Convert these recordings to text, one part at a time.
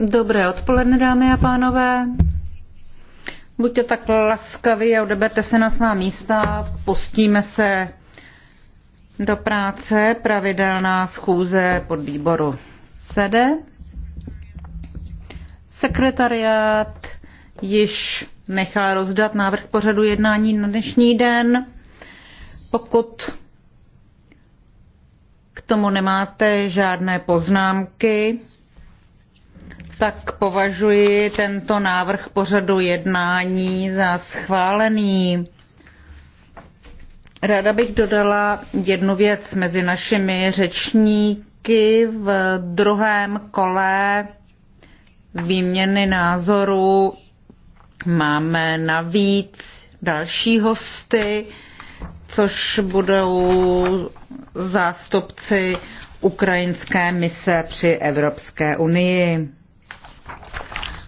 Dobré odpoledne, dámy a pánové. Buďte tak laskaví a odeberte se na svá místa. Pustíme se do práce pravidelná schůze pod výboru sede. Sekretariát již nechal rozdat návrh pořadu jednání na dnešní den. Pokud k tomu nemáte žádné poznámky, tak považuji tento návrh pořadu jednání za schválený. Ráda bych dodala jednu věc mezi našimi řečníky v druhém kole výměny názorů. Máme navíc další hosty což budou zástupci ukrajinské mise při Evropské unii,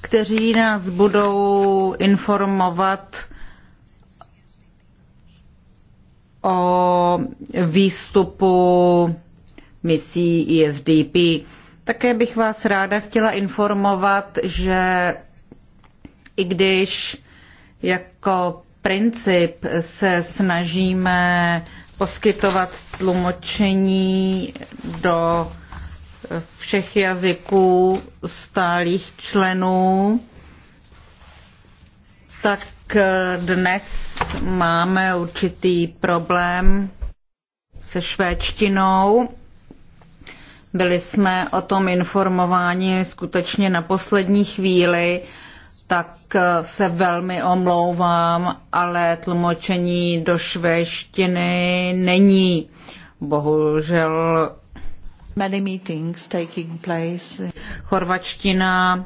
kteří nás budou informovat o výstupu misí ISDP. Také bych vás ráda chtěla informovat, že i když jako princip se snažíme poskytovat tlumočení do všech jazyků stálých členů, tak dnes máme určitý problém se švédštinou. Byli jsme o tom informováni skutečně na poslední chvíli tak eh, se velmi omlouvám, ale tlumočení do švédštiny není. Bohužel Many meetings taking place. Chorvačtina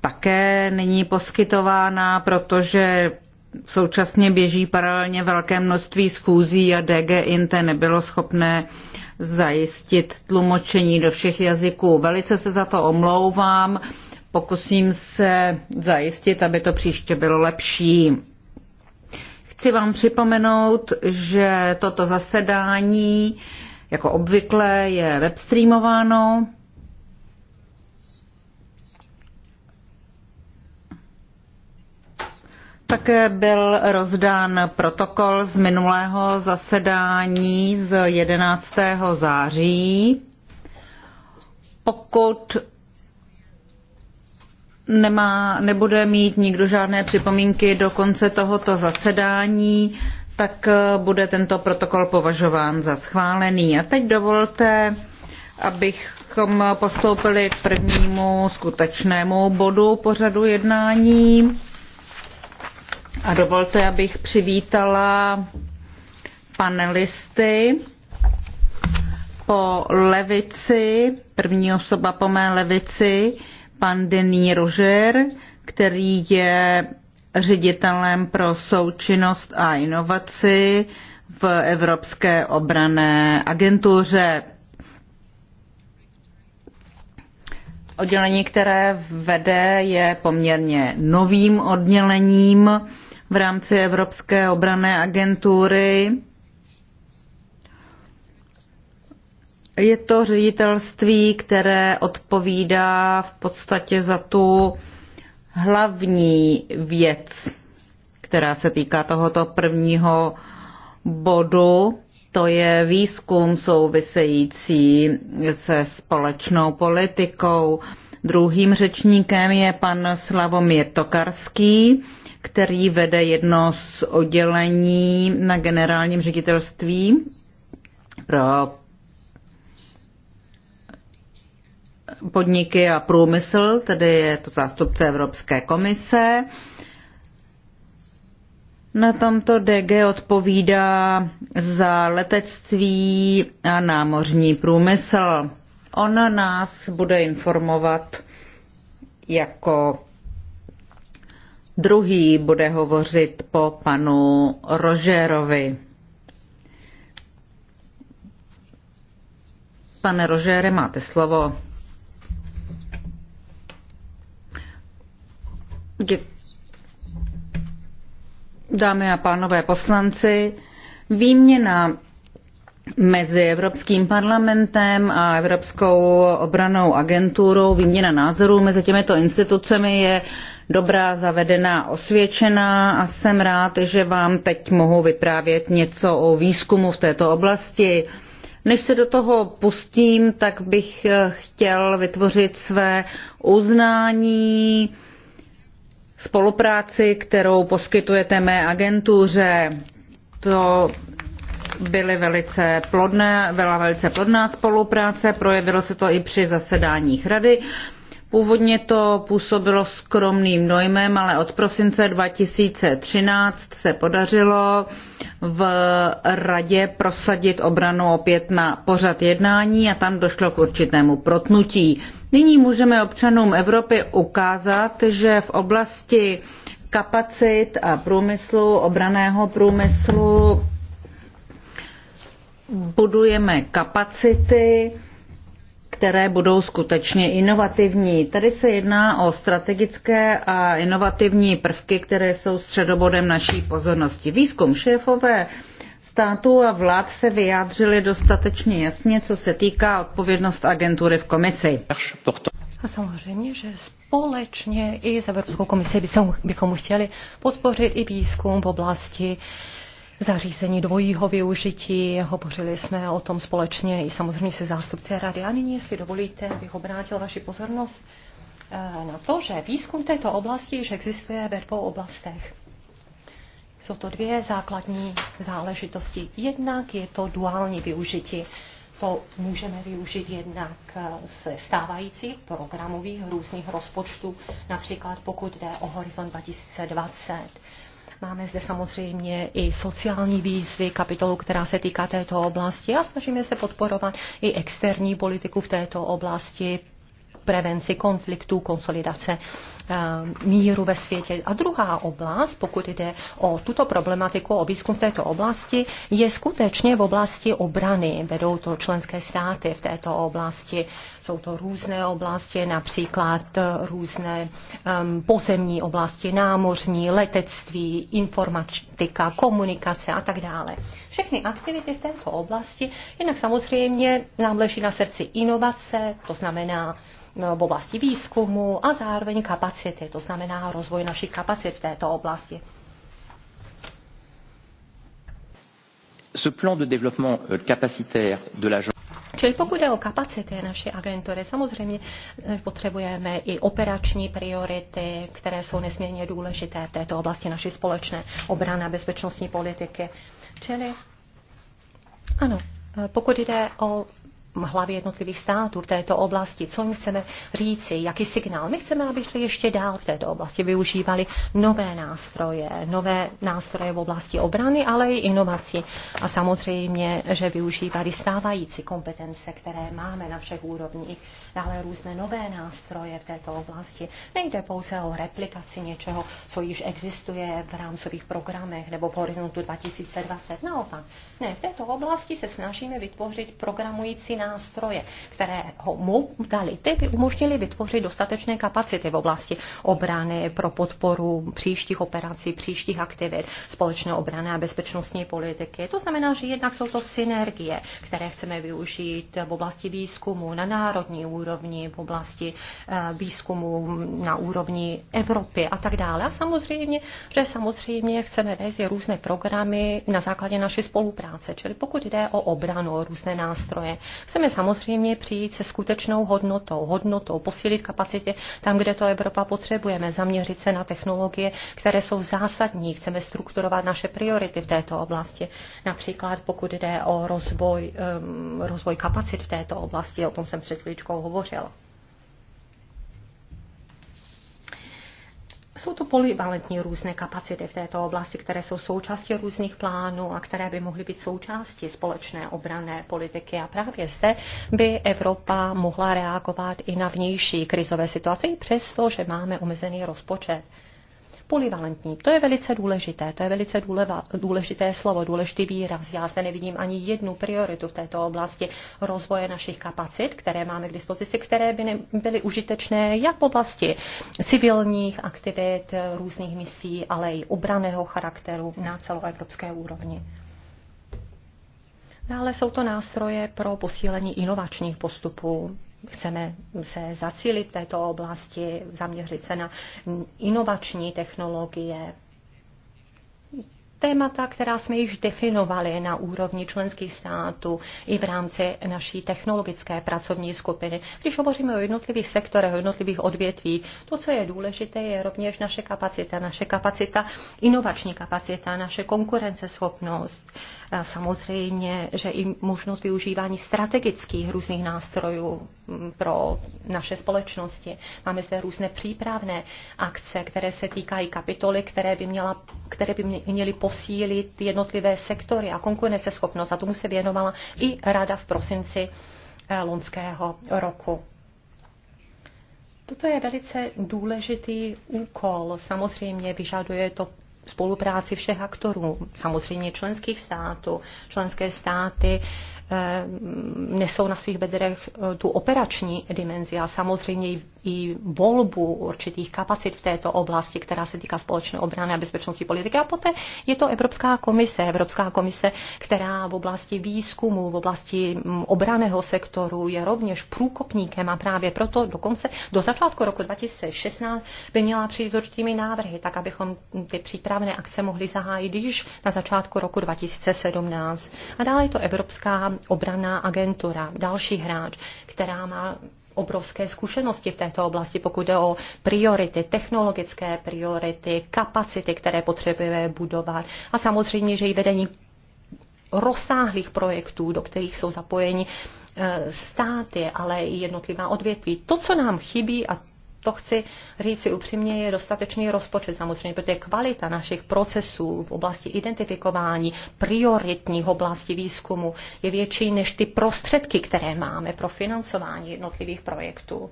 také není poskytována, protože současně běží paralelně velké množství schůzí a DG Inte nebylo schopné zajistit tlumočení do všech jazyků. Velice se za to omlouvám. Pokusím se zajistit, aby to příště bylo lepší. Chci vám připomenout, že toto zasedání jako obvykle je webstreamováno. Také byl rozdán protokol z minulého zasedání z 11. září. Pokud nemá, nebude mít nikdo žádné připomínky do konce tohoto zasedání, tak eh, bude tento protokol považován za schválený. A teď dovolte, abychom postoupili k prvnímu skutečnému bodu pořadu jednání. A dovolte, abych přivítala panelisty po levici, první osoba po mé levici pan Denis Roger, který je ředitelem pro součinnost a inovaci v Evropské obrané agentuře. Oddělení, které vede, je poměrně novým oddělením v rámci Evropské obrané agentury Je to ředitelství, které odpovídá v podstatě za tu hlavní věc, která se týká tohoto prvního bodu. To je výzkum související se společnou politikou. Druhým řečníkem je pan Slavomír Tokarský, který vede jedno z oddělení na generálním ředitelství pro podniky a průmysl, tedy je to zástupce Evropské komise. Na tomto DG odpovídá za letectví a námořní průmysl. On nás bude informovat jako druhý bude hovořit po panu Rožérovi. Pane Rožére, máte slovo. Dámy a pánové poslanci, výměna mezi Evropským parlamentem a Evropskou obranou agenturou, výměna názorů mezi těmito institucemi je dobrá, zavedená, osvědčená a jsem rád, že vám teď mohu vyprávět něco o výzkumu v této oblasti. Než se do toho pustím, tak bych chtěl vytvořit své uznání spolupráci, kterou poskytujete mé agentuře. To byly velice plodné, byla velice plodná spolupráce, projevilo se to i při zasedáních rady. Původně to působilo skromným dojmem, ale od prosince 2013 se podařilo v radě prosadit obranu opět na pořad jednání a tam došlo k určitému protnutí. Nyní můžeme občanům Evropy ukázat, že v oblasti kapacit a průmyslu, obraného průmyslu budujeme kapacity, které budou skutečně inovativní. Tady se jedná o strategické a inovativní prvky, které jsou středobodem naší pozornosti. Výzkum šéfové států a vlád se vyjádřili dostatečně jasně, co se týká odpovědnost agentury v komisi. A samozřejmě, že společně i s Evropskou komisí bychom, bychom chtěli podpořit i výzkum v oblasti uh, zařízení dvojího využití. Hovořili jsme o tom společně i samozřejmě se zástupci rady. A nyní, jestli dovolíte, bych obrátil vaši pozornost eh, na to, že výzkum této oblasti již existuje ve dvou oblastech. Jsou to dvě základní záležitosti. Jednak je to duální využití. To můžeme využít jednak eh, z stávajících programových různých rozpočtů, například pokud jde o Horizon 2020 Máme zde samozřejmě i sociální výzvy, kapitolu, která se týká této oblasti a snažíme se podporovat i externí politiku v této oblasti prevenci konfliktů, konsolidace eh, míru ve světě. A druhá oblast, pokud jde o tuto problematiku, o výzkum této oblasti, je skutečně v oblasti obrany. Vedou to členské státy v této oblasti. Jsou to různé oblasti, například eh, různé um, pozemní oblasti, námořní, letectví, informatika, komunikace a tak dále. Všechny aktivity v této oblasti, jinak samozřejmě nám leží na srdci inovace, to znamená No, v oblasti výzkumu a zároveň kapacity, to znamená rozvoj našich kapacit v této oblasti. Ce plan de développement euh, capacitaire de l'agence Čili pokud je o kapacity naší agentury, samozřejmě eh, potřebujeme i operační priority, které jsou nesmírně důležité v této oblasti naší společné obrany a bezpečnostní politiky. Čili ano, eh, pokud jde o hlavy jednotlivých států v této oblasti, co jim chceme říci, jaký signál. My chceme, aby šli ještě dál v této oblasti, využívali nové nástroje, nové nástroje v oblasti obrany, ale i inovací. A samozřejmě, že využívali stávající kompetence, které máme na všech úrovních dále různé nové nástroje v této oblasti. Nejde pouze o replikaci něčeho, co již existuje v rámcových programech nebo v horizontu 2020. Naopak, ne, v této oblasti se snažíme vytvořit programující nástroje, které ho Ty by umožnili vytvořit dostatečné kapacity v oblasti obrany pro podporu příštích operací, příštích aktivit společné obrany a bezpečnostní politiky. To znamená, že jednak jsou to synergie, které chceme využít v oblasti výzkumu na národní úrovni úrovni, v oblasti eh, výzkumu na úrovni Evropy a tak dále. A samozřejmě, že samozřejmě chceme vést různé programy na základě naší spolupráce, čili pokud jde o obranu, o různé nástroje. Chceme samozřejmě přijít se skutečnou hodnotou, hodnotou, posílit kapacity tam, kde to Evropa potřebujeme, zaměřit se na technologie, které jsou zásadní. Chceme strukturovat naše priority v této oblasti. Například pokud jde o rozvoj, um, rozvoj kapacit v této oblasti, o tom jsem před chvíličkou hovořil. Jsou to polivalentní různé kapacity v této oblasti, které jsou součástí různých plánů a které by mohly být součástí společné obrané politiky. A právě zde by Evropa mohla reagovat i na vnější krizové situace, i přesto, že máme omezený rozpočet polivalentní. To je velice důležité, to je velice důleva, důležité slovo, důležitý výraz. Já zde nevidím ani jednu prioritu v této oblasti rozvoje našich kapacit, které máme k dispozici, které by byly užitečné jak v oblasti civilních aktivit, různých misí, ale i obraného charakteru na celoevropské úrovni. Dále jsou to nástroje pro posílení inovačních postupů chceme se zacílit této oblasti, zaměřit se na inovační technologie, témata, která jsme již definovali na úrovni členských států i v rámci naší technologické pracovní skupiny. Když hovoříme o jednotlivých sektorech, o jednotlivých odvětvích, to, co je důležité, je rovněž naše kapacita, naše kapacita, inovační kapacita, naše konkurenceschopnost. Samozřejmě, že i možnost využívání strategických různých nástrojů pro naše společnosti. Máme zde různé přípravné akce, které se týkají kapitoly, které by, měla, které by měly posílit jednotlivé sektory a konkurenceschopnost. A tomu se věnovala i Rada v prosinci eh, loňského roku. Toto je velice důležitý úkol. Samozřejmě vyžaduje to spolupráci všech aktorů, samozřejmě členských států. Členské státy Ehm, nesou na svých bedrech eh, tu operační dimenzi a samozřejmě i volbu určitých kapacit v této oblasti, která se týká společné obrany a bezpečnostní politiky. A poté je to Evropská komise, Evropská komise, která v oblasti výzkumu, v oblasti mm, obraného sektoru je rovněž průkopníkem a právě proto dokonce do začátku roku 2016 by měla přijít s určitými návrhy, tak abychom ty přípravné akce mohli zahájit již na začátku roku 2017. A dále je to Evropská obraná agentura, další hráč, která má obrovské zkušenosti v této oblasti, pokud jde o priority, technologické priority, kapacity, které potřebujeme budovat a samozřejmě, že i vedení rozsáhlých projektů, do kterých jsou zapojeni e, státy, ale i jednotlivá odvětví. To, co nám chybí a to chci říct si upřímně, je dostatečný rozpočet samozřejmě, protože kvalita našich procesů v oblasti identifikování prioritních oblastí výzkumu je větší než ty prostředky, které máme pro financování jednotlivých projektů.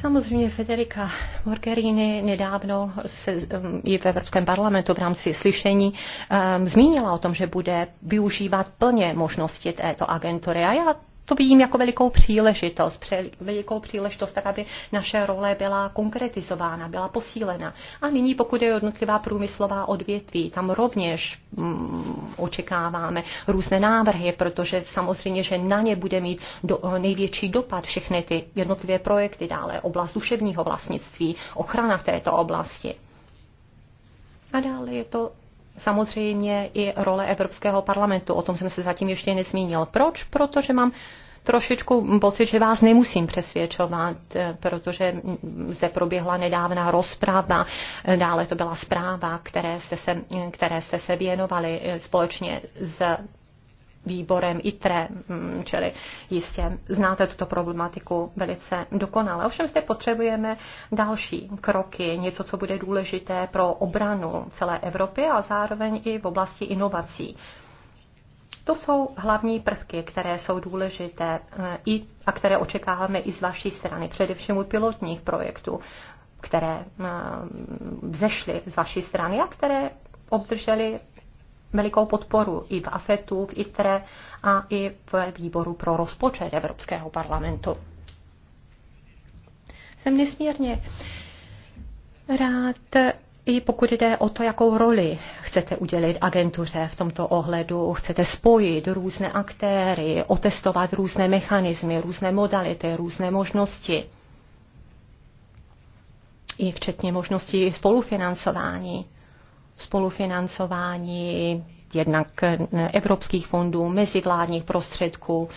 Samozřejmě Federica Morgherini nedávno se, um, i v Evropském parlamentu v rámci slyšení um, zmínila o tom, že bude využívat plně možnosti této agentury. A já to vidím jako velikou příležitost, velikou příležitost, tak aby naše role byla konkretizována, byla posílena. A nyní, pokud je jednotlivá průmyslová odvětví, tam rovněž mm, očekáváme různé návrhy, protože samozřejmě, že na ně bude mít do, největší dopad všechny ty jednotlivé projekty dále, oblast duševního vlastnictví, ochrana v této oblasti. A dále je to samozřejmě i role Evropského parlamentu. O tom jsem se zatím ještě nezmínil. Proč? Protože mám trošičku pocit, že vás nemusím přesvědčovat, protože zde proběhla nedávná rozpráva, dále to byla zpráva, které jste se, které jste se věnovali společně s výborem ITRE, mm, čili jistě znáte tuto problematiku velice dokonale. Ovšem zde potřebujeme další kroky, něco, co bude důležité pro obranu celé Evropy a zároveň i v oblasti inovací. To jsou hlavní prvky, které jsou důležité eh, i, a které očekáváme i z vaší strany, především u pilotních projektů, které eh, vzešly z vaší strany a které obdrželi velikou podporu i v AFETu, v ITRE a i v výboru pro rozpočet Evropského parlamentu. Jsem nesmírně rád, i pokud jde o to, jakou roli chcete udělit agentuře v tomto ohledu, chcete spojit různé aktéry, otestovat různé mechanismy, různé modality, různé možnosti, i včetně možnosti spolufinancování spolufinancování jednak evropských fondů, mezivládních prostředků,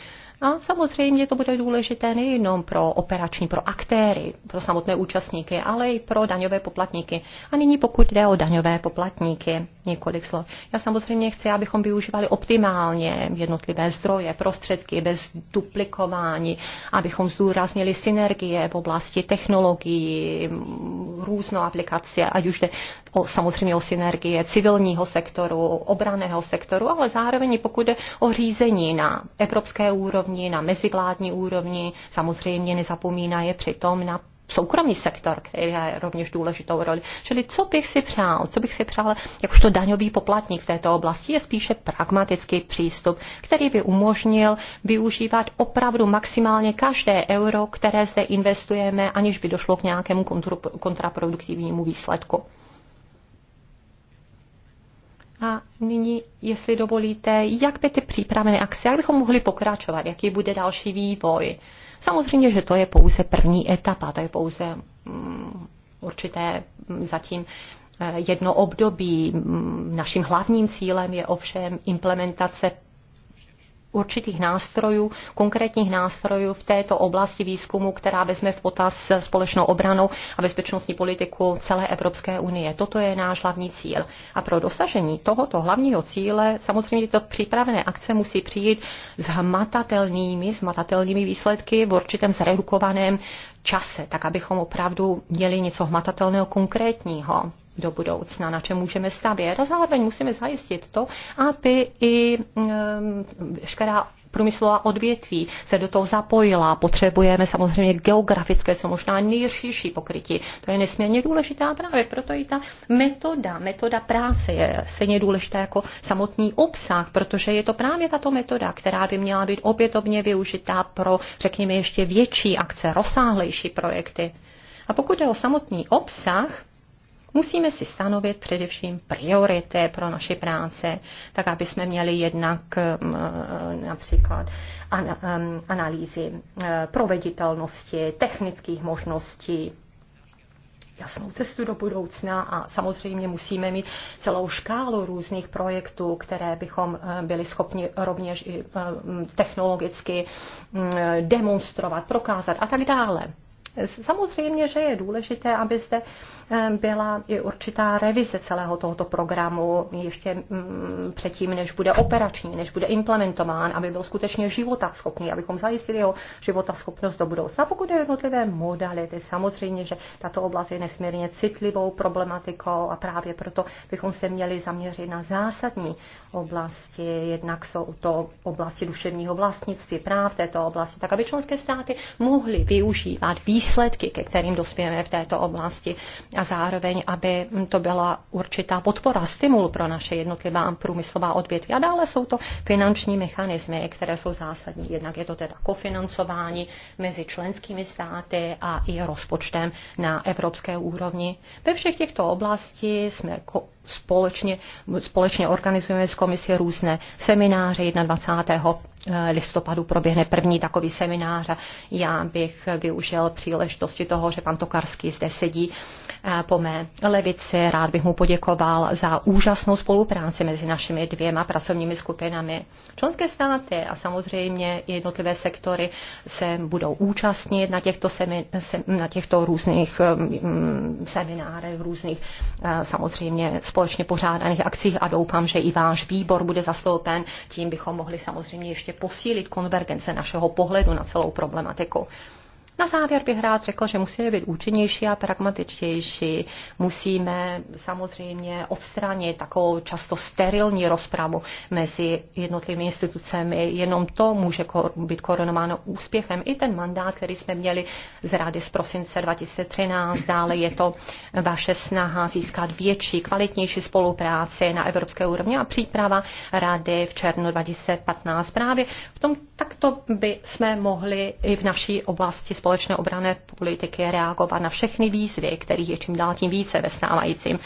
a samozřejmě to bude důležité nejenom pro operační, pro aktéry, pro samotné účastníky, ale i pro daňové poplatníky. A nyní pokud jde o daňové poplatníky, několik slov. Já samozřejmě chci, abychom využívali optimálně jednotlivé zdroje, prostředky bez duplikování, abychom zdůraznili synergie v oblasti technologií, různou aplikace, ať už jde o, samozřejmě o synergie civilního sektoru, obraného sektoru, ale zároveň pokud jde o řízení na evropské úrovni, úrovni, na mezivládní úrovni, samozřejmě nezapomíná je přitom na soukromý sektor, který je rovněž důležitou roli. Čili co bych si přál, co bych si přál jakožto daňový poplatník v této oblasti, je spíše pragmatický přístup, který by umožnil využívat opravdu maximálně každé euro, které zde investujeme, aniž by došlo k nějakému kontraproduktivnímu výsledku. A nyní, jestli dovolíte, jak by ty přípravné akce, jak bychom mohli pokračovat, jaký bude další vývoj? Samozřejmě, že to je pouze první etapa, to je pouze um, určité mm, zatím eh, jedno období. Mm, naším hlavním cílem je ovšem implementace určitých nástrojů, konkrétních nástrojů v této oblasti výzkumu, která vezme v potaz společnou obranu a bezpečnostní politiku celé Evropské unie. Toto je náš hlavní cíl. A pro dosažení tohoto hlavního cíle samozřejmě to připravené akce musí přijít s hmatatelnými, s hmatatelnými výsledky v určitém zredukovaném čase, tak abychom opravdu měli něco hmatatelného, konkrétního do budoucna, na čem můžeme stavět. A zároveň musíme zajistit to, aby i veškerá průmyslová odvětví se do toho zapojila. Potřebujeme samozřejmě geografické, co možná nejširší pokrytí. To je nesmírně důležitá právě proto i ta metoda, metoda práce je stejně důležitá jako samotný obsah, protože je to právě tato metoda, která by měla být opětovně využitá pro, řekněme, ještě větší akce, rozsáhlejší projekty. A pokud je o samotný obsah, Musíme si stanovit především priority pro naši práce, tak aby jsme měli jednak mm, eh, například analýzy eh, proveditelnosti, technických možností, jasnou cestu do budoucna a samozřejmě musíme mít celou škálu různých projektů, které bychom eh, byli schopni rovněž technologicky mm, demonstrovat, prokázat a tak dále. Samozřejmě, že je důležité, aby zde eh, byla i určitá revize celého tohoto programu ještě mm, předtím, než bude operační, než bude implementován, aby byl skutečně životaschopný, abychom zajistili jeho životaschopnost do budoucna. Pokud je jednotlivé modality, samozřejmě, že tato oblast je nesmírně citlivou problematikou a právě proto bychom se měli zaměřit na zásadní oblasti. Jednak jsou to oblasti duševního vlastnictví, práv této oblasti, tak aby členské státy mohly využívat výsledky výsledky, ke kterým dospějeme v této oblasti a zároveň, aby to byla určitá podpora, stimul pro naše jednotlivá průmyslová odvětví. A dále jsou to finanční mechanismy, které jsou zásadní. Jednak je to teda kofinancování mezi členskými státy a i rozpočtem na evropské úrovni. Ve všech těchto oblasti jsme společně, společně organizujeme s komisí různé semináře. 21. Eh, listopadu proběhne první takový seminář. Já bych využil příležitosti toho, že pan Tokarský zde sedí po mé levici. Rád bych mu poděkoval za úžasnou spolupráci mezi našimi dvěma pracovními skupinami. Členské státy a samozřejmě jednotlivé sektory se budou účastnit na těchto, semi, se, na těchto různých um, mm, seminárech, různých uh, samozřejmě společně pořádaných akcích a doufám, že i váš výbor bude zastoupen. Tím bychom mohli samozřejmě ještě posílit konvergence našeho pohledu na celou problematiku. Na závěr bych rád řekl, že musíme být účinnější a pragmatičtější. Musíme samozřejmě odstranit takovou často sterilní rozpravu mezi jednotlivými institucemi. Jenom to může být koronováno úspěchem. I ten mandát, který jsme měli z Rady z prosince 2013, dále je to vaše snaha získat větší, kvalitnější spolupráci na evropské úrovni a příprava Rady v červnu 2015. Právě v tom takto by jsme mohli i v naší oblasti společné obrané politiky reagovat na všechny výzvy, kterých je čím dál tím více ve stávajícím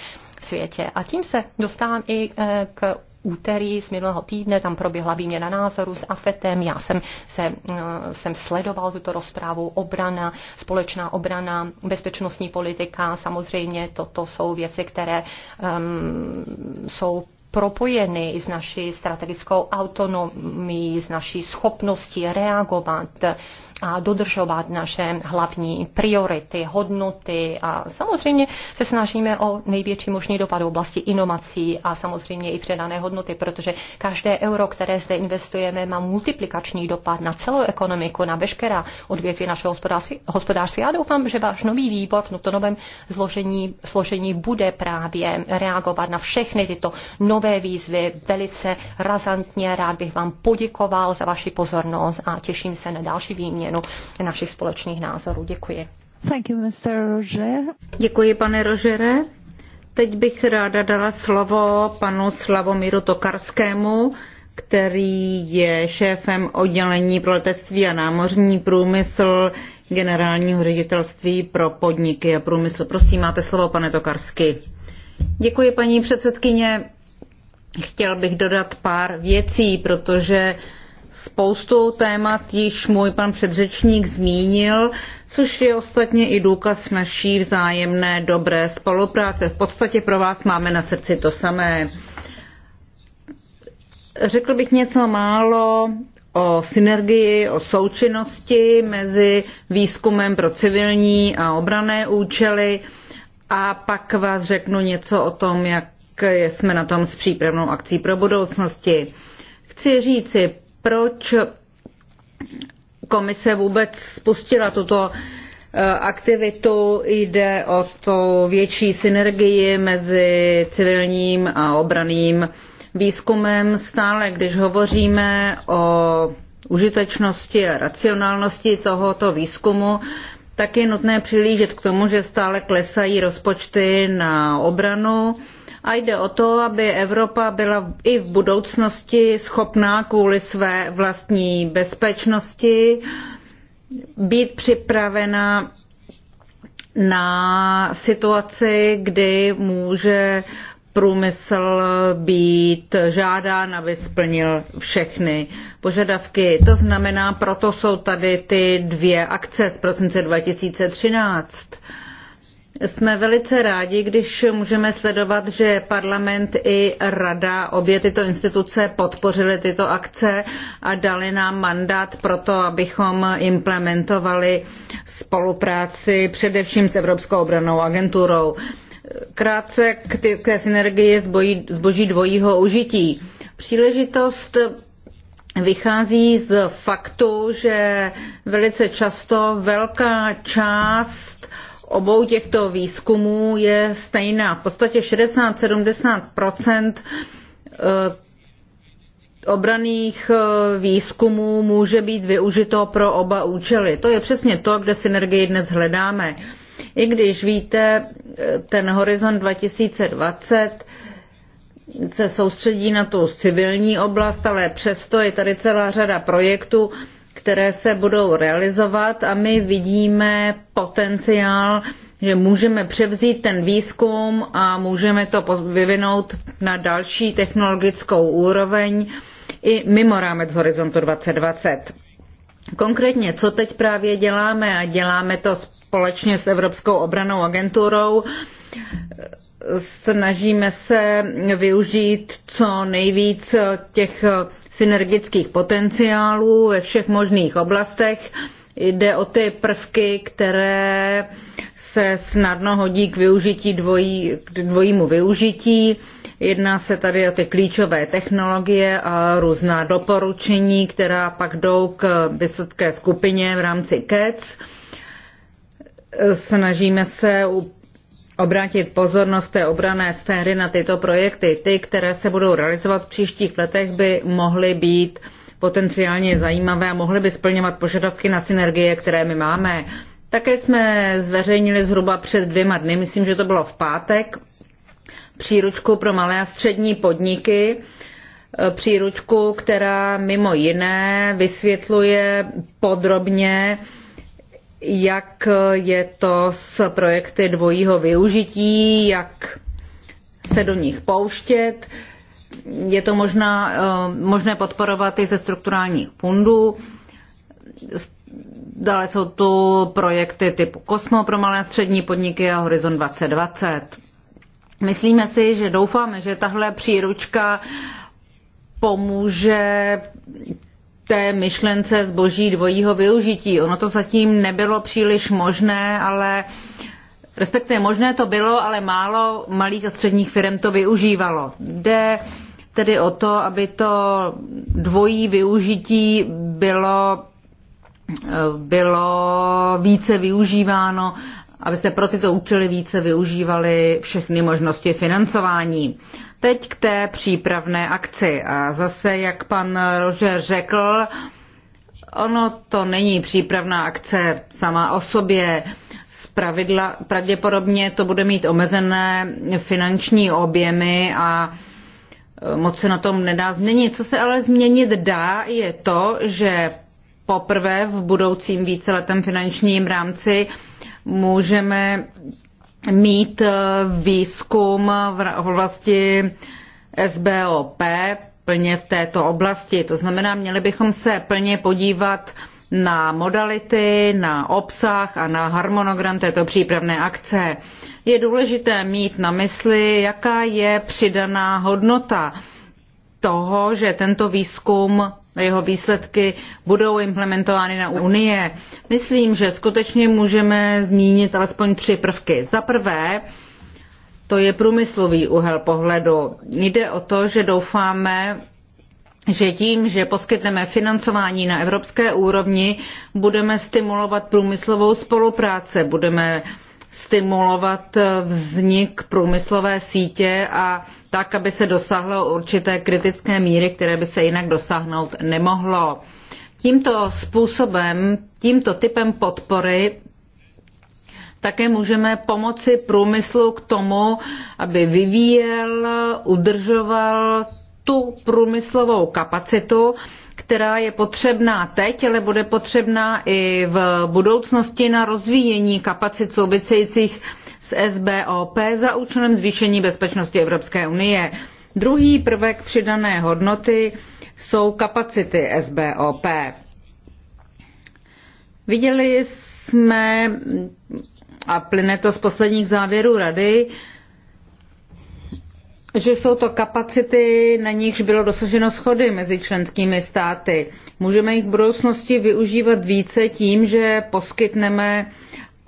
světě. A tím se dostávám i eh, k úterý z minulého týdne, tam proběhla výměna názoru s AFETem, já jsem, se, eh, jsem sledoval tuto rozprávu, obrana, společná obrana, bezpečnostní politika, samozřejmě toto jsou věci, které um, jsou propojeny s naší strategickou autonomií, s naší schopností reagovat uh, a dodržovat naše hlavní priority, hodnoty a samozřejmě se snažíme o největší možný dopad v oblasti inovací a samozřejmě i předané hodnoty, protože každé euro, které zde investujeme, má multiplikační dopad na celou ekonomiku, na veškerá odvětví našeho hospodářství. hospodářství. Já doufám, že váš nový výbor v tomto novém složení, složení bude právě reagovat na všechny tyto nové výzvy velice razantně. Rád bych vám poděkoval za vaši pozornost a těším se na další výměnu výměnu našich společných názorů. Děkuji. Thank you, Mr. Roger. Děkuji, pane Rožere. Teď bych ráda dala slovo panu Slavomíru Tokarskému, který je šéfem oddělení pro letectví a námořní průmysl generálního ředitelství pro podniky a průmysl. Prosím, máte slovo, pane Tokarsky. Děkuji, paní předsedkyně. Chtěl bych dodat pár věcí, protože Spoustu témat již můj pan předřečník zmínil, což je ostatně i důkaz naší vzájemné dobré spolupráce. V podstatě pro vás máme na srdci to samé. Řekl bych něco málo o synergii, o součinnosti mezi výzkumem pro civilní a obrané účely a pak vás řeknu něco o tom, jak jsme na tom s přípravnou akcí pro budoucnosti. Chci říci, proč komise vůbec spustila tuto eh, aktivitu. Jde o to větší synergii mezi civilním a obraným výzkumem. Stále, když hovoříme o užitečnosti a racionálnosti tohoto výzkumu, tak je nutné přilížet k tomu, že stále klesají rozpočty na obranu a jde o to, aby Evropa byla i v budoucnosti schopná kvůli své vlastní bezpečnosti být připravena na situaci, kdy může průmysl být žádán, aby splnil všechny požadavky. To znamená, proto jsou tady ty dvě akce z prosince 2013 jsme velice rádi, když můžeme sledovat, že parlament i rada, obě tyto instituce podpořily tyto akce a dali nám mandát pro to, abychom implementovali spolupráci především s Evropskou obranou agenturou. Krátce k té synergii zboží, zboží dvojího užití. Příležitost vychází z faktu, že velice často velká část obou těchto výzkumů je stejná. V podstatě 60-70 eh, obraných eh, výzkumů může být využito pro oba účely. To je přesně to, kde synergii dnes hledáme. I když víte, eh, ten horizont 2020 se soustředí na tu civilní oblast, ale přesto je tady celá řada projektů, které se budou realizovat a my vidíme potenciál, že můžeme převzít ten výzkum a můžeme to vyvinout na další technologickou úroveň i mimo rámec Horizontu 2020. Konkrétně, co teď právě děláme a děláme to společně s Evropskou obranou agenturou, snažíme se využít co nejvíc těch synergických potenciálů ve všech možných oblastech. Jde o ty prvky, které se snadno hodí k, využití dvojí, k dvojímu využití. Jedná se tady o ty klíčové technologie a různá doporučení, která pak jdou k vysoké skupině v rámci KEC. Snažíme se obrátit pozornost té obrané sféry na tyto projekty. Ty, které se budou realizovat v příštích letech, by mohly být potenciálně zajímavé a mohly by splňovat požadavky na synergie, které my máme. Také jsme zveřejnili zhruba před dvěma dny, myslím, že to bylo v pátek, příručku pro malé a střední podniky, příručku, která mimo jiné vysvětluje podrobně, jak je to s projekty dvojího využití, jak se do nich pouštět. Je to možná, eh, možné podporovat i ze strukturálních fundů. Dále jsou tu projekty typu Kosmo pro malé a střední podniky a Horizon 2020. Myslíme si, že doufáme, že tahle příručka pomůže té myšlence zboží dvojího využití. Ono to zatím nebylo příliš možné, ale respektive možné to bylo, ale málo malých a středních firm to využívalo. Jde tedy o to, aby to dvojí využití bylo, bylo více využíváno, aby se pro tyto účely více využívaly všechny možnosti financování. Uh, Teď k té přípravné akci. A zase, jak pan Roger řekl, ono to není přípravná akce sama o sobě. pravidla, pravděpodobně to bude mít omezené finanční objemy a e, moc se na tom nedá změnit. Co se ale změnit dá, je to, že poprvé v budoucím víceletém finančním rámci můžeme mít eh, výzkum v oblasti SBOP plně v této oblasti. To znamená, měli bychom se plně podívat na modality, na obsah a na harmonogram této přípravné akce. Je důležité mít na mysli, jaká je přidaná hodnota toho, že tento výzkum jeho výsledky budou implementovány na Unie. Myslím, že skutečně můžeme zmínit alespoň tři prvky. Za prvé, to je průmyslový úhel pohledu. Jde o to, že doufáme, že tím, že poskytneme financování na evropské úrovni, budeme stimulovat průmyslovou spolupráci, budeme stimulovat vznik průmyslové sítě a tak, aby se dosáhlo určité kritické míry, které by se jinak dosáhnout nemohlo. Tímto způsobem, tímto typem podpory také můžeme pomoci průmyslu k tomu, aby vyvíjel, udržoval tu průmyslovou kapacitu, která je potřebná teď, ale bude potřebná i v budoucnosti na rozvíjení kapacit souvisejících s SBOP za účelem zvýšení bezpečnosti Evropské unie. Druhý prvek přidané hodnoty jsou kapacity SBOP. Viděli jsme, a plyne to z posledních závěrů rady, že jsou to kapacity, na nichž bylo dosaženo schody mezi členskými státy. Můžeme jich v budoucnosti využívat více tím, že poskytneme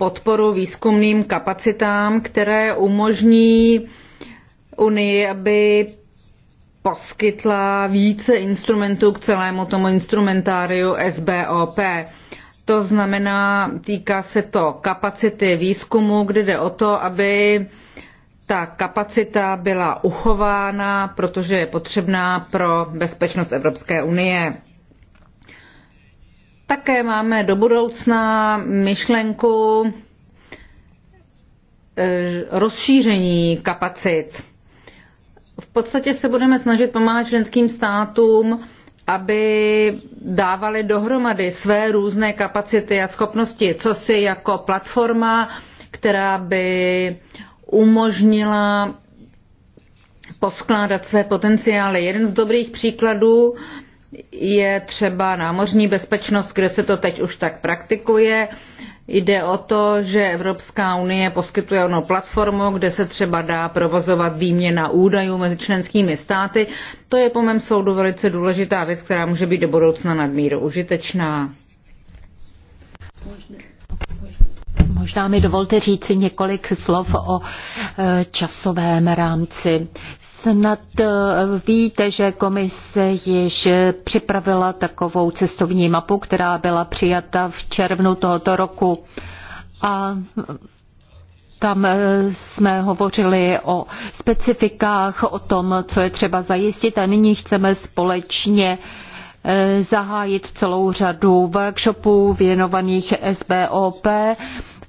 podporu výzkumným kapacitám, které umožní Unii, aby poskytla více instrumentů k celému tomu instrumentáriu SBOP. To znamená, týká se to kapacity výzkumu, kde jde o to, aby ta kapacita byla uchována, protože je potřebná pro bezpečnost Evropské unie. Také máme do budoucna myšlenku e, rozšíření kapacit. V podstatě se budeme snažit pomáhat členským státům, aby dávali dohromady své různé kapacity a schopnosti, co si jako platforma, která by umožnila poskládat své potenciály. Jeden z dobrých příkladů je třeba námořní bezpečnost, kde se to teď už tak praktikuje. Jde o to, že Evropská unie poskytuje ono platformu, kde se třeba dá provozovat výměna údajů mezi členskými státy. To je po mém soudu velice důležitá věc, která může být do budoucna nadmíru užitečná. Možná mi dovolte říci několik slov o e, časovém rámci. Snad eh, víte, že komise již připravila takovou cestovní mapu, která byla přijata v červnu tohoto roku. A tam eh, jsme hovořili o specifikách, o tom, co je třeba zajistit a nyní chceme společně eh, zahájit celou řadu workshopů věnovaných SBOP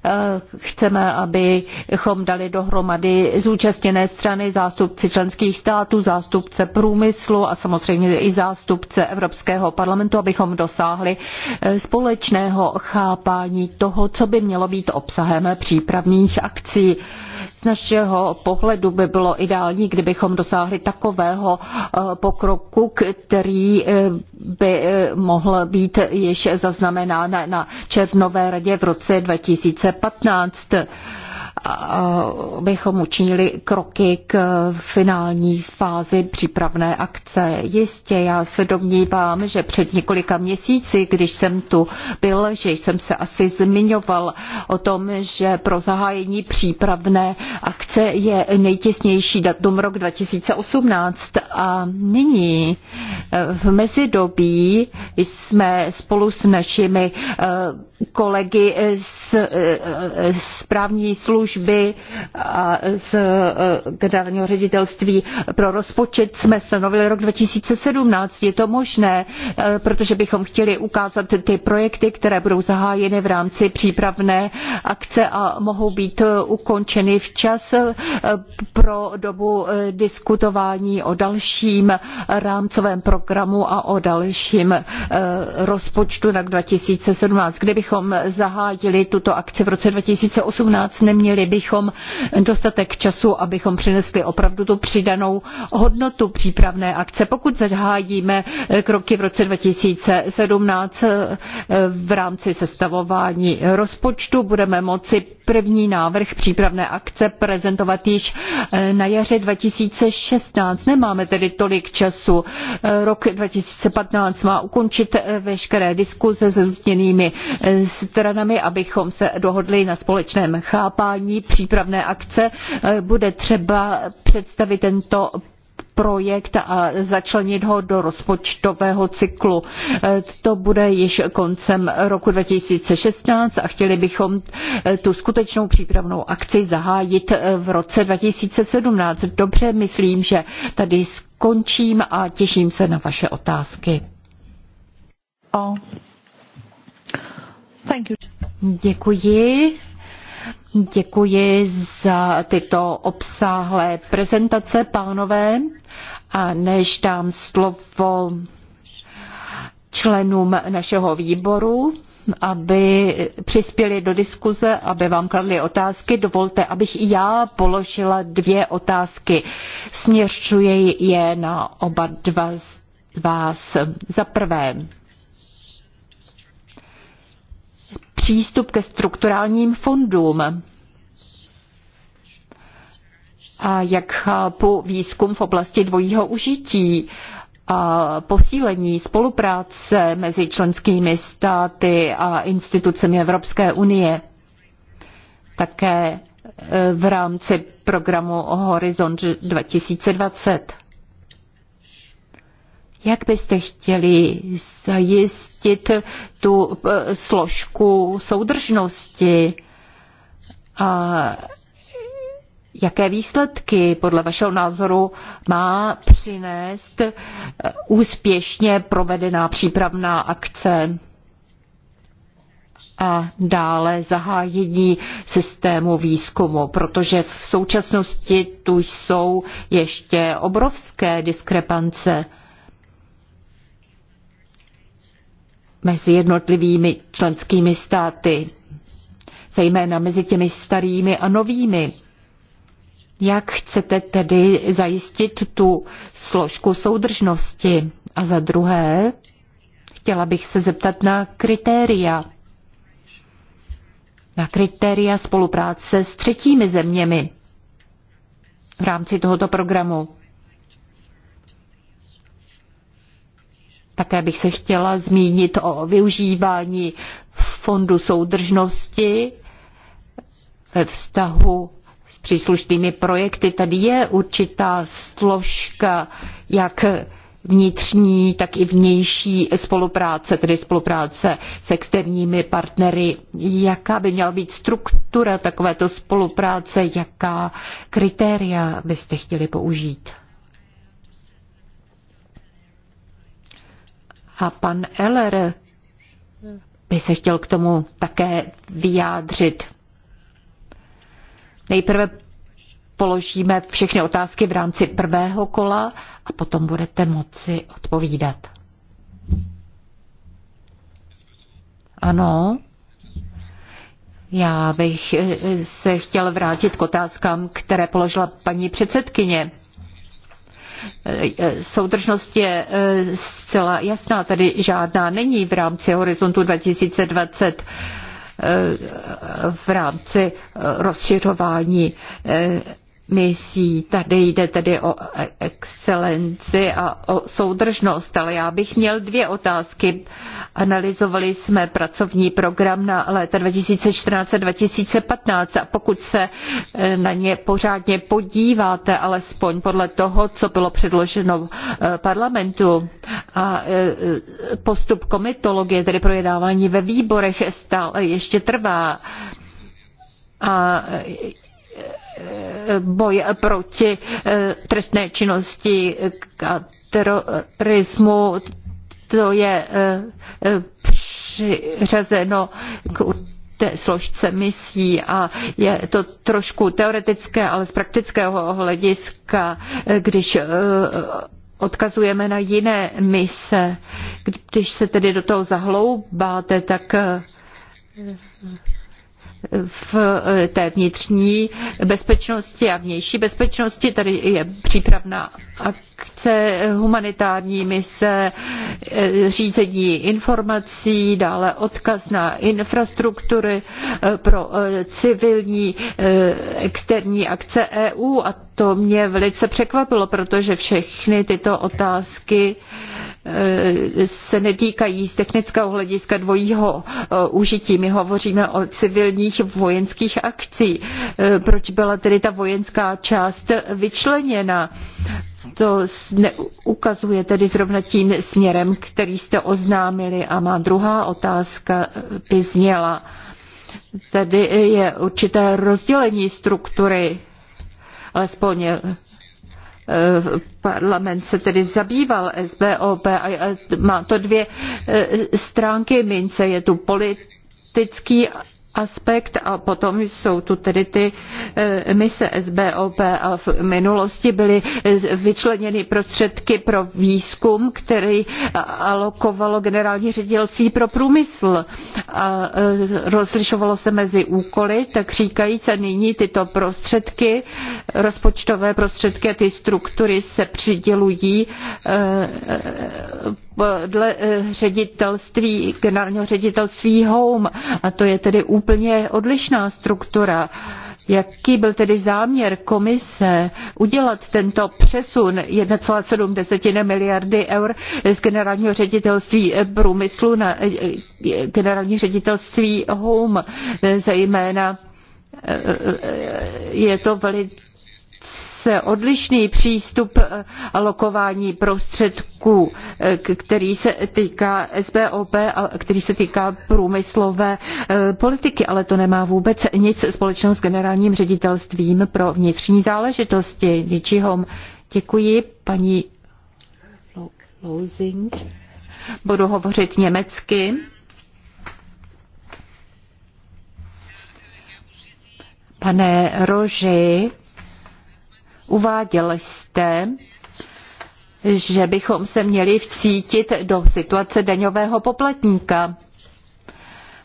Eh, chceme, abychom dali dohromady zúčastněné strany, zástupci členských států, zástupce průmyslu a samozřejmě i zástupce Evropského parlamentu, abychom dosáhli eh, společného chápání toho, co by mělo být obsahem přípravných akcí. Z našeho pohledu by bylo ideální, kdybychom dosáhli takového eh, pokroku, který eh, by eh, mohl být již zaznamenán na červnové radě v roce 2015 abychom eh, učinili kroky k finální fázi přípravné akce. Jistě, já se domnívám, že před několika měsíci, když jsem tu byl, že jsem se asi zmiňoval o tom, že pro zahájení přípravné akce je nejtěsnější datum rok 2018 a nyní eh, v mezidobí jsme spolu s našimi eh, kolegy z správní služby služby a z e, generálního ředitelství pro rozpočet jsme stanovili rok 2017. Je to možné, e, protože bychom chtěli ukázat ty projekty, které budou zahájeny v rámci přípravné akce a mohou být e, ukončeny včas pro dobu diskutování o dalším rámcovém programu a o dalším rozpočtu na 2017. Kdybychom zahájili tuto akci v roce 2018, neměli měli bychom dostatek času, abychom přinesli opravdu tu přidanou hodnotu přípravné akce. Pokud zahájíme eh, kroky v roce 2017 eh, v rámci sestavování rozpočtu, budeme moci první návrh přípravné akce prezentovat již eh, na jaře 2016. Nemáme tedy tolik času. Rok 2015 má ukončit veškeré diskuze se změnými stranami, abychom se dohodli na společném chápání první přípravné akce eh, bude třeba představit tento projekt a začlenit ho do rozpočtového cyklu. Eh, to bude již koncem roku 2016 a chtěli bychom eh, tu skutečnou přípravnou akci zahájit v roce 2017. Dobře, myslím, že tady skončím a těším se na vaše otázky. Oh. Thank you. Děkuji. Děkuji za tyto obsáhlé prezentace, pánové. A než dám slovo členům našeho výboru, aby přispěli do diskuze, aby vám kladli otázky. Dovolte, abych i já položila dvě otázky. Směřuji je na oba dva z vás. Za prvé, přístup ke strukturálním fondům. A jak chápu výzkum v oblasti dvojího užití, a posílení spolupráce mezi členskými státy a institucemi Evropské unie. Také v rámci programu Horizont 2020. Jak byste chtěli zajistit tu eh, složku soudržnosti? A jaké výsledky podle vašeho názoru má přinést eh, úspěšně provedená přípravná akce? a dále zahájení systému výzkumu, protože v současnosti tu jsou ještě obrovské diskrepance. mezi jednotlivými členskými státy, zejména mezi těmi starými a novými. Jak chcete tedy zajistit tu složku soudržnosti? A za druhé, chtěla bych se zeptat na kritéria. Na kritéria spolupráce s třetími zeměmi v rámci tohoto programu. Také bych se chtěla zmínit o využívání fondu soudržnosti ve vztahu s příslušnými projekty. Tady je určitá složka, jak vnitřní, tak i vnější spolupráce, tedy spolupráce s externími partnery. Jaká by měla být struktura takovéto spolupráce, jaká kritéria byste chtěli použít? A pan Eller by se chtěl k tomu také vyjádřit. Nejprve položíme všechny otázky v rámci prvého kola a potom budete moci odpovídat. Ano. Já bych se chtěl vrátit k otázkám, které položila paní předsedkyně. Soudržnost je eh, zcela jasná, tady žádná není v rámci horizontu 2020 eh, v rámci eh, rozšiřování misí. Tady jde tedy o excelenci a o soudržnost, ale já bych měl dvě otázky. Analyzovali jsme pracovní program na léta 2014 a 2015 a pokud se eh, na ně pořádně podíváte, alespoň podle toho, co bylo předloženo eh, parlamentu a eh, postup komitologie, tedy projednávání ve výborech, stále ještě trvá. A Eh, boj proti eh, trestné činnosti a terorismu. To je eh, přiřazeno k té složce misí a je to trošku teoretické, ale z praktického hlediska, když odkazujeme na jiné mise, když se tedy do toho zahloubáte, tak v eh, té vnitřní bezpečnosti a vnější bezpečnosti. Tady je přípravná akce, humanitární mise, eh, řízení informací, dále odkaz na infrastruktury eh, pro civilní externí akce EU a to mě velice překvapilo, protože všechny tyto otázky Eh, se netýkají z technického hlediska dvojího eh, užití. My hovoříme o civilních vojenských akcí. Eh, proč byla tedy ta vojenská část vyčleněna? To ukazuje tedy zrovna tím směrem, který jste oznámili. A má druhá otázka by zněla. Tady je určité rozdělení struktury, alespoň Eh, parlament se tedy zabýval SBOP a má to dvě eh, stránky mince. Je tu politický aspekt a potom jsou tu tedy ty eh, mise SBOP a v minulosti byly eh, vyčleněny prostředky pro výzkum, který alokovalo generální ředitelství pro průmysl a eh, rozlišovalo se mezi úkoly, tak říkajíc a nyní tyto prostředky, rozpočtové prostředky a ty struktury se přidělují podle eh, ředitelství, generálního ředitelství Home. A to je tedy úplně odlišná struktura. Jaký byl tedy záměr komise udělat tento přesun 1,7 miliardy eur z generálního ředitelství průmyslu na eh, eh, generální ředitelství Home, zejména je to velice zase odlišný přístup eh, alokování prostředků, eh, který se týká SBOP a který se týká průmyslové eh, politiky, ale to nemá vůbec nic společného s generálním ředitelstvím pro vnitřní záležitosti. Ničihom. Děkuji, paní Losing. Budu hovořit německy. Pane Roži, Uváděl jste, že bychom se měli vcítit do situace daňového poplatníka.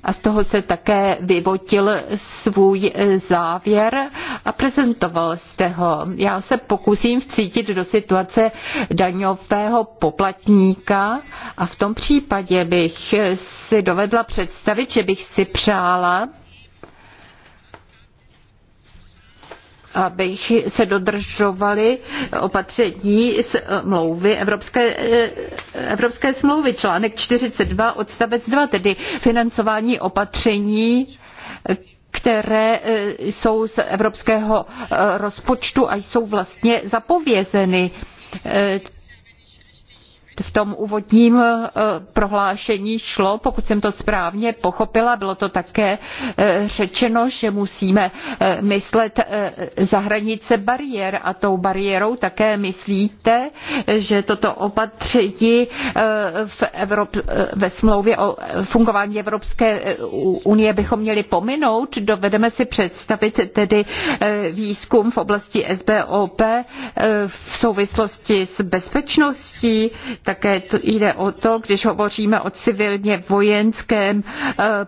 A z toho se také vyvotil svůj závěr a prezentoval jste ho. Já se pokusím vcítit do situace daňového poplatníka a v tom případě bych si dovedla představit, že bych si přála, aby se dodržovaly opatření smlouvy eh, Evropské, eh, Evropské smlouvy, článek 42 odstavec 2, tedy financování opatření, které eh, jsou z evropského rozpočtu a jsou vlastně zapovězeny v tom úvodním eh, prohlášení šlo, pokud jsem to správně pochopila, bylo to také eh, řečeno, že musíme eh, myslet za hranice bariér a tou bariérou také myslíte, že toto opatření v Evrop- ve smlouvě o fungování Evropské unie bychom měli pominout. Dovedeme si představit tedy výzkum v oblasti SBOP v souvislosti s bezpečností, také to jde o to, když hovoříme o civilně vojenském eh,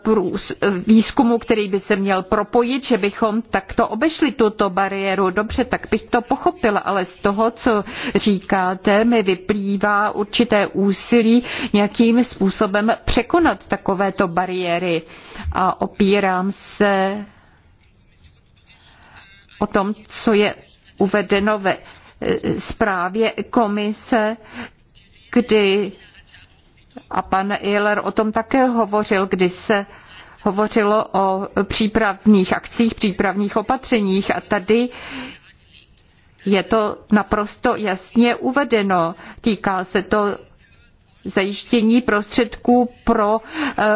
výzkumu, který by se měl propojit, že bychom takto obešli tuto bariéru. Dobře, tak bych to pochopila, ale z toho, co říkáte, mi vyplývá určité úsilí nějakým způsobem překonat takovéto bariéry. A opírám se o tom, co je uvedeno ve eh, zprávě komise, kdy, a pan Ihler o tom také hovořil, kdy se hovořilo o přípravných akcích, přípravných opatřeních a tady je to naprosto jasně uvedeno. Týká se to zajištění prostředků pro eh,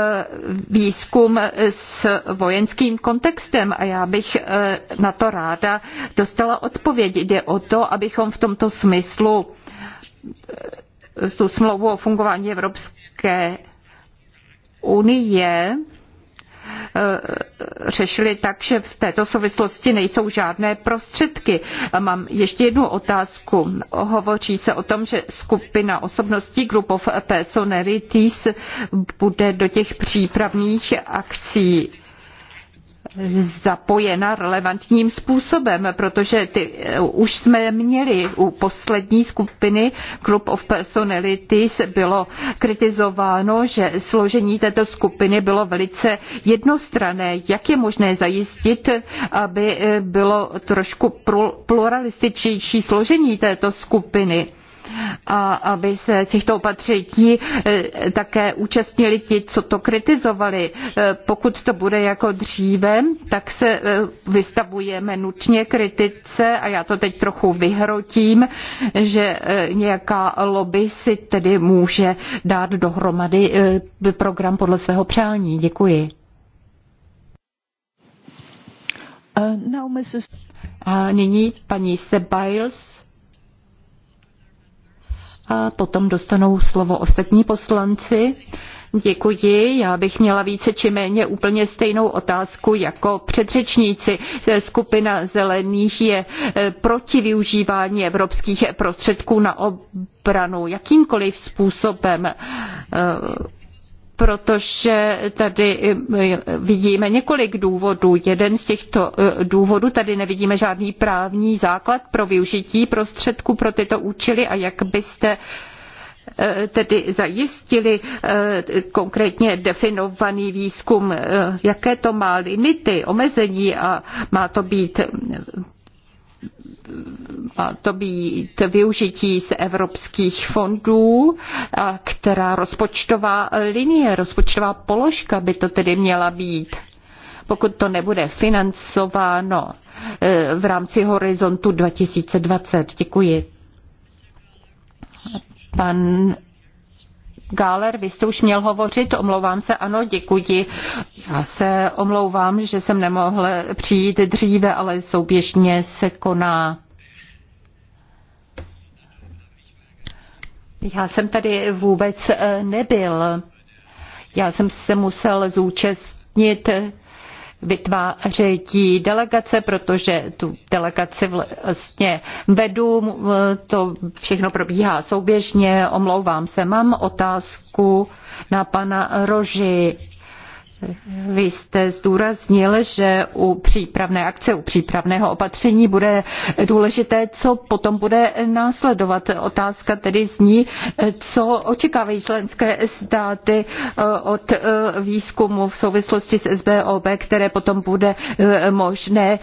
výzkum s vojenským kontextem a já bych eh, na to ráda dostala odpověď. Jde o to, abychom v tomto smyslu eh, tu smlouvu o fungování Evropské unie eh, řešili tak, že v této souvislosti nejsou žádné prostředky. A mám ještě jednu otázku. Hovoří se o tom, že skupina osobností Group of Personalities bude do těch přípravných akcí zapojena relevantním způsobem, protože ty eh, už jsme měli u poslední skupiny Group of Personalities bylo kritizováno, že složení této skupiny bylo velice jednostrané. Jak je možné zajistit, aby eh, bylo trošku pluralističtější složení této skupiny? a aby se těchto opatření eh, také účastnili ti, co to kritizovali. Eh, pokud to bude jako dříve, tak se eh, vystavujeme nutně kritice a já to teď trochu vyhrotím, že nějaká lobby si tedy může dát dohromady program podle svého přání. Děkuji. Uh, a nyní paní Sebajls a potom dostanou slovo ostatní poslanci. Děkuji. Já bych měla více či méně úplně stejnou otázku jako předřečníci. Skupina zelených je eh, proti využívání evropských prostředků na obranu jakýmkoliv způsobem eh, protože tady eh, vidíme několik důvodů. Jeden z těchto eh, důvodů, tady nevidíme žádný právní základ pro využití prostředků pro tyto účely a jak byste eh, tedy zajistili konkrétně definovaný výzkum, jaké to má limity, omezení a má to být má to být využití z evropských fondů, která rozpočtová linie, rozpočtová položka by to tedy měla být. Pokud to nebude financováno e, v rámci horizontu 2020. Děkuji. Pan Gáler, vy jste už měl hovořit, omlouvám se, ano, děkuji. Já se omlouvám, že jsem nemohl přijít dříve, ale souběžně se koná Já jsem tady vůbec eh, nebyl. Já jsem se musel zúčastnit vytvářetí delegace, protože tu delegaci vlastně vedu, to všechno probíhá souběžně, omlouvám se, mám otázku na pana Roži. Vy jste zdůraznil, že u přípravné akce, u přípravného opatření bude důležité, co potom bude následovat. Otázka tedy zní, co očekávají členské státy eh, od eh, výzkumu v souvislosti s SBOB, které potom bude eh, možné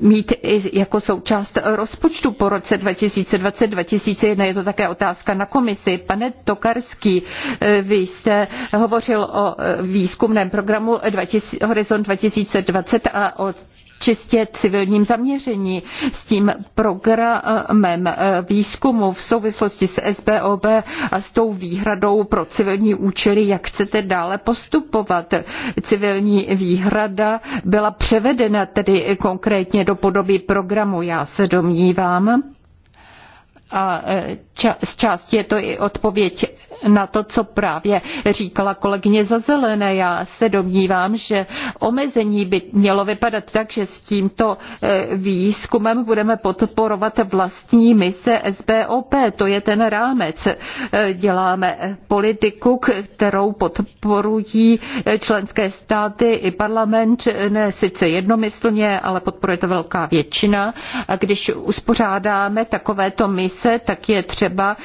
mít i jako součást rozpočtu po roce 2020-2021. Je to také otázka na komisi. Pane Tokarský, vy jste hovořil o výzkumném programu programu 20, Horizon 2020 a o čistě civilním zaměření s tím programem eh, výzkumu v souvislosti s SBOB a s tou výhradou pro civilní účely, jak chcete dále postupovat. Civilní výhrada byla převedena tedy konkrétně do podoby programu, já se domnívám. A eh, z části je to i odpověď na to, co právě říkala kolegyně za zelené. Já se domnívám, že omezení by mělo vypadat tak, že s tímto eh, výzkumem budeme podporovat vlastní mise SBOP. To je ten rámec. Eh, děláme politiku, kterou podporují eh, členské státy i parlament, ne sice jednomyslně, ale podporuje to velká většina. A když uspořádáme takovéto mise, tak je třeba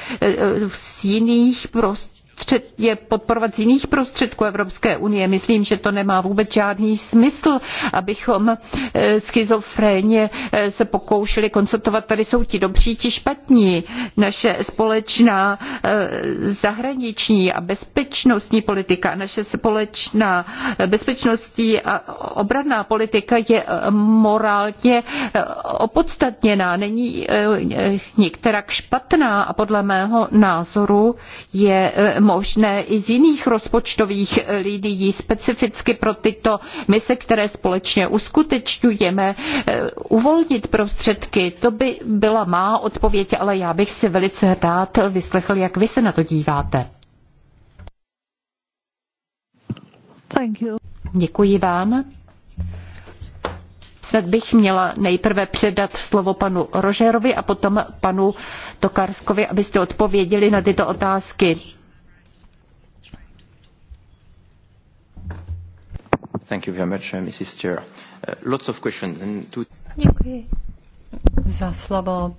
z jiných pro naprosto je podporovat z jiných prostředků Evropské unie. Myslím, že to nemá vůbec žádný smysl, abychom eh, schizofrénně eh, se pokoušeli konstatovat, tady jsou ti dobří, ti špatní. Naše společná eh, zahraniční a bezpečnostní politika, naše společná bezpečnostní a obranná politika je morálně opodstatněná, není některak špatná a podle mého názoru je možné i z jiných rozpočtových linií, specificky pro tyto mise, které společně uskutečňujeme, eh, uvolnit prostředky. To by byla má odpověď, ale já bych si velice rád vyslechl, jak vy se na to díváte. Thank you. Děkuji vám. Snad bych měla nejprve předat slovo panu Rožerovi a potom panu Tokarskovi, abyste odpověděli na tyto otázky. Thank you very much, uh, Mrs. Chair. Uh, lots of questions. And Děkuji za slovo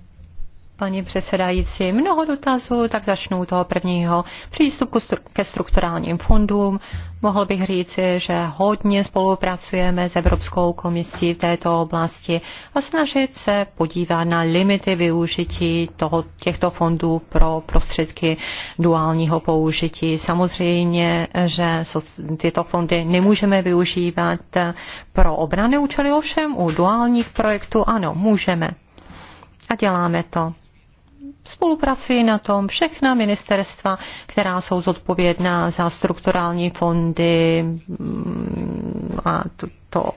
paní předsedající. Mnoho dotazů, tak začnu toho prvního. Přístupu ke strukturálním fondům. Mohl bych říci, že hodně spolupracujeme s Evropskou komisí v této oblasti a snažit se podívat na limity využití toho, těchto fondů pro prostředky duálního použití. Samozřejmě, že tyto fondy nemůžeme využívat pro obrany účely, ovšem u duálních projektů ano, můžeme. A děláme to spolupracují na tom všechna ministerstva, která jsou zodpovědná za strukturální fondy mm, a to, to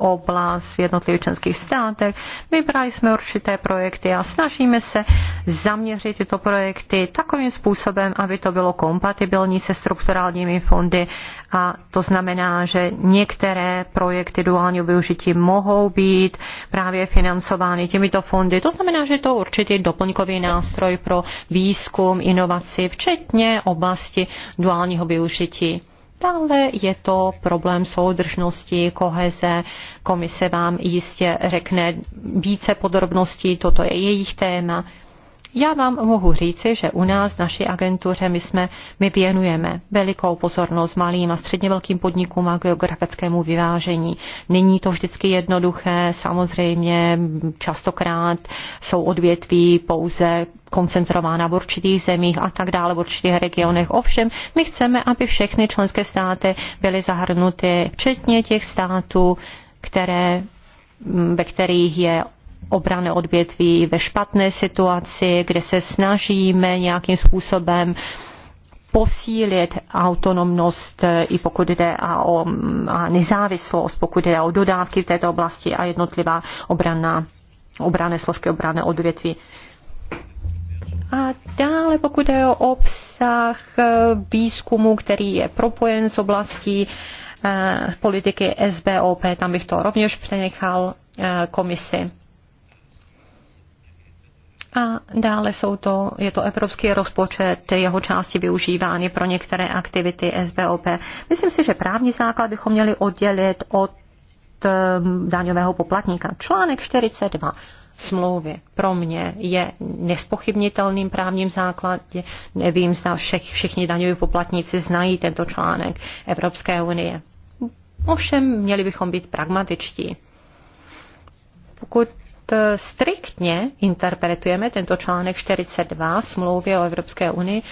oblast v jednotlivých členských státech. Vybrali jsme určité projekty a snažíme se zaměřit tyto projekty takovým způsobem, aby to bylo kompatibilní se strukturálními fondy a to znamená, že některé projekty duálního využití mohou být právě financovány těmito fondy. To znamená, že je to určitý doplňkový nástroj pro výzkum, inovaci, včetně oblasti duálního využití. Dále je to problém soudržnosti, koheze. Komise vám jistě řekne více podrobností, toto je jejich téma. Já vám mohu říci, že u nás, naší agentuře, my, jsme, my věnujeme velikou pozornost malým a středně velkým podnikům a geografickému vyvážení. Není to vždycky jednoduché, samozřejmě častokrát jsou odvětví pouze koncentrována v určitých zemích a tak dále, v určitých regionech. Ovšem, my chceme, aby všechny členské státy byly zahrnuty, včetně těch států, které, ve kterých je obrané odvětví ve špatné situaci, kde se snažíme nějakým způsobem posílit autonomnost, i pokud jde a o a nezávislost, pokud jde o dodávky v této oblasti a jednotlivá obrana, obrané složky obrané odvětví. A dále, pokud je o obsah eh, výzkumu, který je propojen eh, s oblastí politiky SBOP, tam bych to rovněž přenechal eh, komisi. A dále jsou to, je to evropský rozpočet, jeho části využívány pro některé aktivity SBOP. Myslím si, že právní základ bychom měli oddělit od daňového poplatníka. Článek 42 smlouvy pro mě je nespochybnitelným právním základem. Nevím, zda všech, všichni daňoví poplatníci znají tento článek Evropské unie. Ovšem, měli bychom být pragmatičtí. Pokud eh, striktně interpretujeme tento článek 42 smlouvy o Evropské unii,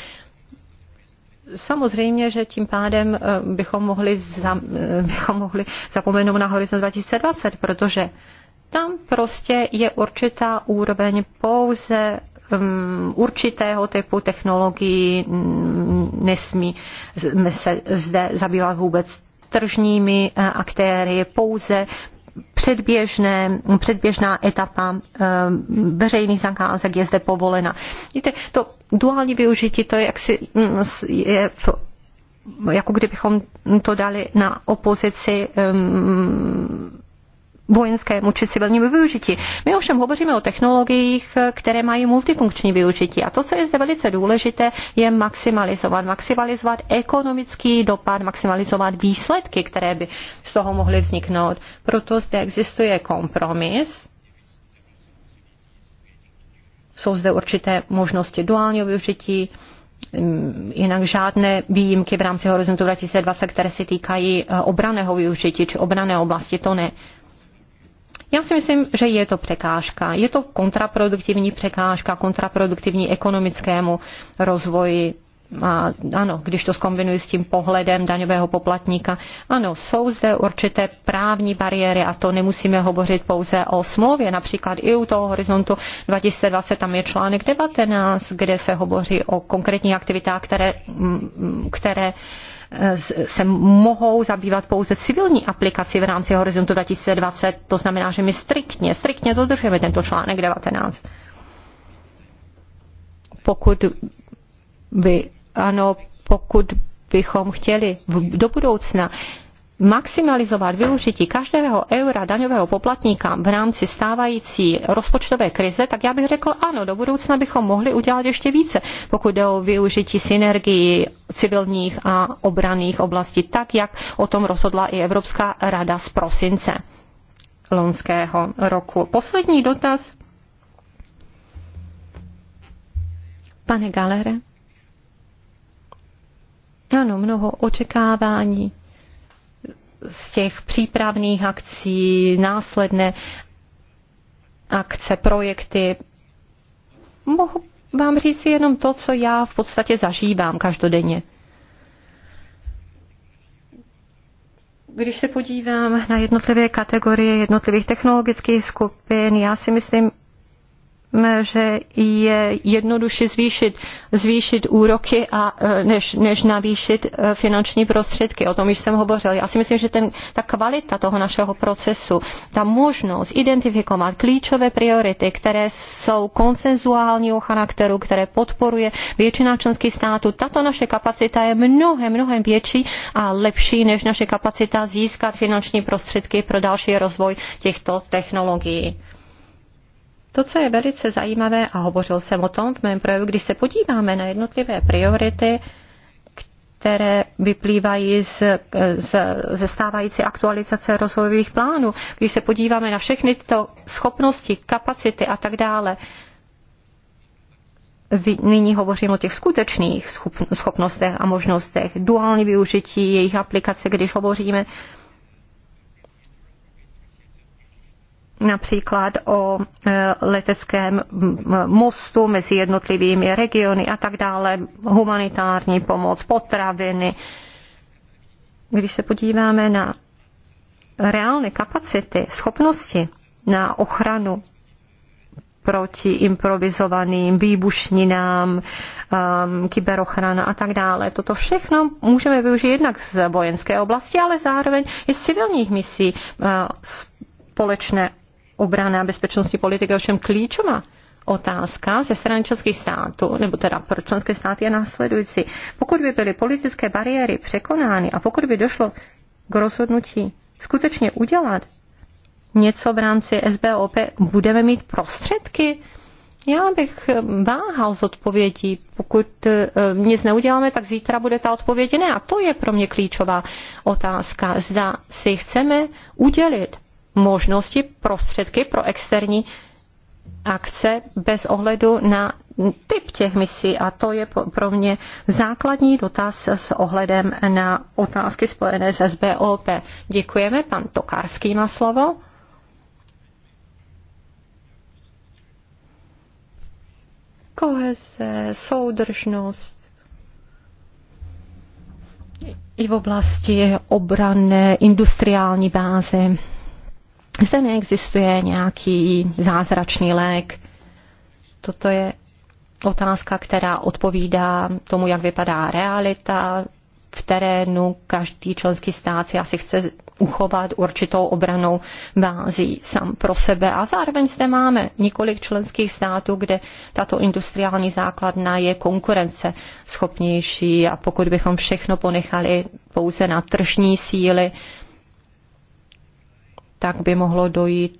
Samozřejmě, že tím pádem eh, bychom mohli, za, eh, bychom mohli zapomenout na horizont 2020, protože tam prostě je určitá úroveň pouze um, určitého typu technologií, mm, nesmí se zde zabývat vůbec tržními eh, aktéry, pouze předběžné, předběžná etapa eh, veřejných zakázek je zde povolena. Víte, to duální využití, to je jaksi mm, je v jako kdybychom to dali na opozici um, vojenskému či civilnímu využití. My ovšem hovoříme o technologiích, které mají multifunkční využití. A to, co je zde velice důležité, je maximalizovat. Maximalizovat ekonomický dopad, maximalizovat výsledky, které by z toho mohly vzniknout. Proto zde existuje kompromis, jsou zde určité možnosti duálního využití, mm, jinak žádné výjimky v rámci Horizontu 2020, které se týkají eh, obraného využití či obrané oblasti, to ne. Já si myslím, že je to překážka. Je to kontraproduktivní překážka, kontraproduktivní ekonomickému rozvoji a ano, když to skombinuji s tím pohledem daňového poplatníka, ano, jsou zde určité právní bariéry a to nemusíme hovořit pouze o smlouvě. Například i u toho horizontu 2020 tam je článek 19, kde se hovoří o konkrétních aktivitách, které, které uh, Eh, se mohou zabývat pouze civilní aplikaci v rámci Horizontu 2020. To znamená, že my striktně, striktně dodržujeme tento článek 19. Pokud by, ano, pokud bychom chtěli do budoucna maximalizovat využití každého eura daňového poplatníka v rámci stávající rozpočtové krize, tak já bych řekl ano, do budoucna bychom mohli udělat ještě více, pokud jde o využití synergii civilních a obraných oblastí, tak jak o tom rozhodla i Evropská rada z prosince lonského roku. Poslední dotaz. Pane Galere. Ano, mnoho očekávání z těch přípravných akcí, následné akce, projekty. Mohu vám říct jenom to, co já v podstatě zažívám každodenně. Když se podívám na jednotlivé kategorie jednotlivých technologických skupin, já si myslím, že je jednoduše zvýšit, zvýšit úroky a, e, než, než navýšit e, finanční prostředky. O tom již jsem hovořil. Já si myslím, že ten, ta kvalita toho našeho procesu, ta možnost identifikovat klíčové priority, které jsou konsenzuálního charakteru, které podporuje většina členských států, tato naše kapacita je mnohem, mnohem větší a lepší než naše kapacita získat finanční prostředky pro další rozvoj těchto technologií. To, co je velice zajímavé, a hovořil jsem o tom v mém projevu, když se podíváme na jednotlivé priority, které vyplývají z, z, ze stávající aktualizace rozvojových plánů, když se podíváme na všechny tyto schopnosti, kapacity a tak dále, nyní hovořím o těch skutečných schopnostech a možnostech, duální využití jejich aplikace, když hovoříme například o e, leteckém mostu mezi jednotlivými regiony a tak dále, humanitární pomoc, potraviny. Když se podíváme na reálné kapacity, schopnosti na ochranu proti improvizovaným výbušninám, um, kyberochrana a tak dále. Toto všechno můžeme využít jednak z vojenské oblasti, ale zároveň i z civilních misí uh, společné a bezpečnostní politika je ovšem klíčová otázka ze strany členských států, nebo teda pro členské státy je následující. Pokud by byly politické bariéry překonány a pokud by došlo k rozhodnutí skutečně udělat něco v rámci SBOP, budeme mít prostředky? Já bych eh, váhal z odpovědí. Pokud eh, eh, nic neuděláme, tak zítra bude ta odpověď ne. A to je pro mě klíčová otázka. Zda si chceme udělit možnosti, prostředky pro externí akce bez ohledu na typ těch misí a to je pro mě základní dotaz s ohledem na otázky spojené s SBOP. Děkujeme, pan Tokarský má slovo. Koheze, soudržnost, i v oblasti obrané industriální báze. Zde neexistuje nějaký zázračný lék. Toto je otázka, která odpovídá tomu, jak vypadá realita v terénu. Každý členský stát si asi chce uchovat určitou obranou bází sám pro sebe. A zároveň zde máme několik členských států, kde tato industriální základna je konkurence schopnější a pokud bychom všechno ponechali pouze na tržní síly, tak by mohlo dojít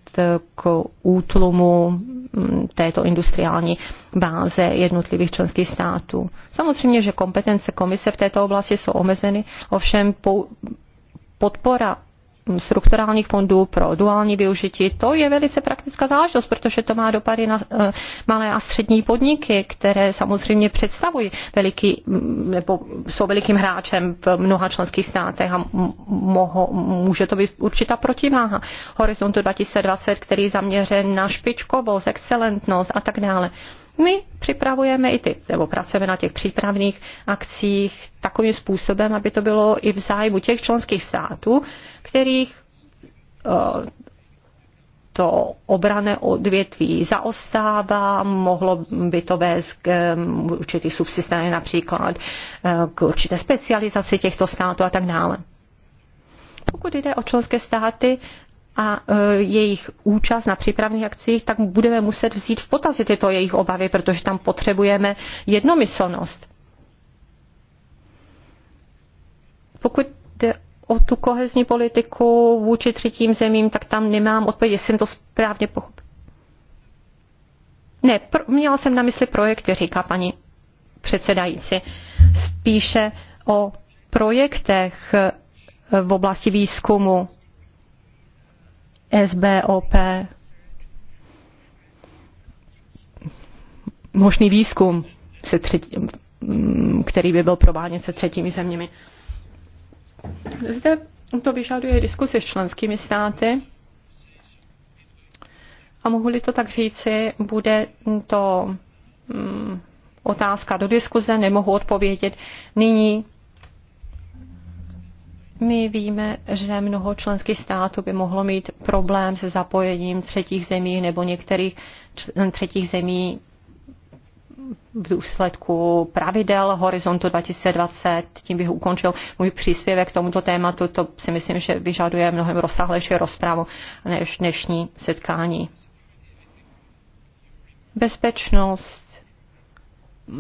k útlumu mm, této industriální báze jednotlivých členských států. Samozřejmě, že kompetence komise v této oblasti jsou omezeny, ovšem podpora strukturálních fondů pro duální využití, to je velice praktická záležitost, protože to má dopady na eh, malé a střední podniky, které samozřejmě představují veliký, mm, nebo jsou velikým hráčem v mnoha členských státech a moho, může to být určitá protiváha horizontu 2020, který je zaměřen na špičkovost, excelentnost a tak dále. My připravujeme i ty, nebo pracujeme na těch přípravných akcích takovým způsobem, aby to bylo i v zájmu těch členských států, kterých eh, to obrané odvětví zaostává, mohlo by to vést k eh, určitý subsystém, například eh, k určité specializaci těchto států a tak dále. Pokud jde o členské státy a jejich účast na přípravných akcích, tak budeme muset vzít v potazy tyto jejich obavy, protože tam potřebujeme jednomyslnost. Pokud o tu kohezní politiku vůči třetím zemím, tak tam nemám odpověď, jestli jsem to správně pochopil. Ne, pro, měla jsem na mysli projekty, říká paní předsedající. Spíše o projektech eh, v oblasti výzkumu SBOP. Možný výzkum, se třetí, mm, který by byl prováděn se třetími zeměmi. Zde to vyžaduje diskuse s členskými státy a mohu-li to tak říci, bude to mm, otázka do diskuze, nemohu odpovědět nyní. My víme, že mnoho členských států by mohlo mít problém se zapojením třetích zemí nebo některých třetích zemí v důsledku pravidel Horizontu 2020. Tím bych ukončil můj příspěvek k tomuto tématu. To si myslím, že vyžaduje mnohem rozsáhlejší rozpravu než dnešní setkání. Bezpečnost,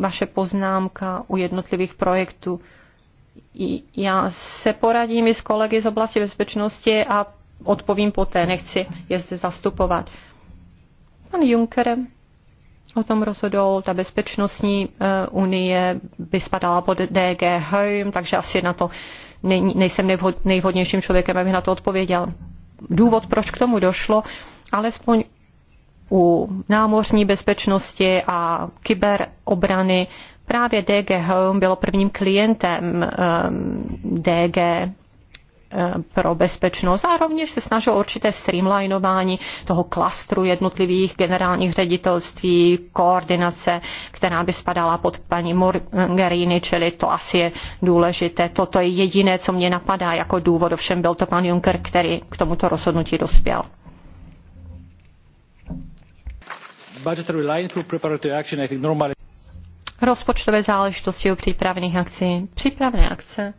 vaše poznámka u jednotlivých projektů. Já se poradím i s kolegy z oblasti bezpečnosti a odpovím poté, nechci je zde zastupovat. Pan Juncker o tom rozhodl. Ta bezpečnostní eh, unie by spadala pod DG Home, takže asi na to nejsem nejvhodnějším člověkem, abych na to odpověděl. Důvod, proč k tomu došlo, alespoň u námořní bezpečnosti a kyberobrany právě DG Home bylo prvním klientem eh, DG pro bezpečnost a rovněž se snažil určité streamlinování toho klastru jednotlivých generálních ředitelství, koordinace, která by spadala pod paní Morgerini, čili to asi je důležité. Toto je jediné, co mě napadá jako důvod, ovšem byl to pan Juncker, který k tomuto rozhodnutí dospěl. Rozpočtové záležitosti u přípravných akcí. Přípravné akce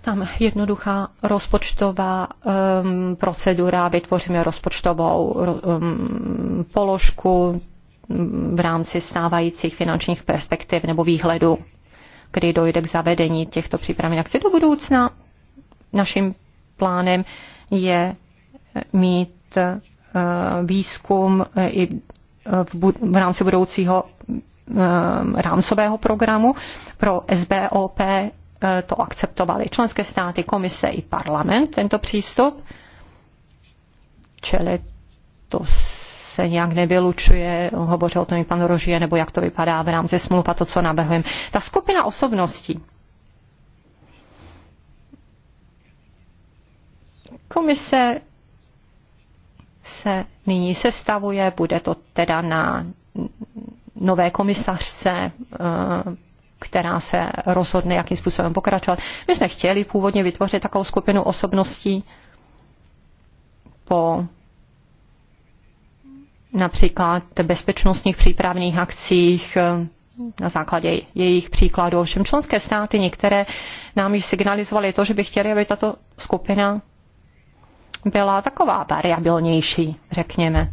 tam jednoduchá rozpočtová um, procedura, vytvoříme rozpočtovou um, položku um, v rámci stávajících finančních perspektiv nebo výhledu, kdy dojde k zavedení těchto přípravných akcí do budoucna. Naším plánem je eh, mít uh, výzkum eh, i v, v rámci budoucího rámcového programu pro SBOP Eh, to akceptovaly členské státy, komise i parlament, tento přístup. Čili to se nějak nevylučuje, hovořil o tom i pan Rožie, nebo jak to vypadá v rámci smluv a to, co navrhujeme. Ta skupina osobností. Komise se nyní sestavuje, bude to teda na nové komisařce eh, která se rozhodne, jakým způsobem pokračovat. My jsme chtěli původně vytvořit takovou skupinu osobností po například bezpečnostních přípravných akcích, eh, na základě jejich příkladů. Ovšem členské státy některé nám již signalizovaly to, že by chtěli, aby tato skupina byla taková variabilnější, řekněme.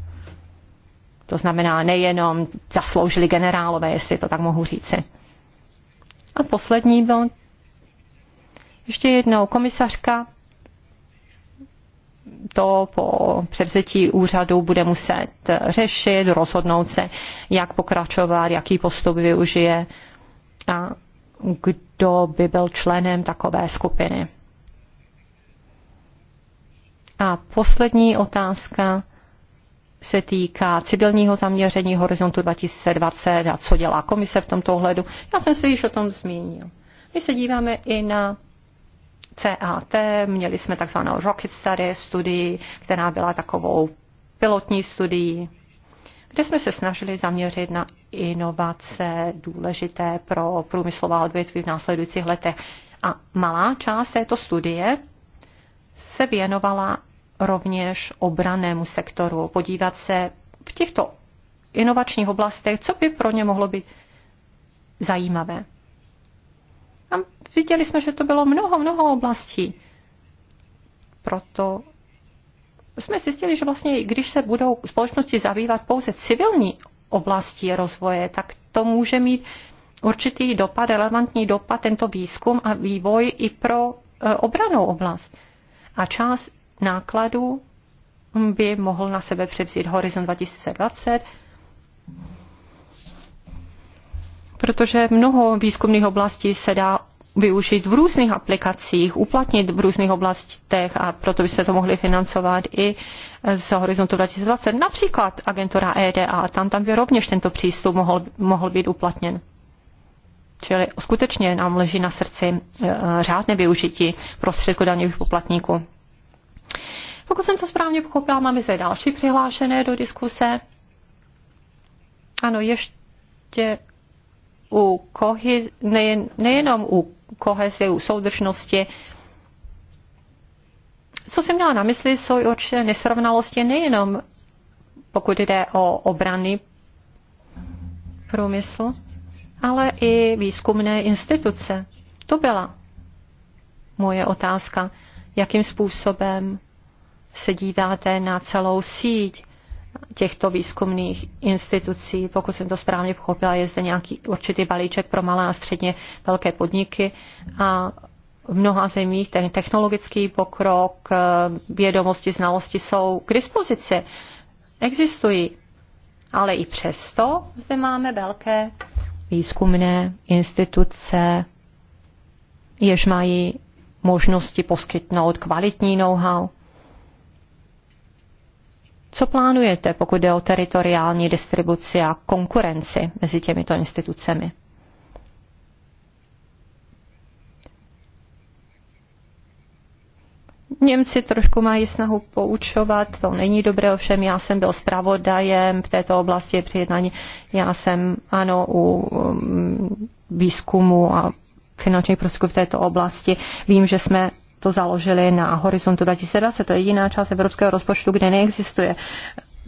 To znamená nejenom zasloužili generálové, jestli to tak mohu říci. A poslední byl ještě jednou komisařka to po převzetí úřadu bude muset řešit, rozhodnout se, jak pokračovat, jaký postup využije a kdo by byl členem takové skupiny. A poslední otázka se týká civilního zaměření Horizontu 2020 a co dělá komise v tomto ohledu. Já jsem se již o tom zmínil. My se díváme i na CAT, měli jsme takzvanou Rocket Study studii, která byla takovou pilotní studií, kde jsme se snažili zaměřit na inovace důležité pro průmyslová odvětví v následujících letech. A malá část této studie se věnovala rovněž obranému sektoru, podívat se v těchto inovačních oblastech, co by pro ně mohlo být zajímavé. A viděli jsme, že to bylo mnoho, mnoho oblastí. Proto jsme zjistili, že vlastně, když se budou společnosti zabývat pouze civilní oblasti rozvoje, tak to může mít určitý dopad, relevantní dopad, tento výzkum a vývoj i pro e, obranou oblast. A část nákladů by mohl na sebe převzít Horizon 2020, protože mnoho výzkumných oblastí se dá využít v různých aplikacích, uplatnit v různých oblastech a proto by se to mohli financovat i z Horizontu 2020. Například agentura EDA, tam, tam by rovněž tento přístup mohl, mohl být uplatněn. Čili skutečně nám leží na srdci eh, řádné využití prostředku daňových poplatníků. Pokud jsem to správně pochopila, máme zde další přihlášené do diskuse. Ano, ještě u kohy, nejen, nejenom u koheze, u soudržnosti, co jsem měla na mysli, jsou určité nesrovnalosti nejenom pokud jde o obrany průmysl, ale i výzkumné instituce. To byla moje otázka jakým způsobem se díváte na celou síť těchto výzkumných institucí. Pokud jsem to správně pochopila, je zde nějaký určitý balíček pro malé a středně velké podniky a v mnoha zemích ten technologický pokrok, vědomosti, znalosti jsou k dispozici. Existují. Ale i přesto zde máme velké výzkumné instituce, jež mají možnosti poskytnout kvalitní know-how. Co plánujete, pokud jde o teritoriální distribuci a konkurenci mezi těmito institucemi? Němci trošku mají snahu poučovat, to není dobré, ovšem já jsem byl zpravodajem v této oblasti při jednání. Já jsem, ano, u um, výzkumu a finančních prostředků v této oblasti. Vím, že jsme to založili na horizontu 2020. To je jediná část evropského rozpočtu, kde neexistuje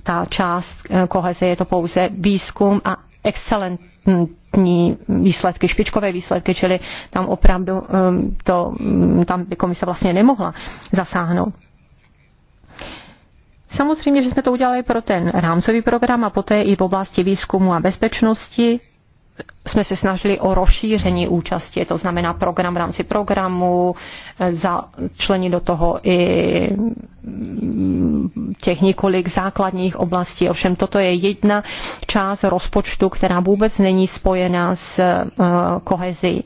ta část eh, koheze, je to pouze výzkum a excelentní výsledky, špičkové výsledky, čili tam opravdu ehm, to, mm, tam by komise vlastně nemohla zasáhnout. Samozřejmě, že jsme to udělali pro ten rámcový program a poté i v oblasti výzkumu a bezpečnosti jsme se snažili o rozšíření účasti, to znamená program v rámci programu, eh, začlenit do toho i mm, těch několik základních oblastí. Ovšem toto je jedna část rozpočtu, která vůbec není spojena s eh, kohezí,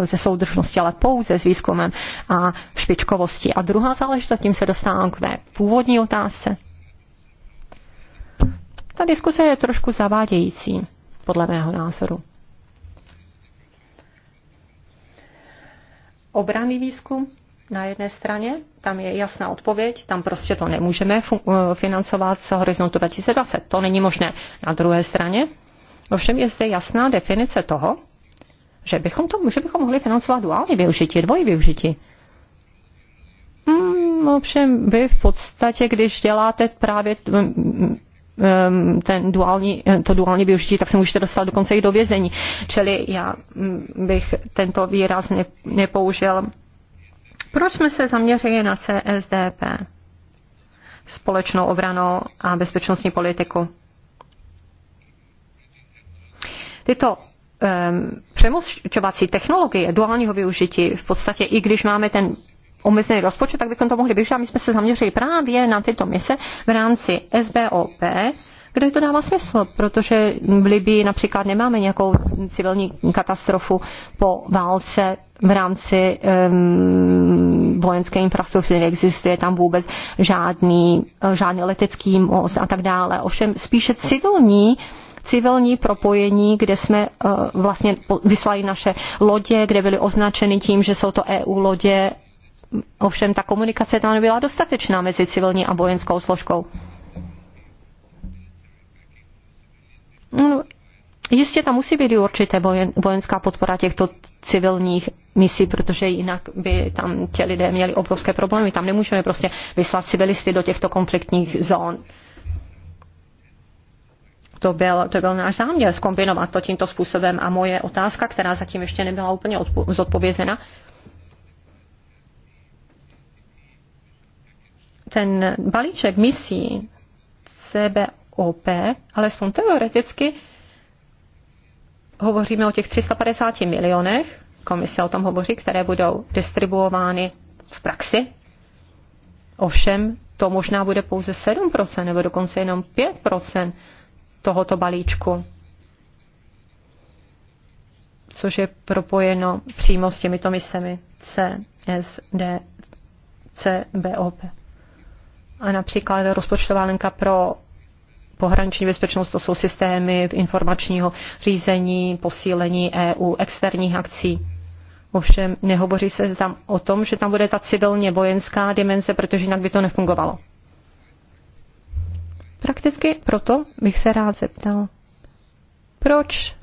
ze eh, soudržností, ale pouze s výzkumem a špičkovostí. A druhá záležitost, tím se dostávám k mé původní otázce. Ta diskuse je trošku zavádějící, podle mého názoru. obraný výzkum na jedné straně, tam je jasná odpověď, tam prostě to nemůžeme eh, financovat z horizontu 2020, to není možné. Na druhé straně, ovšem je zde jasná definice toho, že bychom, to, že bychom mohli financovat duální využití, dvojí využití. Hmm, ovšem vy v podstatě, když děláte právě Ehm, ten duální, eh, to duální využití, tak se můžete dostat dokonce i do vězení. Čili já mm, bych tento výraz nepoužil. Proč jsme se zaměřili na CSDP? Společnou obranou a bezpečnostní politiku. Tyto um, technologie duálního využití, v podstatě i když máme ten omezený rozpočet, tak bychom to mohli využít. A my jsme se zaměřili právě na tyto mise v rámci SBOP, kde to dává smysl, protože v Libii například nemáme nějakou civilní katastrofu po válce v rámci um, vojenské infrastruktury, neexistuje tam vůbec žádný, žádný letecký most a tak dále. Ovšem spíše civilní civilní propojení, kde jsme eh, vlastně vyslali naše lodě, kde byly označeny tím, že jsou to EU lodě Ovšem ta komunikace tam nebyla dostatečná mezi civilní a vojenskou složkou. No, jistě tam musí být určité vojenská podpora těchto civilních misí, protože jinak by tam ti lidé měli obrovské problémy. Tam nemůžeme prostě vyslat civilisty do těchto konfliktních zón. To byl, to byl náš záměr, zkombinovat to tímto způsobem. A moje otázka, která zatím ještě nebyla úplně zodpovězena, ten balíček misí CBOP, alespoň teoreticky, hovoříme o těch 350 milionech, komise o tom hovoří, které budou distribuovány v praxi. Ovšem, to možná bude pouze 7% nebo dokonce jenom 5% tohoto balíčku, což je propojeno přímo s těmito misemi CSD, CBOP. A například rozpočtová linka pro pohraniční bezpečnost, to jsou systémy informačního řízení, posílení EU, externích akcí. Ovšem nehovoří se tam o tom, že tam bude ta civilně vojenská dimenze, protože jinak by to nefungovalo. Prakticky proto bych se rád zeptal, proč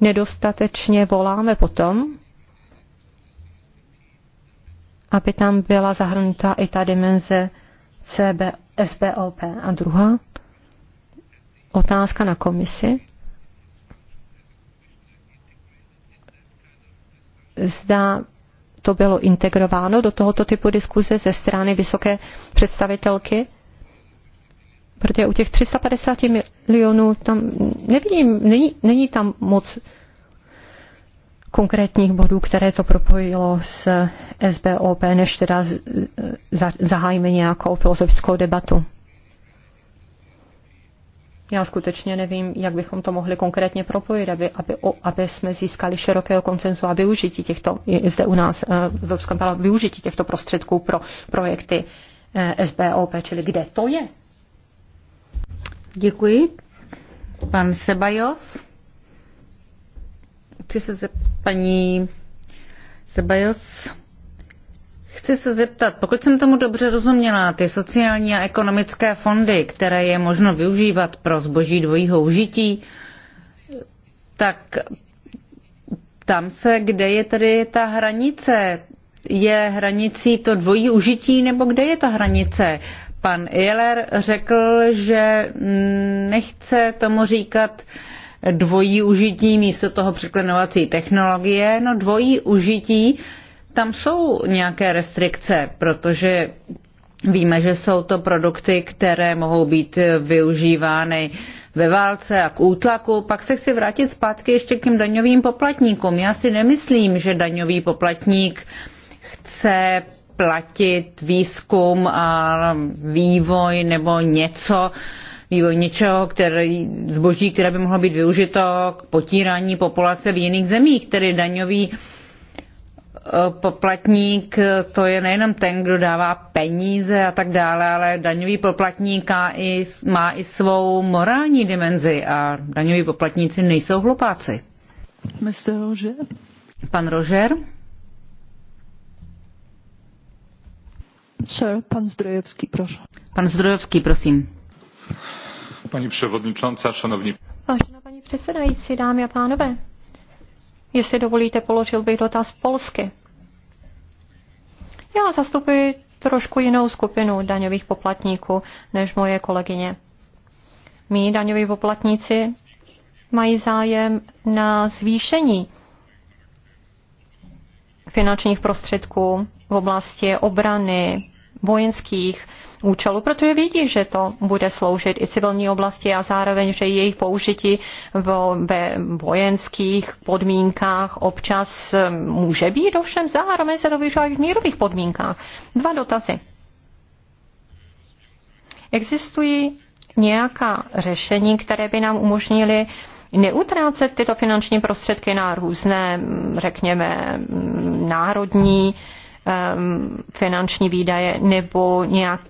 nedostatečně voláme potom, aby tam byla zahrnuta i ta dimenze CB, SBOP. A druhá otázka na komisi. Zda to bylo integrováno do tohoto typu diskuze ze strany vysoké představitelky? Protože u těch 350 milionů tam nevidím, není, není tam moc konkrétních bodů, které to propojilo s SBOP, než teda zahájíme nějakou filozofickou debatu. Já skutečně nevím, jak bychom to mohli konkrétně propojit, aby, aby, aby jsme získali širokého koncenzu a využití těchto, zde u nás eh, v Evropském využití těchto prostředků pro projekty eh, SBOP, čili kde to je. Děkuji. Pan Sebajos. Chci se zeptat paní Sebajos. Chci se zeptat, pokud jsem tomu dobře rozuměla, ty sociální a ekonomické fondy, které je možno využívat pro zboží dvojího užití, tak tam se, kde je tedy ta hranice? Je hranicí to dvojí užití nebo kde je ta hranice? Pan Jeller řekl, že nechce tomu říkat dvojí užití, místo toho překlenovací technologie. No dvojí užití, tam jsou nějaké restrikce, protože víme, že jsou to produkty, které mohou být využívány ve válce a k útlaku. Pak se chci vrátit zpátky ještě k těm daňovým poplatníkům. Já si nemyslím, že daňový poplatník chce platit výzkum a vývoj nebo něco, vývoj něčeho, který, zboží, které by mohlo být využito k potírání populace v jiných zemích, tedy daňový e, poplatník, to je nejenom ten, kdo dává peníze a tak dále, ale daňový poplatník má i svou morální dimenzi a daňoví poplatníci nejsou hlupáci. Mr. Roger. Pan Roger. Sir, pan Zdrojevský, prosím. Pan Zdrojevský, prosím paní převodničanca, šanovní. Vážená paní předsedající, dámy a pánové, jestli dovolíte, položil bych dotaz polsky. Já zastupuji trošku jinou skupinu daňových poplatníků než moje kolegyně. Mí daňoví poplatníci mají zájem na zvýšení finančních prostředků v oblasti obrany, vojenských účelů, protože vidí, že to bude sloužit i civilní oblasti a zároveň, že jejich použití ve vojenských podmínkách občas eh, může být, ovšem zároveň se to využívá v mírových podmínkách. Dva dotazy. Existují nějaká řešení, které by nám umožnili neutrácet tyto finanční prostředky na různé, hm, řekněme, hm, národní uh, Um, finanční výdaje nebo, nějak,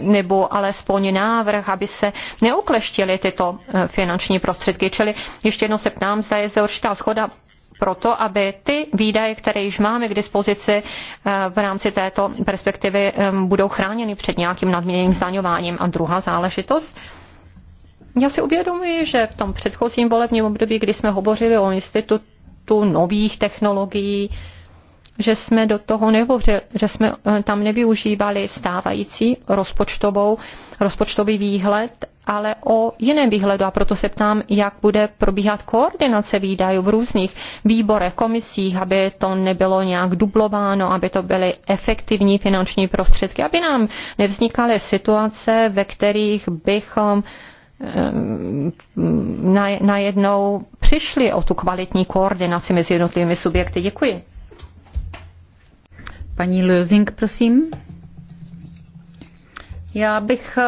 nebo alespoň návrh, aby se neukleštily tyto uh, finanční prostředky. Čili ještě jednou se ptám, zda je zde určitá schoda proto, aby ty výdaje, které již máme k dispozici uh, v rámci této perspektivy, um, budou chráněny před nějakým nadměrným zdaňováním. A druhá záležitost, já si uvědomuji, že v tom předchozím volebním období, kdy jsme hovořili o institutu nových technologií, že jsme do toho nevořili, že jsme eh, tam nevyužívali stávající rozpočtovou, rozpočtový výhled, ale o jiném výhledu. A proto se ptám, jak bude probíhat koordinace výdajů v různých výborech, komisích, aby to nebylo nějak dublováno, aby to byly efektivní finanční prostředky, aby nám nevznikaly situace, ve kterých bychom eh, najednou přišli o tu kvalitní koordinaci mezi jednotlivými subjekty. Děkuji. Paní Lösing, prosím. Já bych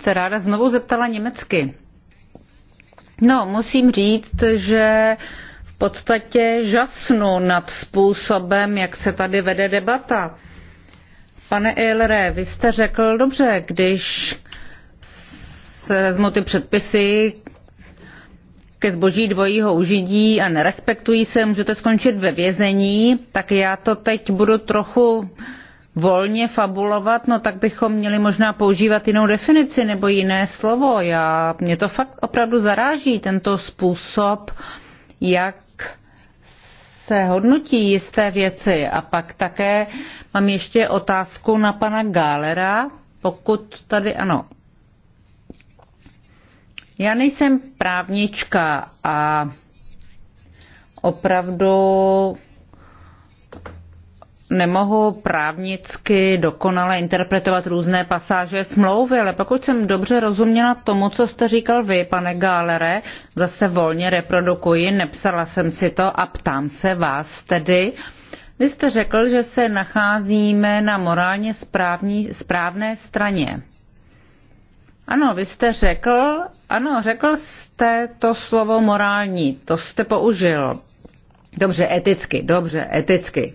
se ráda znovu zeptala německy. No, musím říct, že v podstatě žasnu nad způsobem, jak se tady vede debata. Pane Eilere, vy jste řekl dobře, když se vezmu ty předpisy, ke zboží dvojího užití a nerespektují se, můžete skončit ve vězení, tak já to teď budu trochu volně fabulovat, no tak bychom měli možná používat jinou definici nebo jiné slovo. Já, mě to fakt opravdu zaráží, tento způsob, jak se hodnotí jisté věci. A pak také mám ještě otázku na pana Gálera, pokud tady, ano, já nejsem právnička a opravdu nemohu právnicky dokonale interpretovat různé pasáže smlouvy, ale pokud jsem dobře rozuměla tomu, co jste říkal vy, pane Gálere, zase volně reprodukuji, nepsala jsem si to a ptám se vás tedy. Vy jste řekl, že se nacházíme na morálně správní, správné straně. Ano, vy jste řekl, ano, řekl jste to slovo morální, to jste použil. Dobře, eticky, dobře, eticky.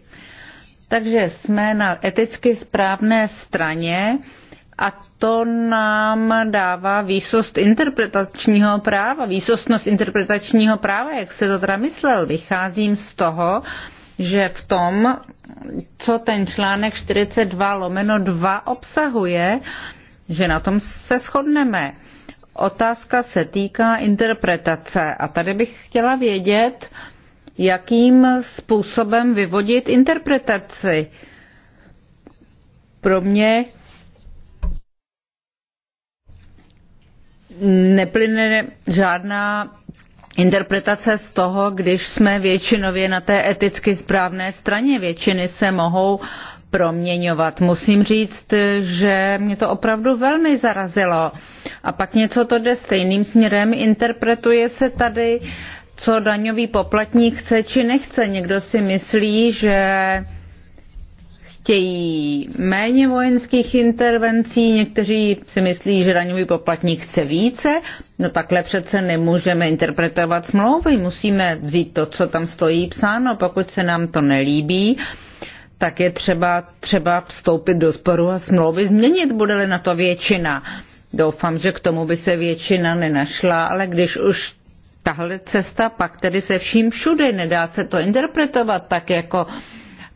Takže jsme na eticky správné straně a to nám dává výsost interpretačního práva, výsostnost interpretačního práva, jak se to teda myslel. Vycházím z toho, že v tom, co ten článek 42 lomeno 2 obsahuje, že na tom se shodneme. Otázka se týká interpretace a tady bych chtěla vědět, jakým způsobem vyvodit interpretaci. Pro mě neplyne žádná interpretace z toho, když jsme většinově na té eticky správné straně. Většiny se mohou uh, proměňovat. Musím říct, že mě to opravdu velmi zarazilo. A pak něco to jde stejným směrem, interpretuje se tady, co daňový poplatník chce či nechce. Někdo si myslí, že chtějí méně vojenských intervencí, někteří si myslí, že daňový poplatník chce více. No takhle přece nemůžeme interpretovat smlouvy, musíme vzít to, co tam stojí psáno, pokud se nám to nelíbí, tak je třeba, třeba vstoupit do sporu a smlouvy změnit, bude-li na to většina. Doufám, že k tomu by se většina nenašla, ale když už tahle cesta pak tedy se vším všude, nedá se to interpretovat tak jako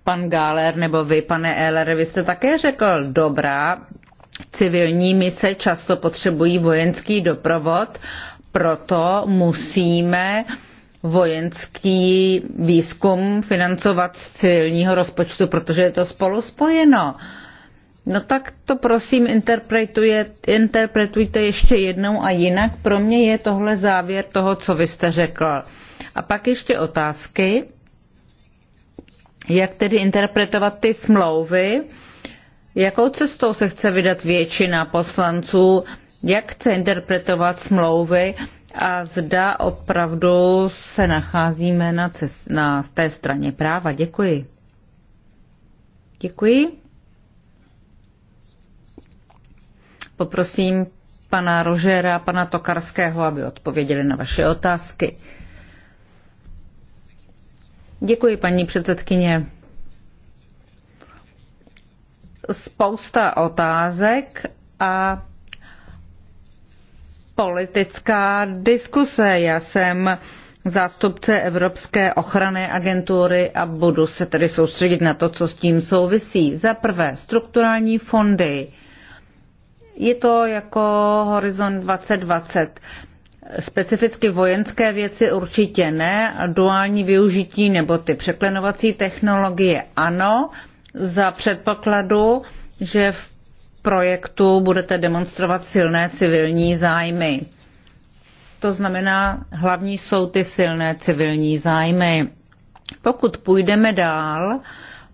pan Gáler nebo vy, pane Ehler, vy jste také řekl, dobrá, civilní mise často potřebují vojenský doprovod, proto musíme uh, vojenský výzkum financovat z civilního rozpočtu, protože je to spolu spojeno. No tak to prosím interpretujte ještě jednou a jinak pro mě je tohle závěr toho, co vy jste řekl. A pak ještě otázky, jak tedy interpretovat ty smlouvy, jakou cestou se chce vydat většina poslanců, jak chce interpretovat smlouvy, a zda opravdu se nacházíme na, cest, na té straně práva. Děkuji. Děkuji. Poprosím pana Rožera a pana Tokarského, aby odpověděli na vaše otázky. Děkuji, paní předsedkyně. Spousta otázek a politická diskuse. Já jsem zástupce Evropské ochrany agentury a budu se tedy soustředit na to, co s tím souvisí. Za prvé, strukturální fondy. Je to jako Horizon 2020. Specificky vojenské věci určitě ne, duální využití nebo ty překlenovací technologie ano, za předpokladu, že v projektu budete demonstrovat silné civilní zájmy. To znamená, hlavní jsou ty silné civilní zájmy. Pokud půjdeme dál,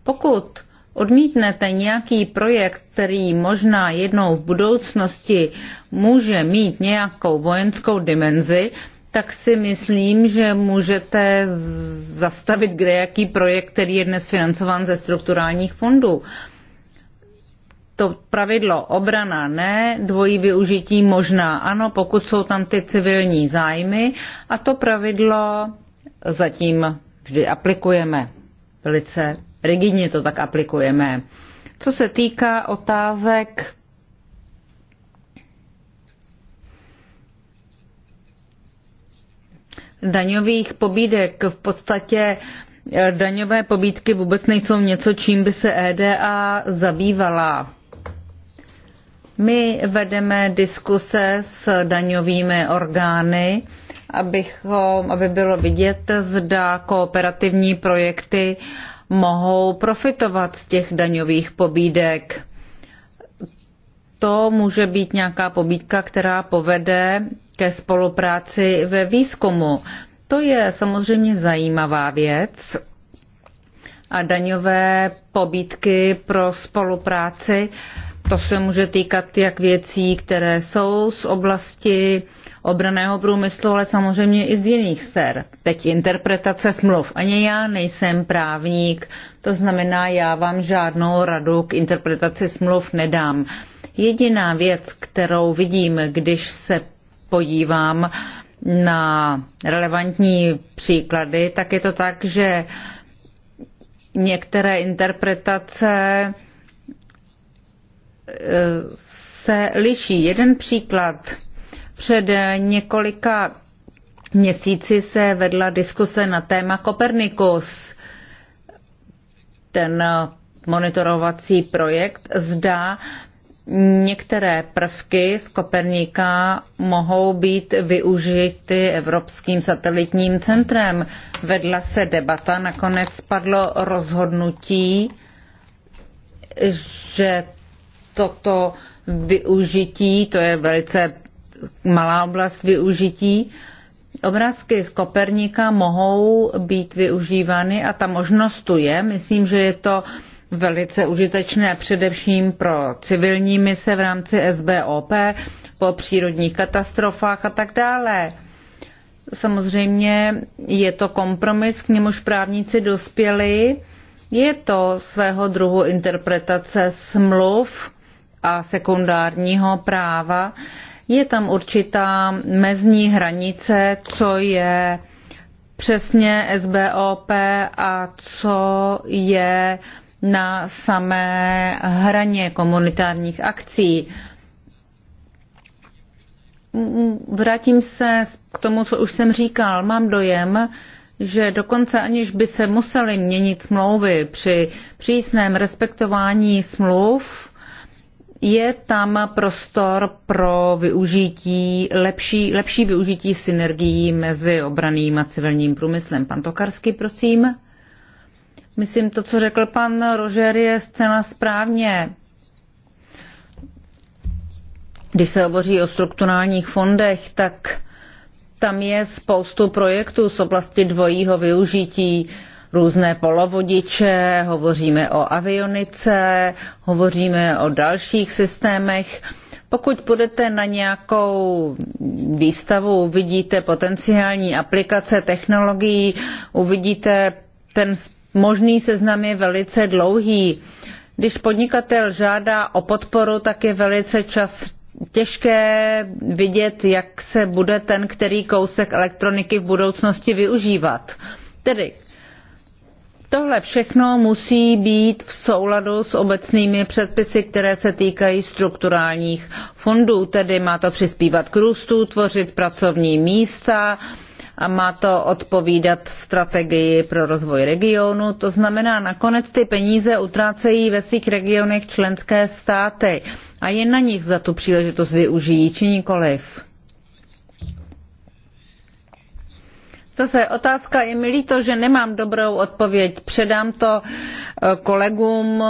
pokud odmítnete nějaký projekt, který možná jednou v budoucnosti může mít nějakou vojenskou dimenzi, tak si myslím, že můžete zastavit kde jaký projekt, který je dnes financován ze strukturálních fondů to pravidlo obrana ne, dvojí využití možná ano, pokud jsou tam ty civilní zájmy a to pravidlo zatím vždy aplikujeme. Velice rigidně to tak aplikujeme. Co se týká otázek daňových pobídek, v podstatě eh, daňové pobídky vůbec nejsou něco, čím by se EDA zabývala my vedeme diskuse s daňovými orgány, abychom, aby bylo vidět, zda kooperativní projekty mohou profitovat z těch daňových pobídek. To může být nějaká pobídka, která povede ke spolupráci ve výzkumu. To je samozřejmě zajímavá věc a daňové pobídky pro spolupráci to se může týkat jak věcí, které jsou z oblasti obraného průmyslu, ale samozřejmě i z jiných sfér. Teď interpretace smluv. Ani já nejsem právník, to znamená, já vám žádnou radu k interpretaci smluv nedám. Jediná věc, kterou vidím, když se podívám na relevantní příklady, tak je to tak, že některé interpretace se liší. Jeden příklad. Před eh, několika měsíci se vedla diskuse na téma Kopernikus. Ten eh, monitorovací projekt zdá, některé prvky z Koperníka mohou být využity Evropským satelitním centrem. Vedla se debata, nakonec padlo rozhodnutí, že toto využití, to je velice malá oblast využití, Obrázky z Koperníka mohou být využívány a ta možnost tu je. Myslím, že je to velice užitečné především pro civilní mise v rámci SBOP, po přírodních katastrofách a tak dále. Samozřejmě je to kompromis, k němuž právníci dospěli. Je to svého druhu interpretace smluv, a sekundárního práva, je tam určitá mezní hranice, co je přesně SBOP a co je na samé hraně komunitárních akcí. Vrátím se k tomu, co už jsem říkal. Mám dojem, že dokonce aniž by se museli měnit smlouvy při přísném respektování smluv, je tam prostor pro využití, lepší, lepší využití synergií mezi obraným a civilním průmyslem. Pan Tokarsky, prosím. Myslím, to, co řekl pan Rožer, je zcela správně. Když se hovoří o strukturálních fondech, tak tam je spoustu projektů z oblasti dvojího využití. Uh, různé polovodiče, hovoříme o avionice, hovoříme o dalších systémech. Pokud půjdete na nějakou výstavu, uvidíte potenciální aplikace technologií, uvidíte ten možný seznam je velice dlouhý. Když podnikatel žádá o podporu, tak je velice čas těžké vidět, jak se bude ten který kousek elektroniky v budoucnosti využívat. Tedy Tohle všechno musí být v souladu s obecnými předpisy, které se týkají strukturálních fondů, tedy má to přispívat k růstu, tvořit pracovní místa a má to odpovídat strategii pro rozvoj regionu. To znamená, nakonec ty peníze utrácejí ve svých regionech členské státy a je na nich za tu příležitost využijí, či nikoliv. Zase otázka je mi líto, že nemám dobrou odpověď. Předám to eh, kolegům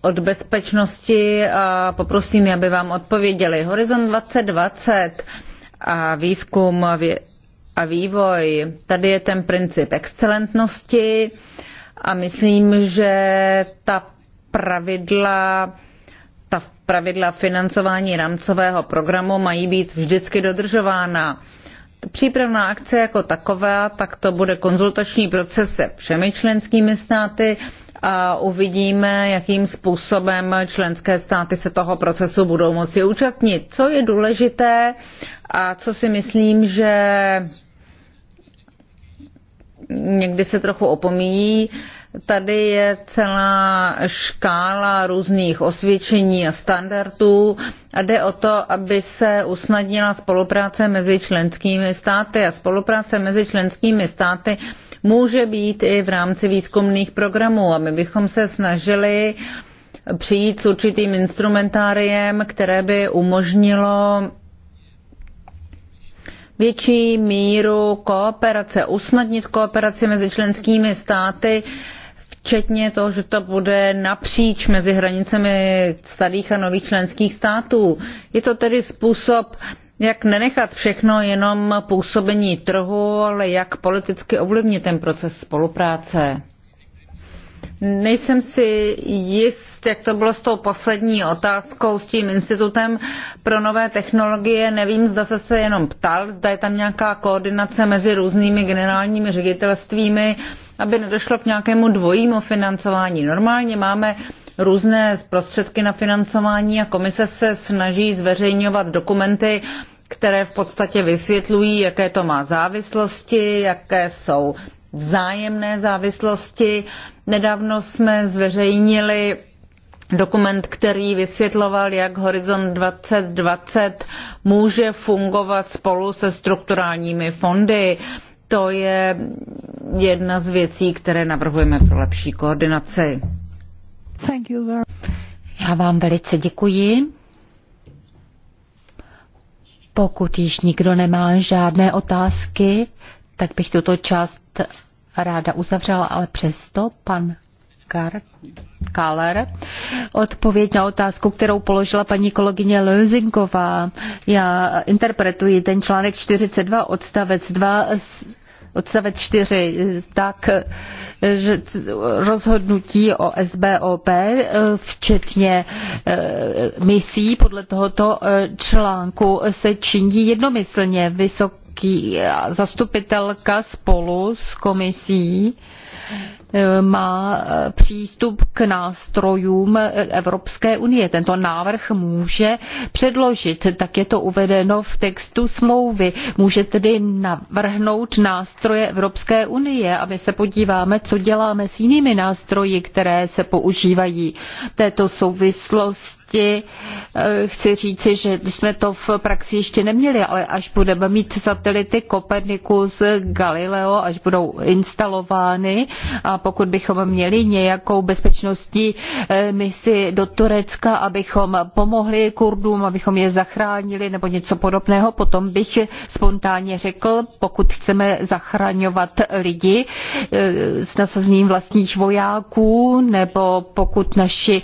od bezpečnosti a poprosím, aby vám odpověděli. Horizont 2020 a výzkum a vývoj, tady je ten princip excelentnosti a myslím, že ta pravidla ta pravidla financování rámcového programu mají být vždycky dodržována přípravná akce jako taková, tak to bude konzultační proces se všemi členskými státy a uvidíme, jakým způsobem členské státy se toho procesu budou moci účastnit. Co je důležité a co si myslím, že někdy se trochu opomíjí, Tady je celá škála různých osvědčení a standardů a jde o to, aby se usnadnila spolupráce mezi členskými státy a spolupráce mezi členskými státy může být i v rámci výzkumných programů a my bychom se snažili přijít s určitým instrumentáriem, které by umožnilo větší míru kooperace, usnadnit kooperaci mezi členskými státy, včetně toho, že to bude napříč mezi hranicemi starých a nových členských států. Je to tedy způsob, jak nenechat všechno jenom působení trhu, ale jak politicky ovlivnit ten proces spolupráce. Nejsem si jist, jak to bylo s tou poslední otázkou, s tím institutem pro nové technologie. Nevím, zda se se jenom ptal, zda je tam nějaká koordinace mezi různými generálními ředitelstvími aby nedošlo k nějakému dvojímu financování. Normálně máme různé prostředky na financování a komise se snaží zveřejňovat dokumenty, které v podstatě vysvětlují, jaké to má závislosti, jaké jsou vzájemné závislosti. Nedávno jsme zveřejnili dokument, který vysvětloval, jak Horizon 2020 může fungovat spolu se strukturálními fondy. To je jedna z věcí, které navrhujeme pro lepší koordinaci. Thank you very... Já vám velice děkuji. Pokud již nikdo nemá žádné otázky, tak bych tuto část ráda uzavřela, ale přesto pan Kar, Kaler. Odpověď na otázku, kterou položila paní kolegyně Lozinková. Já interpretuji ten článek 42 odstavec 2 odstavec 4, tak že rozhodnutí o SBOP, e, včetně e, misí podle tohoto e, článku, se činí jednomyslně. Vysoký zastupitelka spolu s komisí Eh, má eh, přístup k nástrojům eh, Evropské unie. Tento návrh může předložit, tak je to uvedeno v textu smlouvy. Může tedy navrhnout nástroje Evropské unie a my se podíváme, co děláme s jinými nástroji, které se používají v této souvislosti oblasti eh, chci říci, že jsme to v praxi ještě neměli, ale až budeme mít satelity Copernicus, Galileo, až budou instalovány a pokud bychom měli nějakou bezpečnostní eh, misi do Turecka, abychom pomohli Kurdům, abychom je zachránili nebo něco podobného, potom bych spontánně řekl, pokud chceme zachraňovat lidi eh, s nasazením vlastních vojáků, nebo pokud naši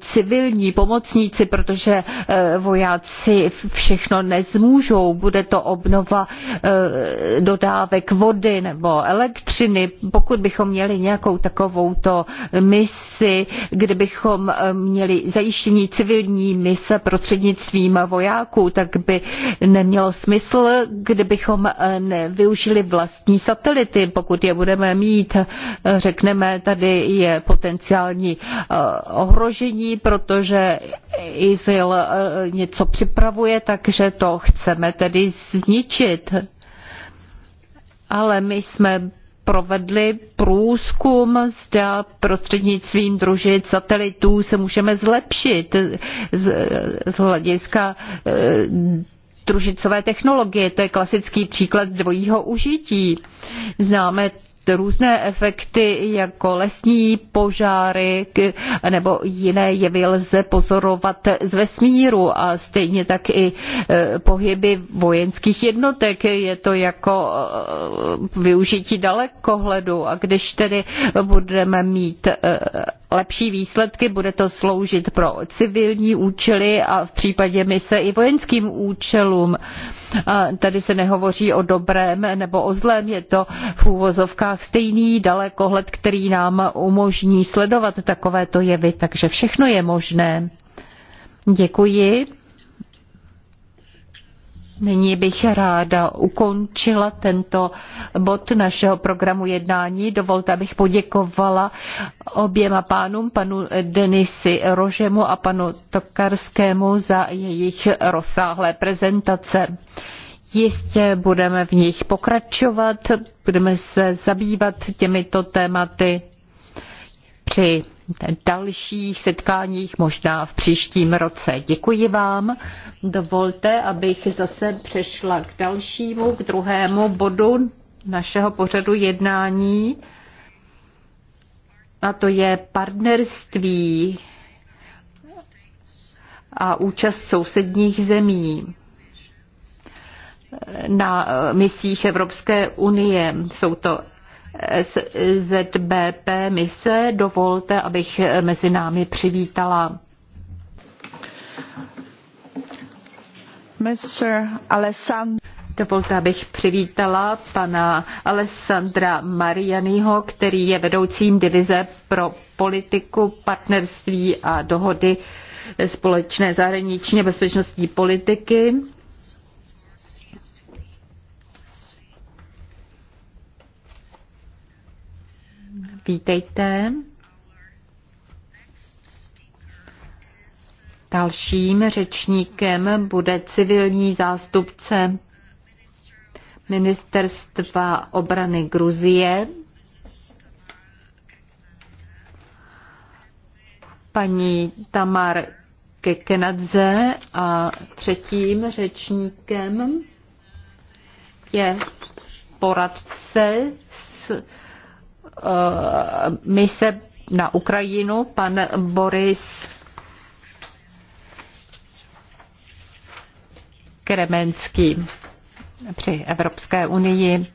civilní pomocníci, protože eh, vojáci všechno nezmůžou. Bude to obnova eh, dodávek vody nebo elektřiny. Pokud bychom měli nějakou takovouto misi, kde bychom eh, měli zajištění civilní mise prostřednictvím vojáků, tak by nemělo smysl, kdybychom nevyužili vlastní satelity. Pokud je budeme mít, řekneme, tady je potenciální ohrožení, protože ISIL eh, něco připravuje, takže to chceme tedy zničit. Ale my jsme provedli průzkum, zda prostřednictvím družit satelitů se můžeme zlepšit z, z hlediska eh, družicové technologie. To je klasický příklad dvojího užití. Známe různé efekty jako lesní požáry nebo jiné jevy lze pozorovat z vesmíru a stejně tak i e, pohyby vojenských jednotek. Je to jako e, využití dalekohledu a když tedy budeme mít e, lepší výsledky, bude to sloužit pro civilní účely a v případě mise i vojenským účelům tady se nehovoří o dobrém nebo o zlém, je to v úvozovkách stejný dalekohled, který nám umožní sledovat takovéto jevy, takže všechno je možné. Děkuji. Nyní bych ráda ukončila tento bod našeho programu jednání. Dovolte, abych poděkovala oběma pánům, panu Denisi Rožemu a panu Tokarskému za jejich rozsáhlé prezentace. Jistě budeme v nich pokračovat, budeme se zabývat těmito tématy při dalších setkáních, možná v příštím roce. Děkuji vám. Dovolte, abych zase přešla k dalšímu, k druhému bodu našeho pořadu jednání. A to je partnerství a účast sousedních zemí na misích Evropské unie. Jsou to ZBP mise, dovolte, abych mezi námi přivítala. Mr. Alessandro. Dovolte, abych přivítala pana Alessandra Marianiho, který je vedoucím divize pro politiku, partnerství a dohody společné zahraničně bezpečnostní politiky Vítejte. Dalším řečníkem bude civilní zástupce ministerstva obrany Gruzie, paní Tamar Kekenadze a třetím řečníkem je poradce z Eh, mise na Ukrajinu, pan Boris Kremenský při Evropské unii.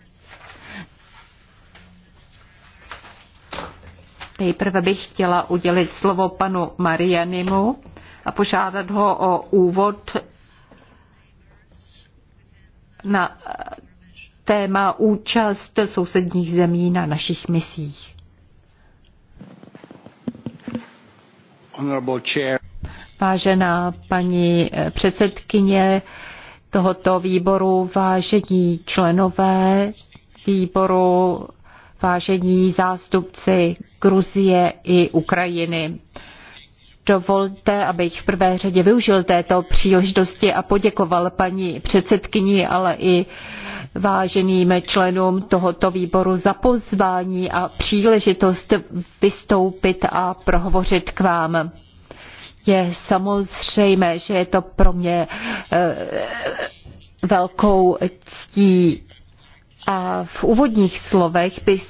Nejprve bych chtěla udělit slovo panu Marianimu a požádat ho o úvod na téma účast sousedních zemí na našich misích. Vážená paní eh, předsedkyně tohoto výboru, vážení členové výboru, vážení zástupci Gruzie i Ukrajiny. Dovolte, abych v prvé řadě využil této příležitosti a poděkoval paní předsedkyni, ale i váženým členům tohoto výboru za pozvání a příležitost vystoupit a prohovořit k vám. Je samozřejmé, že je to pro mě eh, velkou ctí. A v úvodních slovech bych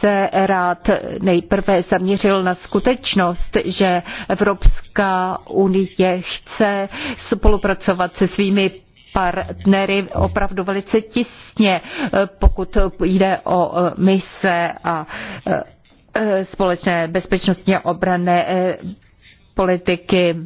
se rád nejprve zaměřil na skutečnost, že Evropská unie chce spolupracovat se svými partnery opravdu velice tisně, pokud jde o mise a e, společné bezpečnostní a obranné e, politiky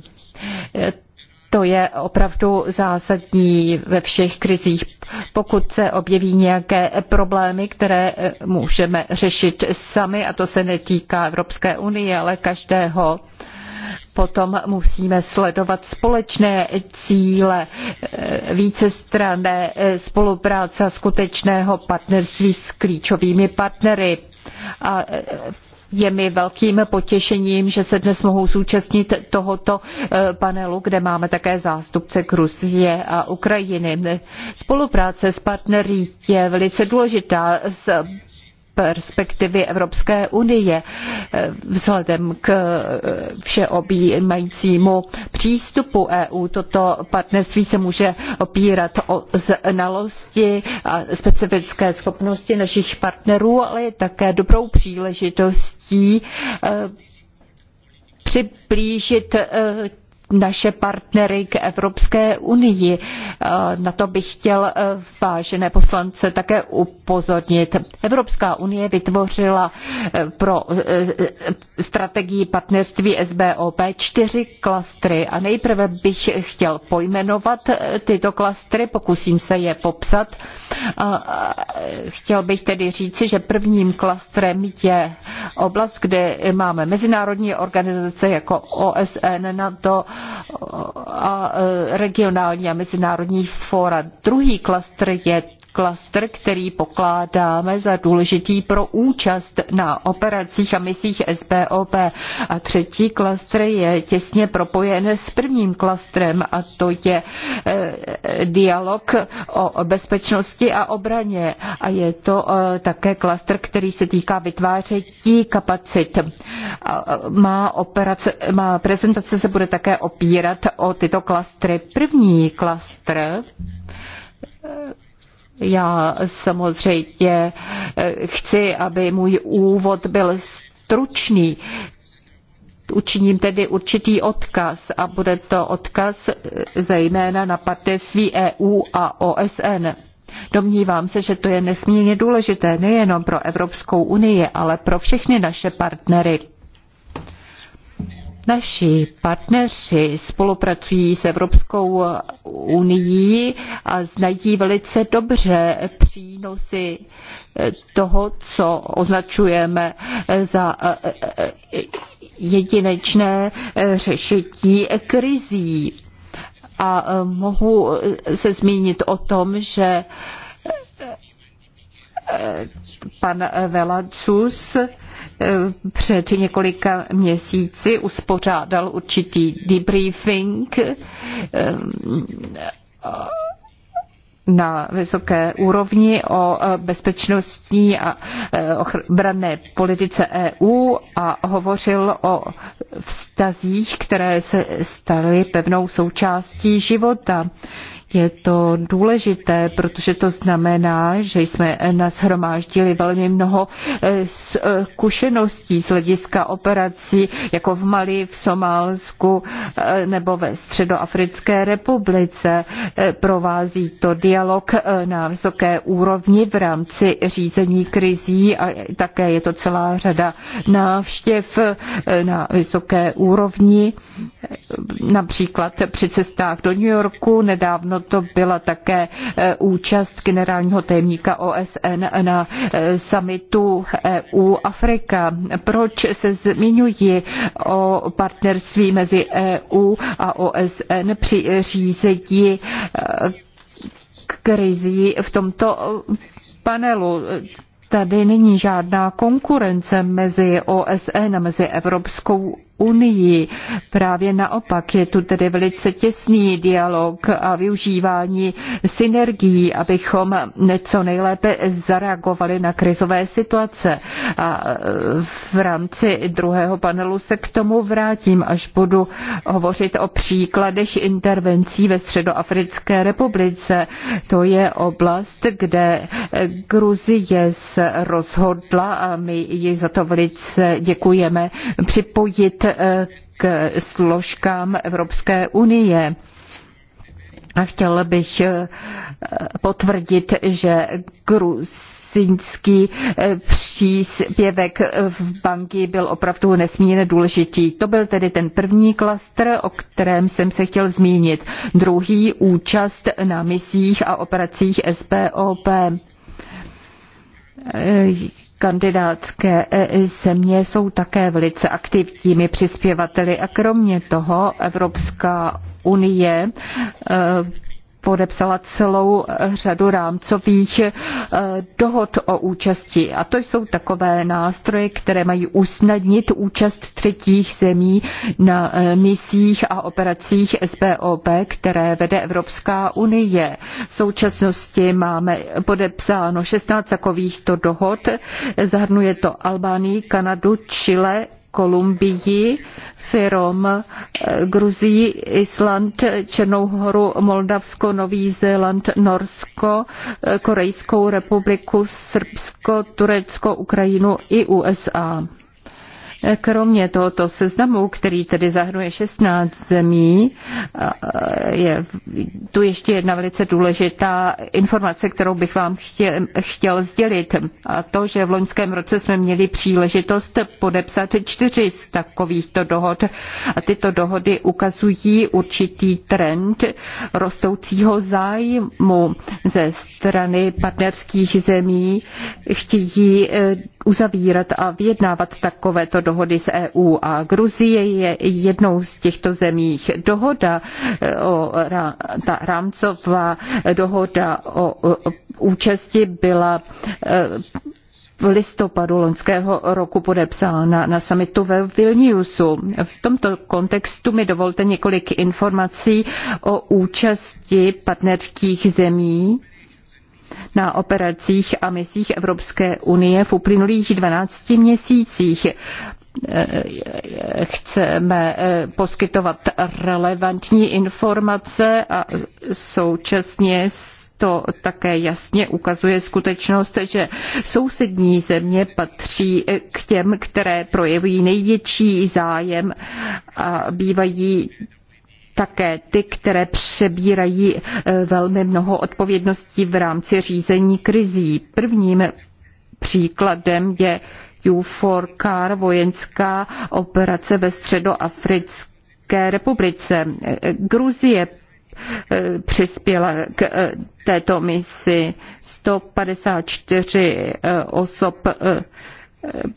to je opravdu zásadní ve všech krizích. Pokud se objeví nějaké problémy, které eh, můžeme řešit sami, a to se netýká Evropské unie, ale každého, potom musíme sledovat společné cíle, eh, vícestranné eh, spolupráce a skutečného partnerství s klíčovými partnery. A je mi velkým potěšením, že se dnes mohou zúčastnit tohoto eh, panelu, kde máme také zástupce Gruzie a Ukrajiny. Spolupráce s partnery je velice důležitá. S perspektivy Evropské unie eh, vzhledem k eh, všeobjímajícímu přístupu EU. Toto partnerství se může opírat o znalosti a specifické schopnosti našich partnerů, ale je také dobrou příležitostí eh, přiblížit naše partnery k Evropské unii. Eh, na to bych chtěl eh, vážené poslance také upozornit. Evropská unie vytvořila eh, pro strategii partnerství SBOP čtyři klastry a nejprve bych chtěl pojmenovat tyto klastry, pokusím se je popsat. Chtěl bych tedy říci, že prvním klastrem je oblast, kde máme mezinárodní organizace jako OSN, NATO, a regionální a mezinárodní fóra. Druhý klastr je Klastr, který pokládáme za důležitý pro účast na operacích a misích SBOP. A třetí klastr je těsně propojen s prvním klastrem a to je eh, dialog o bezpečnosti a obraně. A je to eh, také klastr, který se týká vytváření kapacit. Eh, má, operace, má prezentace se bude také opírat o tyto klastry. První klastr já samozřejmě eh, chci, aby můj úvod byl stručný. Učiním tedy určitý odkaz a bude to odkaz eh, zejména na partnerství EU a OSN. Domnívám se, že to je nesmírně důležité nejenom pro Evropskou unii, ale pro všechny naše partnery. Naši partneři spolupracují s Evropskou unii a znají velice dobře přínosy toho, co označujeme za eh, eh, jedinečné eh, řešení krizí. A mohu se zmínit o tom, že pan Velacus Eh, před několika měsíci uspořádal určitý debriefing eh, na vysoké úrovni o eh, bezpečnostní a obranné politice EU a hovořil o vztazích, které se staly pevnou součástí života. Je to důležité, protože to znamená, že jsme nashromáždili velmi mnoho eh, eh, zkušeností z hlediska operací, jako v Mali, v Somálsku eh, nebo ve Středoafrické republice. Provází to dialog na vysoké úrovni v rámci řízení krizí a také je to celá řada návštěv na vysoké úrovni, například při cestách do New Yorku nedávno proto byla také e, účast generálního tajemníka OSN na e, samitu EU Afrika. Proč se zmiňuji o partnerství mezi EU a OSN při řízení e, krizí v tomto panelu? Tady není žádná konkurence mezi OSN a mezi Evropskou unii. Právě naopak je tu tedy velice těsný dialog a využívání synergií, abychom co nejlépe zareagovali na krizové situace. A e, v rámci druhého panelu se k tomu vrátím, až budu hovořit o příkladech intervencí ve Středoafrické republice. To je oblast, kde e, Gruzie se rozhodla a my ji za to velice děkujeme připojit Eh, k složkám Evropské unie. A chtěl bych eh, potvrdit, že Gruz medicínský eh, příspěvek v banky byl opravdu nesmírně důležitý. To byl tedy ten první klastr, o kterém jsem se chtěl zmínit. Druhý účast na misích a operacích SPOP Kandidátské e, země jsou také velice aktivními přispěvateli a kromě toho Evropská unie e, podepsala celou řadu rámcových eh, dohod o účasti. A to jsou takové nástroje, které mají usnadnit účast třetích zemí na eh, misích a operacích SBOP, které vede Evropská unie. V současnosti máme podepsáno 16 takovýchto dohod. Zahrnuje to Albánii, Kanadu, Chile, Kolumbii, Firom, eh, Gruzii, Island, Černou horu, Moldavsko, Nový Zéland, Norsko, eh, Korejskou republiku, Srbsko, Turecko, Ukrajinu i USA. Kromě tohoto seznamu, který tedy zahrnuje 16 zemí, je tu ještě jedna velice důležitá informace, kterou bych vám chtěl, chtěl sdělit. A to, že v loňském roce jsme měli příležitost podepsat čtyři z takovýchto dohod. A tyto dohody ukazují určitý trend rostoucího zájmu ze strany partnerských zemí. Chtějí eh, uzavírat a vyjednávat takovéto dohody dohody s EU a Gruzie je jednou z těchto zemích. Dohoda eh, o ta rámcová dohoda o, o účasti byla eh, v listopadu loňského roku podepsána na samitu ve Vilniusu. V tomto kontextu mi dovolte několik informací o účasti partnerských zemí na operacích a misích Evropské unie v uplynulých 12 měsících chceme eh, poskytovat relevantní informace a současně to také jasně ukazuje skutečnost, že sousední země patří k těm, které projevují největší zájem a bývají také ty, které přebírají eh, velmi mnoho odpovědností v rámci řízení krizí. Prvním příkladem je EUFOR CAR, vojenská operace ve Středoafrické republice. Gruzie eh, přispěla k eh, této misi. 154 eh, osob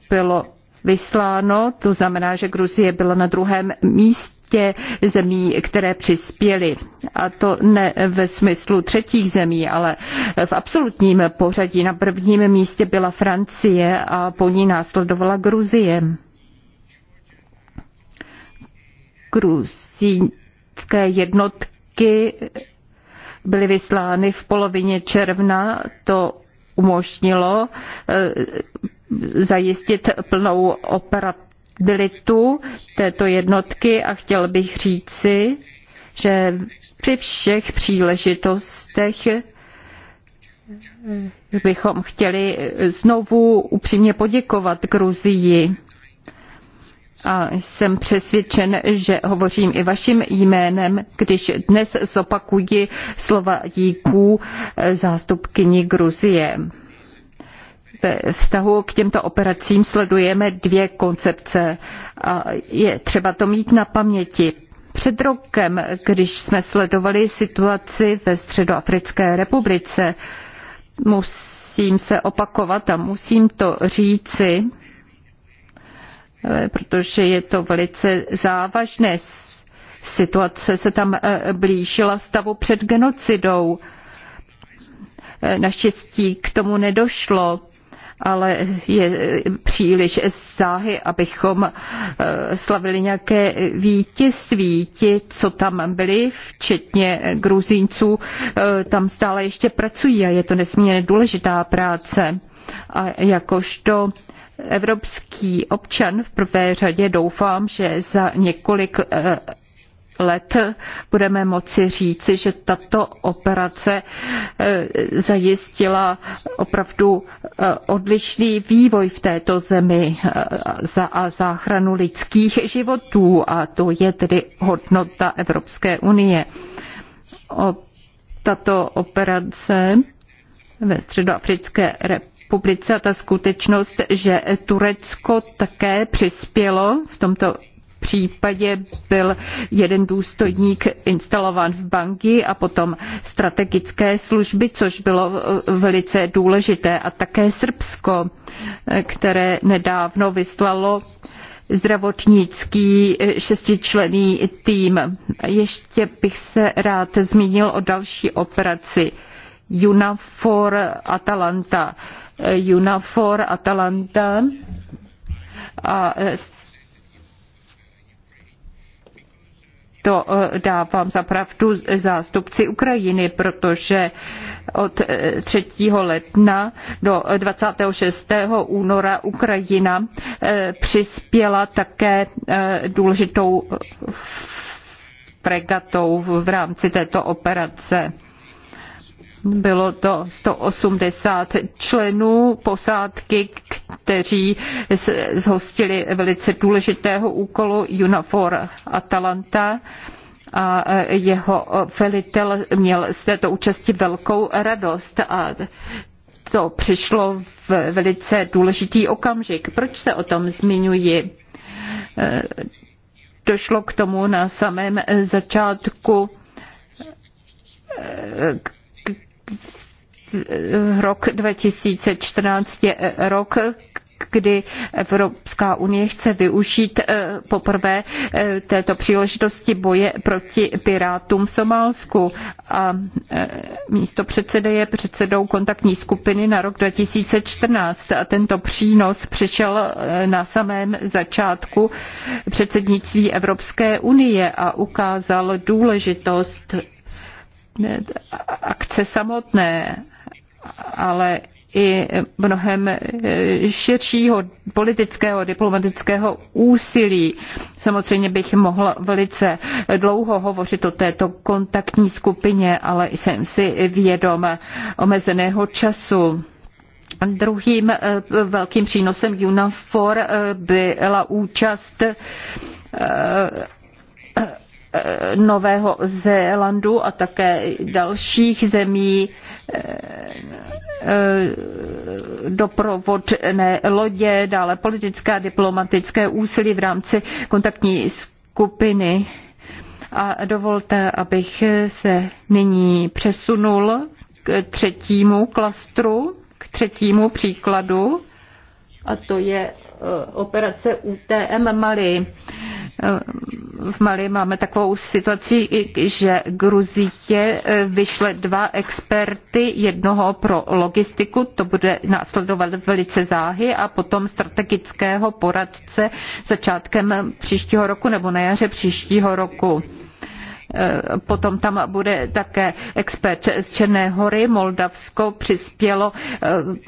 bylo vysláno, to znamená, že Gruzie byla na druhém místě 200 zemí, které přispěly. A to ne ve smyslu třetích zemí, ale v absolutním pořadí. Na prvním místě byla Francie a po ní následovala Gruzie. Gruzínské jednotky byly vyslány v polovině června. To umožnilo eh, zajistit plnou operativu mobilitu této jednotky a chtěl bych říci, že při všech příležitostech eh, bychom chtěli znovu upřímně poděkovat Gruzii. A jsem přesvědčen, že hovořím i vaším jménem, když dnes zopakuji slova díků eh, zástupkyni Gruzie. Ve vztahu k těmto operacím sledujeme dvě koncepce a je třeba to mít na paměti. Před rokem, když jsme sledovali situaci ve Středoafrické republice, musím se opakovat a musím to říci, eh, protože je to velice závažné. Situace se tam eh, blížila stavu před genocidou. Eh, naštěstí k tomu nedošlo ale je eh, příliš záhy, abychom eh, slavili nějaké vítězství. Ti, co tam byli, včetně gruzínců, eh, tam stále ještě pracují a je to nesmírně důležitá práce. A jakožto evropský občan v prvé řadě doufám, že za několik let budeme moci říci, že tato operace e, zajistila opravdu e, odlišný vývoj v této zemi e, a záchranu lidských životů a to je tedy hodnota Evropské unie. O tato operace ve Středoafrické republice a ta skutečnost, že Turecko také přispělo v tomto případě byl jeden důstojník instalován v Bangi a potom strategické služby, což bylo eh, velice důležité. A také Srbsko, eh, které nedávno vyslalo zdravotnický eh, šestičlený tým. Ještě bych se rád zmínil o další operaci UNAFOR Atalanta. UNAFOR Atalanta a to eh, dávám zapravdu zástupci Ukrajiny, protože od 3. Eh, ledna do 26. února Ukrajina eh, přispěla také důležitou fregatou v rámci této operace. Bylo to 180 členů posádky, kteří zhostili velice důležitého úkolu UNAFOR Atalanta a e, jeho e, velitel měl z této účasti velkou radost a to přišlo v velice důležitý okamžik. Proč se o tom zmiňuji? E, došlo k tomu na samém začátku rok 2014 je rok, kdy Evropská unie chce využít eh, poprvé eh, této příležitosti boje proti pirátům v Somálsku. A eh, místo předsedy je předsedou kontaktní skupiny na rok 2014 a tento přínos přišel na samém začátku předsednictví Evropské unie a ukázal důležitost akce samotné, ale i mnohem širšího politického, diplomatického úsilí. Samozřejmě bych mohla velice dlouho hovořit o této kontaktní skupině, ale jsem si vědom omezeného času. Druhým eh, velkým přínosem UNAFOR eh, byla účast eh, Eh, Nového Zélandu a také dalších zemí eh, doprovodné lodě, dále politické a diplomatické úsilí v rámci kontaktní skupiny. A dovolte, abych se nyní přesunul k třetímu klastru, k třetímu příkladu, a to je eh, operace UTM Mali v Mali máme takovou situaci, že Gruzitě eh, vyšle dva experty, jednoho pro logistiku, to bude následovat velice záhy, a potom strategického poradce začátkem příštího roku nebo na jaře příštího roku Eh, potom tam bude také expert z Černé hory. Moldavsko přispělo eh,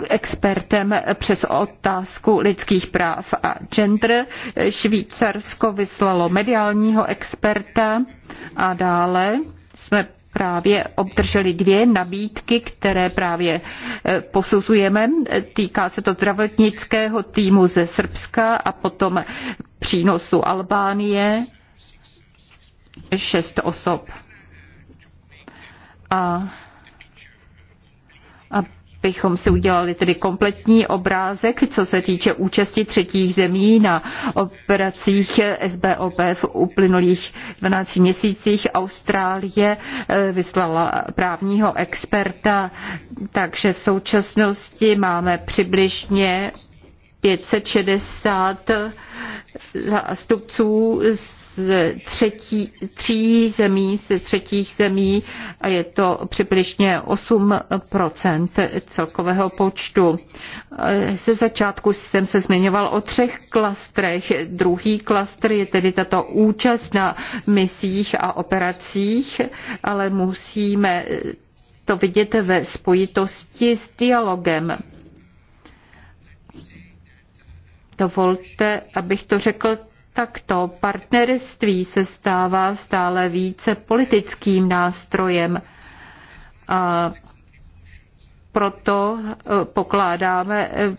expertem přes otázku lidských práv a gender. Švýcarsko vyslalo mediálního experta a dále jsme právě obdrželi dvě nabídky, které právě eh, posuzujeme. Týká se to zdravotnického týmu ze Srbska a potom přínosu Albánie šest osob. A abychom si udělali tedy kompletní obrázek, co se týče účasti třetích zemí na operacích SBOP v uplynulých 12 měsících. Austrálie eh, vyslala právního experta, takže v současnosti máme přibližně 560 zástupců z třetí, tří zemí, z třetích zemí a je to přibližně 8 celkového počtu. Ze začátku jsem se zmiňoval o třech klastrech. Druhý klastr je tedy tato účast na misích a operacích, ale musíme to vidět ve spojitosti s dialogem. Dovolte, abych to řekl takto. Partnerství se stává stále více politickým nástrojem. A proto eh, pokládáme eh,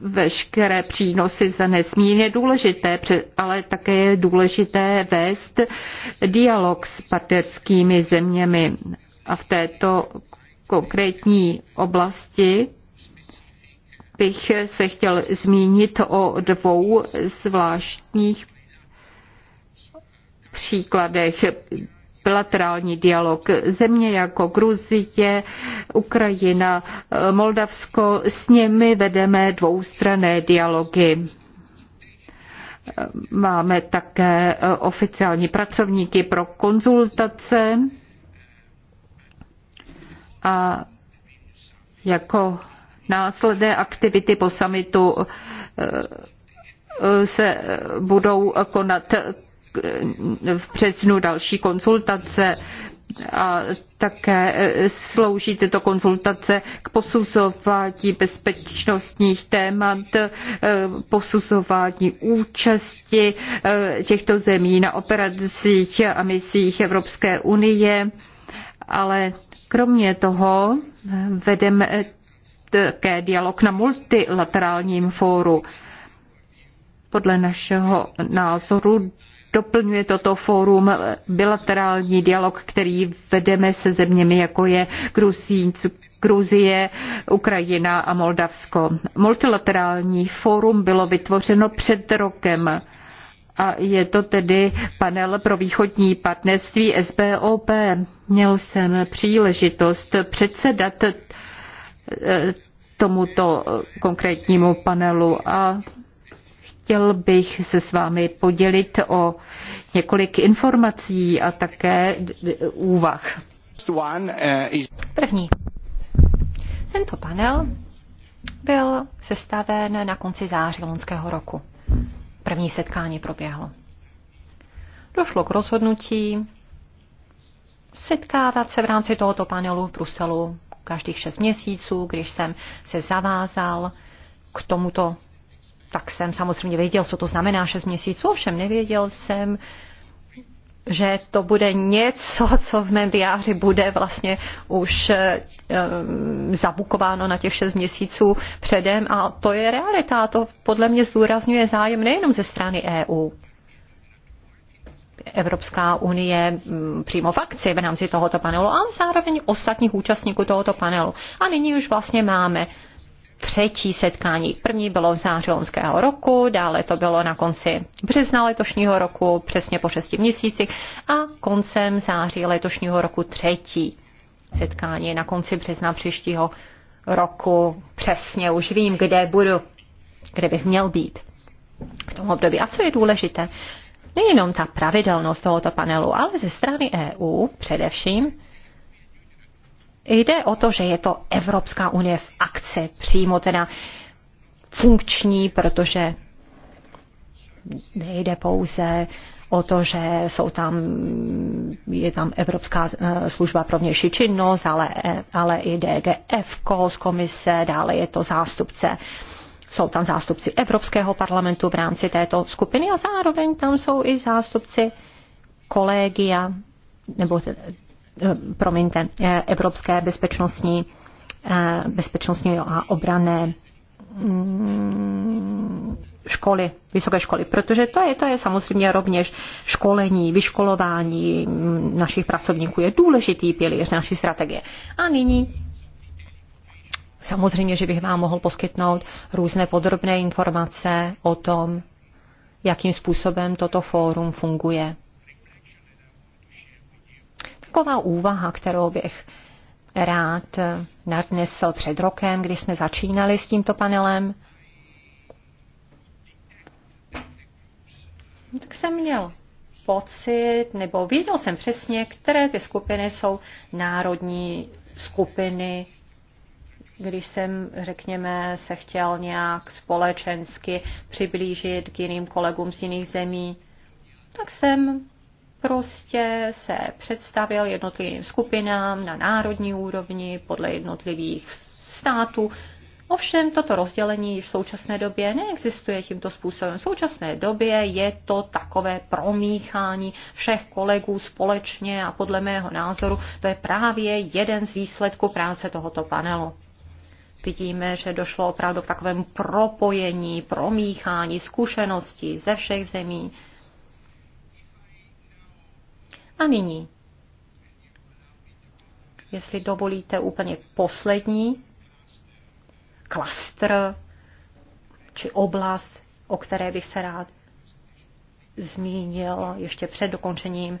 veškeré přínosy za nesmírně důležité, ale také je důležité vést dialog s partnerskými zeměmi. A v této konkrétní oblasti bych se chtěl zmínit o dvou zvláštních příkladech bilaterální dialog. Země jako Gruzie, Ukrajina, Moldavsko, s nimi vedeme dvoustranné dialogy. Máme také oficiální pracovníky pro konzultace a jako následné aktivity po samitu eh, se budou konat v březnu další konzultace a také slouží tyto konzultace k posuzování bezpečnostních témat, eh, posuzování účasti eh, těchto zemí na operacích a misích Evropské unie, ale kromě toho vedeme také dialog na multilaterálním fóru. Podle našeho názoru doplňuje toto fórum bilaterální dialog, který vedeme se zeměmi, jako je Gruzínc, Gruzie, Ukrajina a Moldavsko. Multilaterální fórum bylo vytvořeno před rokem a je to tedy panel pro východní partnerství SBOP. Měl jsem příležitost předsedat E, tomuto konkrétnímu panelu a chtěl bych se s vámi podělit o několik informací a také úvah. První. Tento panel byl sestaven na konci září loňského roku. První setkání proběhlo. Došlo k rozhodnutí setkávat se v rámci tohoto panelu v Bruselu každých šest měsíců, když jsem se zavázal k tomuto, tak jsem samozřejmě věděl, co to znamená šest měsíců, ovšem nevěděl jsem, že to bude něco, co v mém diáři bude vlastně už um, zabukováno na těch šest měsíců předem a to je realita a to podle mě zdůrazňuje zájem nejenom ze strany EU, Evropská unie mm, přímo v akci v rámci tohoto panelu, ale zároveň ostatních účastníků tohoto panelu. A nyní už vlastně máme třetí setkání. První bylo v září loňského roku, dále to bylo na konci března letošního roku, přesně po šesti měsících, a koncem září letošního roku třetí setkání na konci března příštího roku. Přesně už vím, kde budu, kde bych měl být v tom období. A co je důležité? nejenom ta pravidelnost tohoto panelu, ale ze strany EU především jde o to, že je to Evropská unie v akci, přímo teda funkční, protože nejde pouze o to, že jsou tam, je tam Evropská eh, služba pro vnější činnost, ale, eh, ale i DGF z komise, dále je to zástupce uh, jsou tam zástupci Evropského parlamentu v rámci této skupiny a zároveň tam jsou i zástupci kolegia, nebo eh, promiňte, eh, Evropské bezpečnostní, eh, bezpečnostní a obrané mm, školy, vysoké školy, protože to je, to je samozřejmě rovněž školení, vyškolování mm, našich pracovníků, je důležitý pilíř naší strategie. A nyní Samozřejmě, že bych vám mohl poskytnout různé podrobné informace o tom, jakým způsobem toto fórum funguje. Taková úvaha, kterou bych rád nadnesl před rokem, když jsme začínali s tímto panelem, tak jsem měl pocit, nebo viděl jsem přesně, které ty skupiny jsou národní skupiny když jsem, řekněme, se chtěl nějak společensky přiblížit k jiným kolegům z jiných zemí, tak jsem prostě se představil jednotlivým skupinám na národní úrovni podle jednotlivých států. Ovšem toto rozdělení v současné době neexistuje tímto způsobem. V současné době je to takové promíchání všech kolegů společně a podle mého názoru to je právě jeden z výsledků práce tohoto panelu vidíme, že došlo opravdu k takovému propojení, promíchání zkušeností ze všech zemí. A nyní, jestli dovolíte, úplně poslední klastr či oblast, o které bych se rád zmínil ještě před dokončením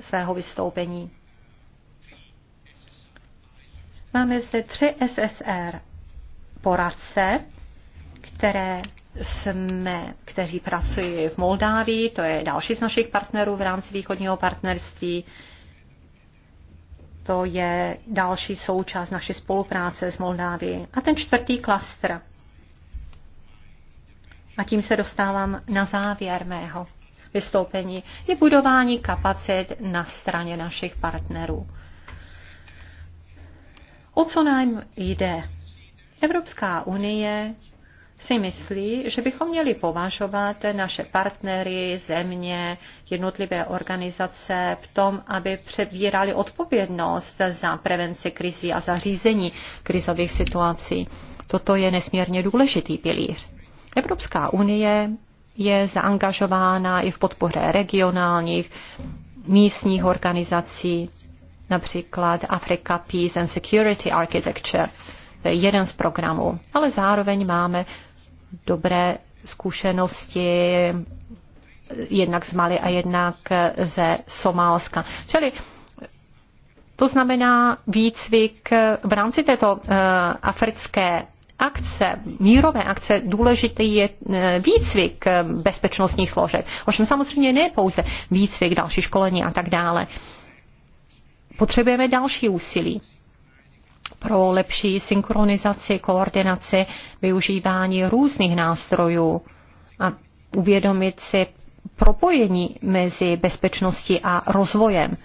svého vystoupení. Máme zde tři SSR poradce, které jsme, kteří pracují v Moldávii, to je další z našich partnerů v rámci východního partnerství. To je další součást naší spolupráce s Moldávií. A ten čtvrtý klastr. A tím se dostávám na závěr mého vystoupení. Je budování kapacit na straně našich partnerů. O co nám jde? Evropská unie si myslí, že bychom měli považovat naše partnery, země, jednotlivé organizace v tom, aby přebírali odpovědnost za prevenci krizí a za řízení krizových situací. Toto je nesmírně důležitý pilíř. Evropská unie je zaangažována i v podpoře regionálních místních organizací, například Africa Peace and Security Architecture. To je jeden z programů. Ale zároveň máme dobré zkušenosti jednak z Mali a jednak ze Somálska. Čili to znamená výcvik v rámci této eh, africké akce, mírové akce, důležitý je eh, výcvik eh, bezpečnostních složek. Ovšem samozřejmě ne pouze výcvik, další školení a tak dále potřebujeme další úsilí pro lepší synchronizaci, koordinaci, využívání různých nástrojů a uvědomit si propojení mezi bezpečností a rozvojem.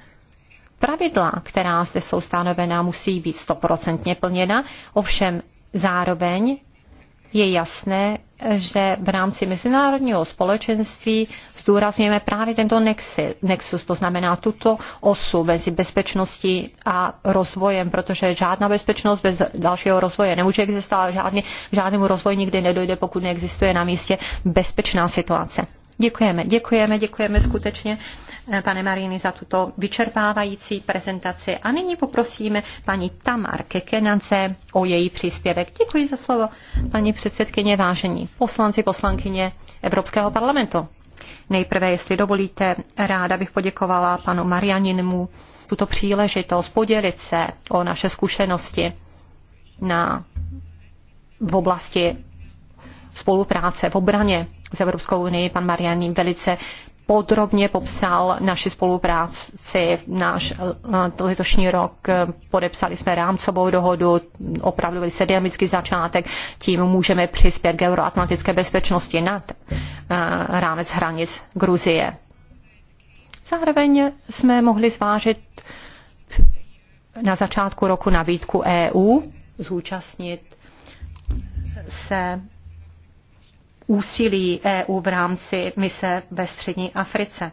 Pravidla, která zde jsou stanovená, musí být stoprocentně plněna, ovšem zároveň je jasné, že v rámci mezinárodního společenství zdůrazňujeme právě tento nexus, to znamená tuto osu mezi bezpečností a rozvojem, protože žádná bezpečnost bez dalšího rozvoje nemůže existovat, žádný, žádnému rozvoji nikdy nedojde, pokud neexistuje na místě bezpečná situace. Děkujeme, děkujeme, děkujeme skutečně, eh, pane Marini, za tuto vyčerpávající prezentaci. A nyní poprosíme paní Tamar Kekenance o její příspěvek. Děkuji za slovo, paní předsedkyně, vážení poslanci, poslankyně Evropského parlamentu. Nejprve, jestli dovolíte, ráda bych poděkovala panu Marianinmu tuto příležitost podělit se o naše zkušenosti na, v oblasti spolupráce v obraně s Evropskou unii. Pan Marianin velice podrobně popsal naši spolupráci. Náš eh, letošní rok eh, podepsali jsme rámcovou dohodu, opravdu se dynamický začátek, tím můžeme přispět k euroatlantické bezpečnosti nad eh, rámec hranic Gruzie. Zároveň jsme mohli zvážit na začátku roku nabídku EU zúčastnit se úsilí EU v rámci mise ve střední Africe.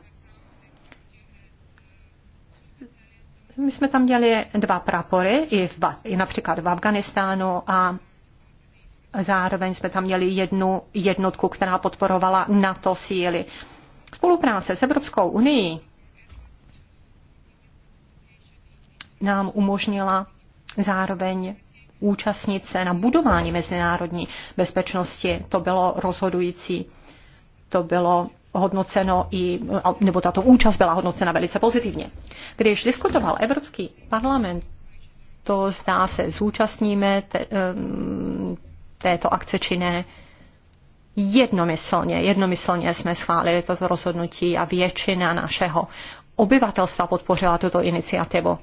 My jsme tam měli dva prapory, i, v, i například v Afganistánu a zároveň jsme tam měli jednu jednotku, která podporovala NATO síly. Spolupráce s Evropskou unii nám umožnila zároveň účastnit se na budování mezinárodní bezpečnosti. To bylo rozhodující. To bylo hodnoceno i, nebo tato účast byla hodnocena velice pozitivně. Když diskutoval Evropský parlament, to zdá se zúčastníme te, ehm, této akce či ne, jednomyslně, jednomyslně jsme schválili toto rozhodnutí a většina našeho obyvatelstva podpořila tuto iniciativu.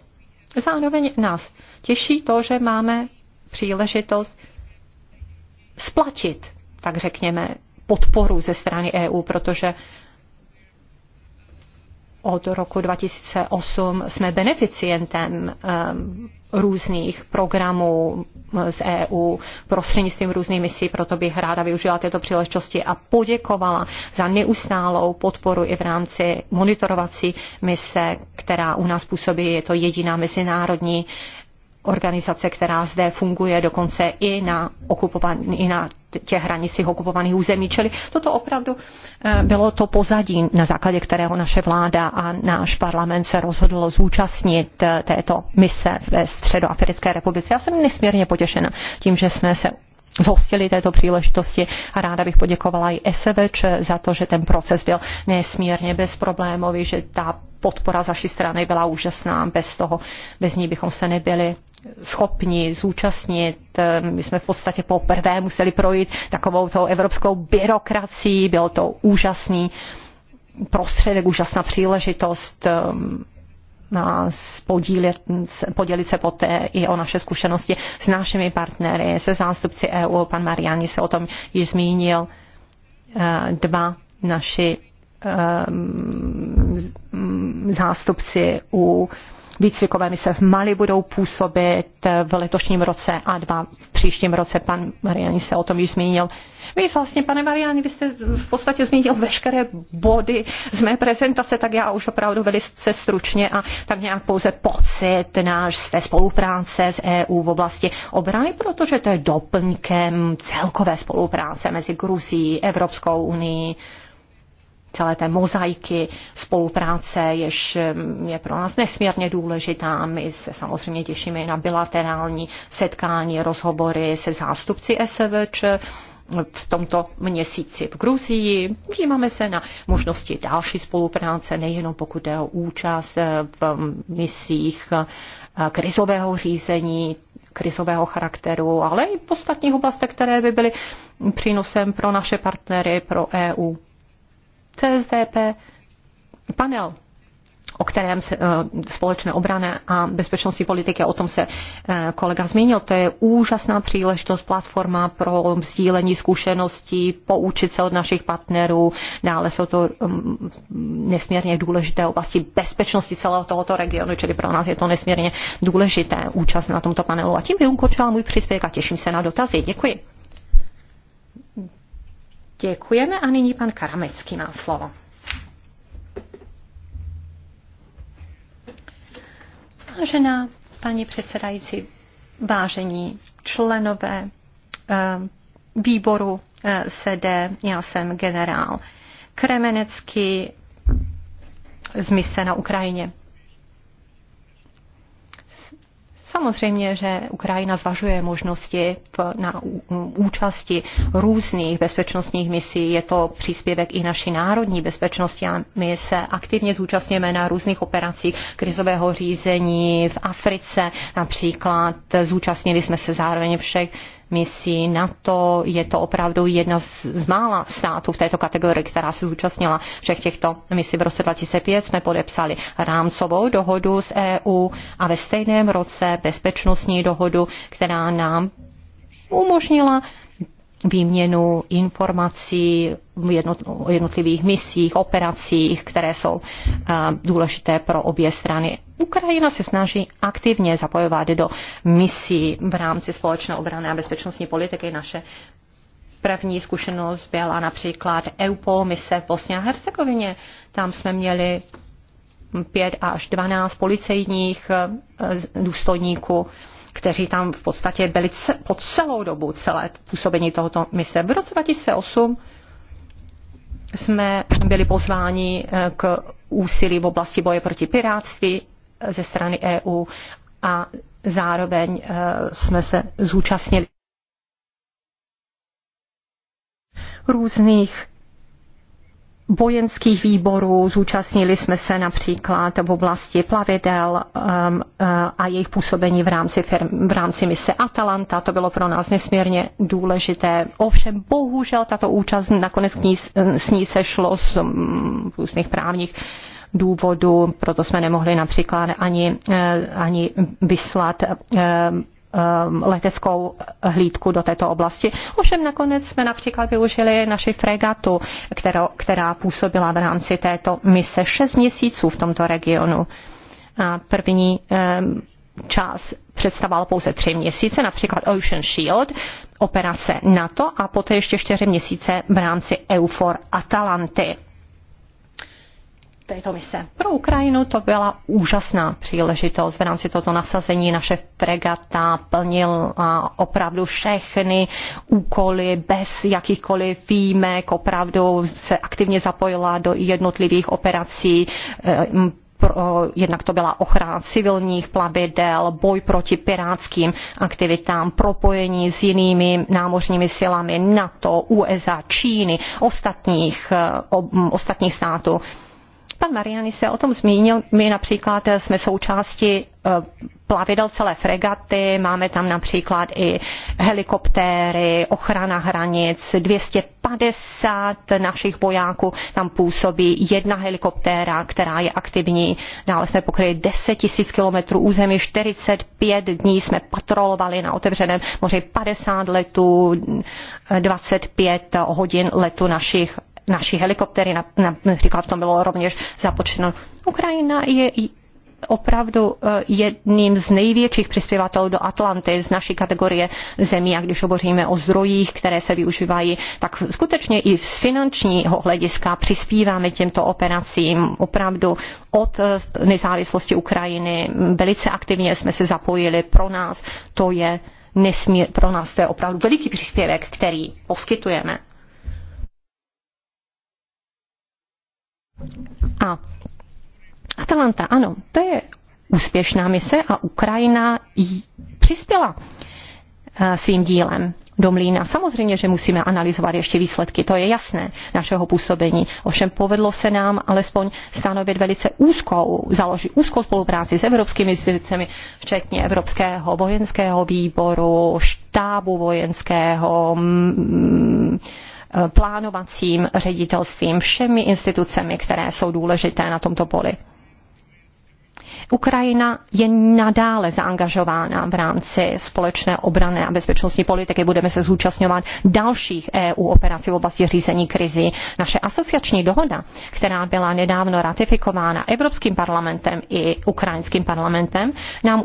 Zároveň nás těší to, že máme příležitost splatit, tak řekněme, podporu ze strany EU, protože od roku 2008 jsme beneficientem um, různých programů eh, z EU prostřednictvím různých misí, proto bych ráda využila této příležitosti a poděkovala za neustálou podporu i v rámci monitorovací mise, která u nás působí. Je to jediná mezinárodní organizace, která zde funguje dokonce i na, okupovan, i na těch hranicích okupovaných území. Čili toto opravdu eh, bylo to pozadí, na základě kterého naše vláda a náš parlament se rozhodlo zúčastnit eh, této mise ve Středoafrické republice. Já jsem nesmírně potěšena tím, že jsme se zhostili této příležitosti a ráda bych poděkovala i SVČ za to, že ten proces byl nesmírně bezproblémový, že ta podpora z naší strany byla úžasná, bez toho, bez ní bychom se nebyli schopni zúčastnit. My jsme v podstatě poprvé museli projít takovou tou evropskou byrokracií, byl to úžasný prostředek, úžasná příležitost nás podílet, podělit se poté i o naše zkušenosti s našimi partnery, se zástupci EU. Pan Mariani se o tom již zmínil. E, dva naši e, zástupci u výcvikové mise v Mali budou působit v letošním roce a dva v příštím roce. Pan Mariani se o tom již zmínil. Vy vlastně, pane Mariani, vy jste v podstatě zmínil veškeré body z mé prezentace, tak já už opravdu velice stručně a tak nějak pouze pocit náš z té spolupráce s EU v oblasti obrany, protože to je doplňkem celkové spolupráce mezi Gruzí, Evropskou unii, celé té mozaiky spolupráce, jež mm, je pro nás nesmírně důležitá. My se samozřejmě těšíme na bilaterální setkání, rozhovory se zástupci SVČ, v tomto měsíci v Gruzii. Díváme se na možnosti další spolupráce, nejenom pokud je o účast eh, v mm, misích eh, krizového řízení, krizového charakteru, ale i v ostatních oblastech, které by byly přínosem pro naše partnery, pro EU. CSDP panel o kterém se, eh, společné obrané a bezpečnostní politiky, o tom se eh, kolega zmínil. To je úžasná příležitost, platforma pro sdílení zkušeností, poučit se od našich partnerů. Dále jsou to mm, nesmírně důležité oblasti bezpečnosti celého tohoto regionu, čili pro nás je to nesmírně důležité účast na tomto panelu. A tím by ukončila můj příspěvek a těším se na dotazy. Děkuji. Děkujeme a nyní pan Karamecký má slovo. Vážená paní předsedající, vážení členové eh, výboru eh, SED, já jsem generál Kremenecký z mise na Ukrajině. Samozřejmě, že Ukrajina zvažuje možnosti na účasti různých bezpečnostních misí. Je to příspěvek i naší národní bezpečnosti a my se aktivně zúčastňujeme na různých operacích krizového řízení v Africe. Například zúčastnili jsme se zároveň všech misí NATO. Je to opravdu jedna z, z mála států v této kategorii, která se zúčastnila všech těchto misí. V roce 2005 jsme podepsali rámcovou dohodu s EU a ve stejném roce bezpečnostní dohodu, která nám umožnila výměnu informací o jednotlivých misích, operacích, které jsou eh, důležité pro obě strany. Ukrajina se snaží aktivně zapojovat do misí v rámci společné obrany a bezpečnostní politiky. Naše první zkušenost byla například EUPOL mise v Bosně a Hercegovině. Tam jsme měli 5 až 12 policejních eh, důstojníků kteří tam v podstatě byli po celou dobu celé působení tohoto mise. V roce 2008 jsme byli pozváni eh, k úsilí v oblasti boje proti pirátství eh, ze strany EU a zároveň eh, jsme se zúčastnili různých vojenských výborů, zúčastnili jsme se například v oblasti plavidel um, uh, a jejich působení v rámci, firm, v rámci mise Atalanta. To bylo pro nás nesmírně důležité. Ovšem bohužel tato účast nakonec ní, s ní sešlo z různých právních důvodů, proto jsme nemohli například ani, eh, ani vyslat eh, Um, leteckou hlídku do této oblasti. Ovšem nakonec jsme například využili naši fregatu, kterou, která působila v rámci této mise 6 měsíců v tomto regionu. A první um, čas představoval pouze tři měsíce, například Ocean Shield, operace NATO a poté ještě čtyři měsíce v rámci EUFOR Atalanty této mise. Pro Ukrajinu to byla úžasná příležitost v rámci tohoto nasazení. Naše fregata plnila opravdu všechny úkoly bez jakýchkoliv výjimek, opravdu se aktivně zapojila do jednotlivých operací, e, jednak to byla ochrana civilních plavidel, boj proti pirátským aktivitám, propojení s jinými námořními silami NATO, USA, Číny, ostatních, e, ostatních států. Pan Mariani se o tom zmínil. My například jsme součástí eh, plavidel celé fregaty, máme tam například i helikoptéry, ochrana hranic, 250 našich vojáků tam působí, jedna helikoptéra, která je aktivní, dále jsme pokryli 10 000 kilometrů území, 45 dní jsme patrolovali na otevřeném moři, 50 letů, 25 hodin letu našich naši helikoptery, například v tom bylo rovněž započteno. Ukrajina je opravdu eh, jedním z největších přispěvatelů do Atlanty z naší kategorie zemí a když hovoříme o zdrojích, které se využívají, tak skutečně i z finančního hlediska přispíváme těmto operacím opravdu od eh, nezávislosti Ukrajiny. Velice aktivně jsme se zapojili. Pro nás to je nesmír, pro nás to je opravdu veliký příspěvek, který poskytujeme. A Atalanta, ano, to je úspěšná mise a Ukrajina jí přispěla eh, svým dílem do mlína. Samozřejmě, že musíme analyzovat ještě výsledky, to je jasné, našeho působení. Ovšem povedlo se nám alespoň stanovit velice úzkou, založit úzkou spolupráci s evropskými institucemi, včetně Evropského vojenského výboru, štábu vojenského, mm, Eh, plánovacím ředitelstvím, všemi institucemi, které jsou důležité na tomto poli. Ukrajina je nadále zaangažována v rámci společné obrany a bezpečnostní politiky. Budeme se zúčastňovat dalších EU operací v oblasti řízení krizi. Naše asociační dohoda, která byla nedávno ratifikována Evropským parlamentem i ukrajinským parlamentem, nám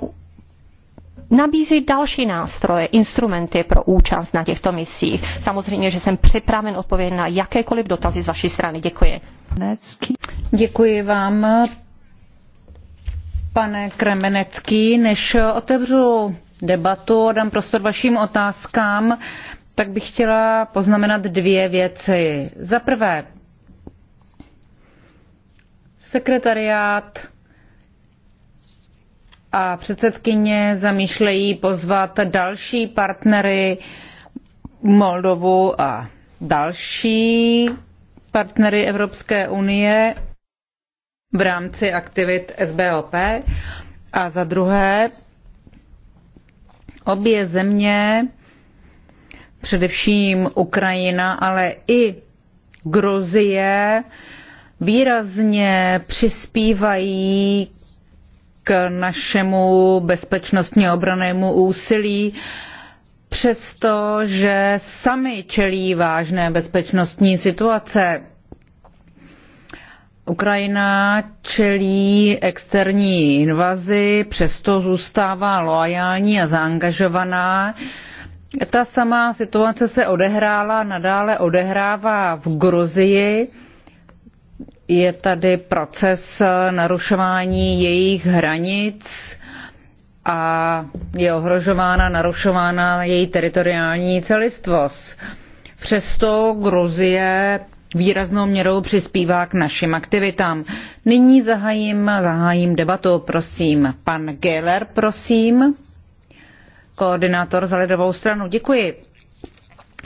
nabízí další nástroje, instrumenty pro účast na těchto misích. Samozřejmě, že jsem připraven odpovědět na jakékoliv dotazy z vaší strany. Děkuji. Děkuji vám, pane Kremenecký. Než otevřu debatu a dám prostor vašim otázkám, tak bych chtěla poznamenat dvě věci. Za prvé, sekretariát a předsedkyně zamýšlejí pozvat další partnery Moldovu a další partnery Evropské unie v rámci aktivit SBOP. A za druhé, obě země, především Ukrajina, ale i Gruzie, výrazně přispívají k našemu bezpečnostně obranému úsilí, přestože sami čelí vážné bezpečnostní situace. Ukrajina čelí externí invazi, přesto zůstává loajální a zaangažovaná. Ta samá situace se odehrála, nadále odehrává v Gruzii je tady proces narušování jejich hranic a je ohrožována, narušována její teritoriální celistvost. Přesto Gruzie výraznou měrou přispívá k našim aktivitám. Nyní zahájím, zahájím debatu, prosím. Pan Geller, prosím. Koordinátor za lidovou stranu, děkuji.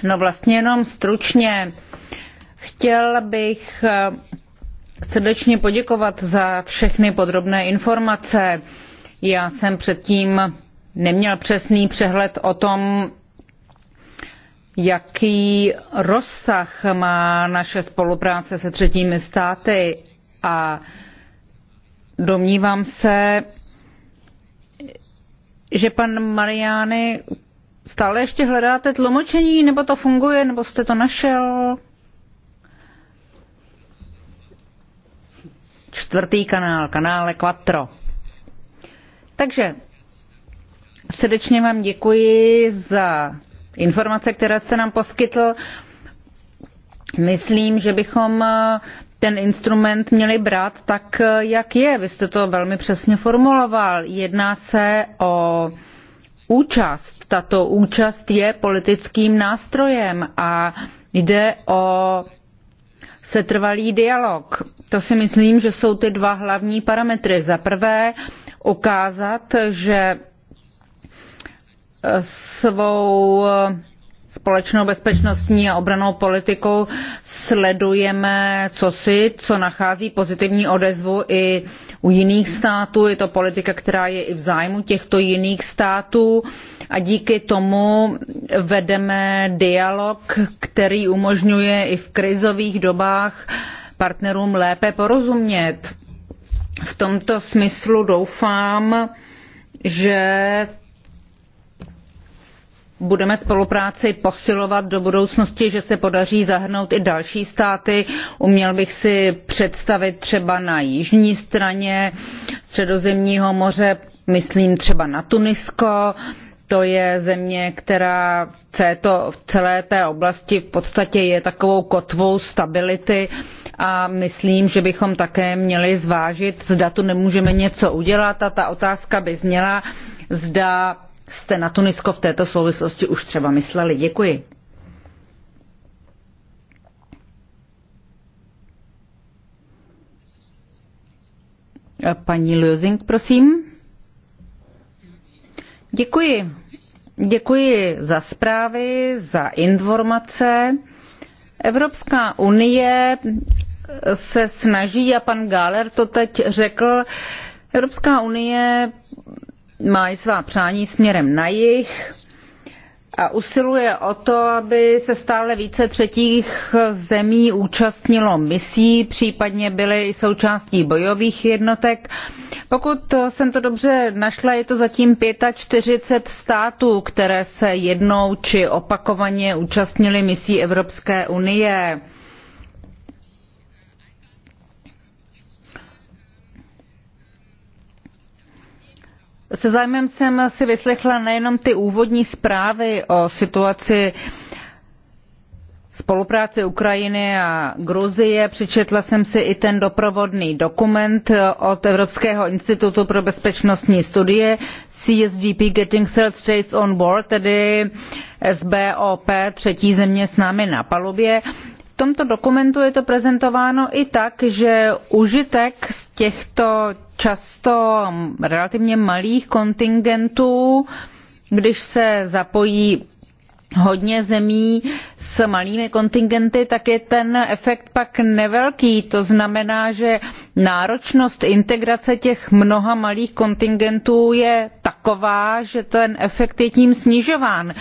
No vlastně jenom stručně. Chtěl bych srdečně poděkovat za všechny podrobné informace. Já jsem předtím neměl přesný přehled o tom, jaký rozsah má naše spolupráce se třetími státy a domnívám se, že pan Mariány stále ještě hledáte tlumočení, nebo to funguje, nebo jste to našel? čtvrtý kanál, kanále Quattro. Takže srdečně vám děkuji za informace, které jste nám poskytl. Myslím, že bychom eh, ten instrument měli brát tak, eh, jak je. Vy jste to velmi přesně formuloval. Jedná se o účast. Tato účast je politickým nástrojem a jde o setrvalý dialog. To si myslím, že jsou ty dva hlavní parametry. Za prvé ukázat, že eh, svou eh, společnou bezpečnostní a obranou politikou sledujeme co si, co nachází pozitivní odezvu i u jiných států, je to politika, která je i v zájmu těchto jiných států a díky tomu vedeme dialog, který umožňuje i v krizových dobách partnerům lépe porozumět. V tomto smyslu doufám, že budeme spolupráci posilovat do budoucnosti, že se podaří zahrnout i další státy. Uměl bych si představit třeba na jižní straně středozemního moře, myslím třeba na Tunisko, to je země, která v celé té oblasti v podstatě je takovou kotvou stability a myslím, že bychom také měli zvážit, zda tu nemůžeme něco udělat a ta otázka by zněla, zda jste na Tunisko v této souvislosti už třeba mysleli? Děkuji. Paní Liozing, prosím. Děkuji. Děkuji za zprávy, za informace. Evropská unie se snaží, a pan Gáler to teď řekl, Evropská unie má i svá přání směrem na jih a usiluje o to, aby se stále více třetích zemí účastnilo misí, případně byly i součástí bojových jednotek. Pokud jsem to dobře našla, je to zatím 45 států, které se jednou či opakovaně účastnily misí Evropské unie. Se zájmem jsem si vyslechla nejenom ty úvodní zprávy o situaci spolupráce Ukrajiny a Gruzie, přečetla jsem si i ten doprovodný dokument od Evropského institutu pro bezpečnostní studie CSDP Getting Third States on Board, tedy SBOP, třetí země s námi na palubě tomto dokumentu je to prezentováno i tak, že užitek z těchto často relativně malých kontingentů, když se zapojí hodně zemí s malými kontingenty, tak je ten efekt pak nevelký. To znamená, že náročnost integrace těch mnoha malých kontingentů je taková, že ten efekt je tím snižován.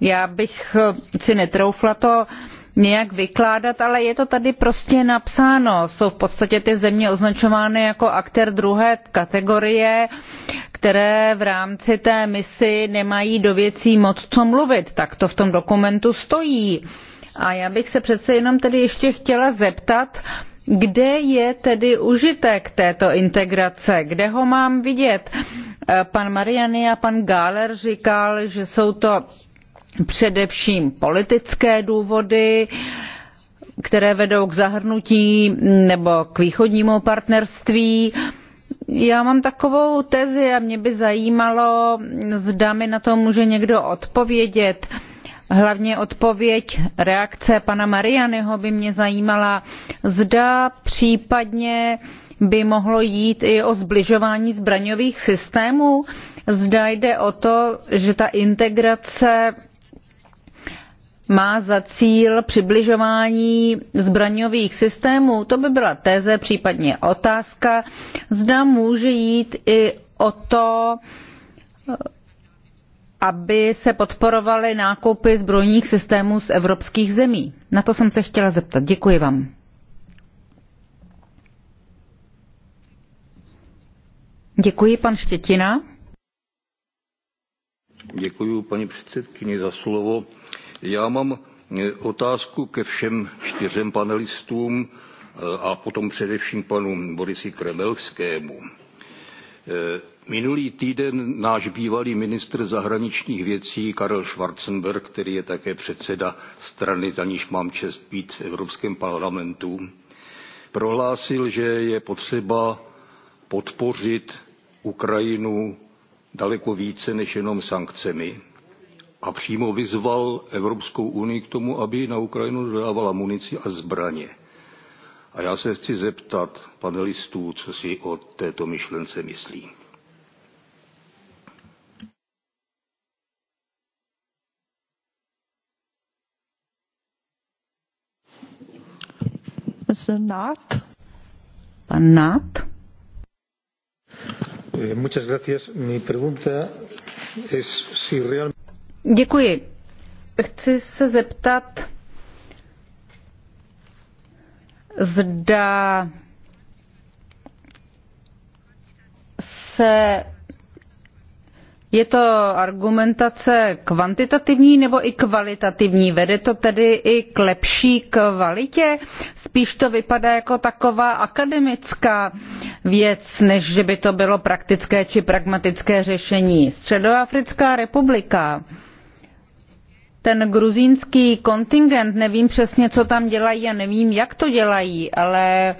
Já bych si netroufla to uh, nějak vykládat, ale je to tady prostě napsáno. Jsou v podstatě ty země označovány jako aktér druhé kategorie, které v rámci té misi nemají do věcí moc co mluvit. Tak to v tom dokumentu stojí. A já bych se přece jenom tedy ještě chtěla zeptat, kde je tedy užitek této integrace? Kde ho mám vidět? Pan Mariany a pan Gáler říkal, že jsou to především politické důvody, které vedou k zahrnutí nebo k východnímu partnerství. Já mám takovou tezi a mě by zajímalo, zda mi na to může někdo odpovědět. Hlavně odpověď reakce pana Marianyho by mě zajímala, zda případně by mohlo jít i o zbližování zbraňových systémů. Zda jde o to, že ta integrace má za cíl přibližování zbraňových systémů. To by byla teze, případně otázka. Zda může jít i o to, aby se podporovaly nákupy zbrojních systémů z evropských zemí. Na to jsem se chtěla zeptat. Děkuji vám. Děkuji, pan Štětina. Děkuji, paní předsedkyni, za slovo já mám e, otázku ke všem čtyřem panelistům e, a potom především panu Borisi Kremelskému. E, minulý týden náš bývalý ministr zahraničních věcí Karel Schwarzenberg, který je také předseda strany, za níž mám čest být v Evropském parlamentu, prohlásil, že je potřeba podpořit Ukrajinu daleko více než jenom sankcemi a přímo vyzval Evropskou unii k tomu, aby na Ukrajinu dodávala munici a zbraně. A já se chci zeptat panelistů, co si o této myšlence myslí. Mr. Pan eh, muchas gracias. Mi pregunta es si realmente Děkuji. Chci se zeptat, zda se je to argumentace kvantitativní nebo i kvalitativní? Vede to tedy i k lepší kvalitě? Spíš to vypadá jako taková akademická věc, než že by to bylo praktické či pragmatické řešení. Středoafrická republika ten gruzínský kontingent, nevím přesně, co tam dělají a nevím, jak to dělají, ale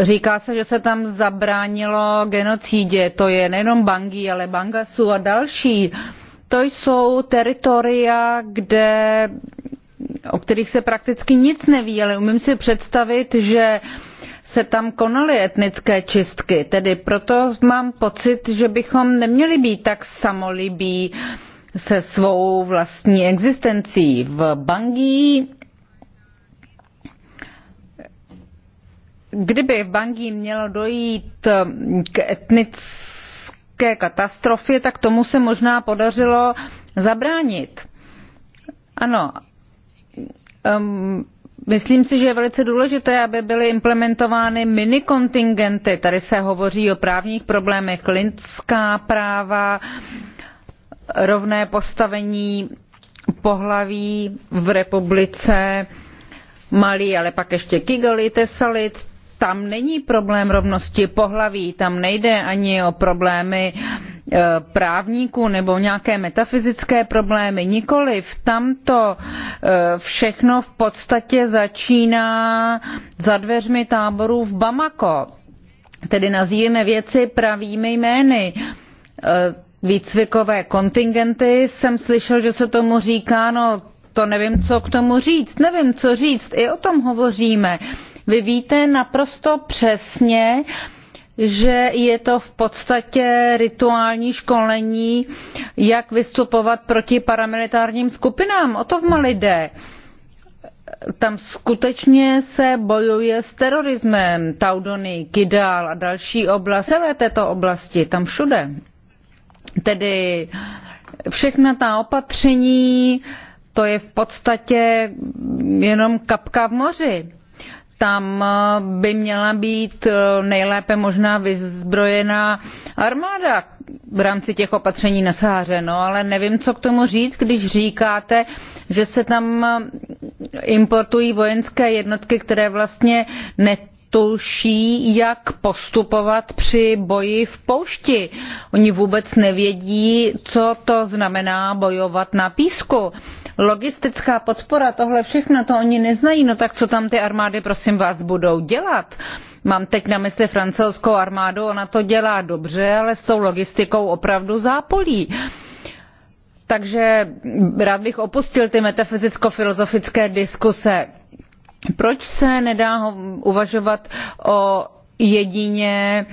Říká se, že se tam zabránilo genocídě. To je nejenom Bangi, ale Bangasu a další. To jsou teritoria, kde, o kterých se prakticky nic neví, ale umím si představit, že se tam konaly etnické čistky. Tedy proto mám pocit, že bychom neměli být tak samolibí. Uh, se svou vlastní existencí. V Bangí kdyby v Bangí mělo dojít eh, k etnické katastrofě, tak tomu se možná podařilo zabránit. Ano, um, myslím si, že je velice důležité, aby byly implementovány minikontingenty. Tady se hovoří o právních problémech, lidská práva, uh, rovné postavení pohlaví v republice malí, ale pak ještě Kigali, Tesalit, tam není problém rovnosti pohlaví, tam nejde ani o problémy e, právníků nebo nějaké metafyzické problémy. Nikoliv, tam to e, všechno v podstatě začíná za dveřmi táborů v Bamako. Tedy nazývíme věci pravými jmény e, výcvikové kontingenty. Jsem slyšel, že se tomu říká, no to nevím, co k tomu říct, nevím, co říct, i o tom hovoříme. Vy víte naprosto přesně, že je to v podstatě rituální školení, jak vystupovat proti paramilitárním skupinám. O to v Mali jde. Tam skutečně se bojuje s terorismem. Taudony, Kidal a další oblasti celé této oblasti, tam všude. Tedy všechna ta opatření, to je v podstatě jenom kapka v moři. Tam eh, by měla být eh, nejlépe možná vyzbrojená armáda v rámci těch opatření na Sáře. no, ale nevím, co k tomu říct, když říkáte, že se tam eh, importují vojenské jednotky, které vlastně ne, netuší, jak postupovat při boji v poušti. Oni vůbec nevědí, co to znamená bojovat na písku. Logistická podpora, tohle všechno, to oni neznají. No tak co tam ty armády, prosím vás, budou dělat? Mám teď na mysli francouzskou armádu, ona to dělá dobře, ale s tou logistikou opravdu zápolí. Takže rád bych opustil ty metafyzicko-filozofické diskuse proč se nedá uvažovat o jedině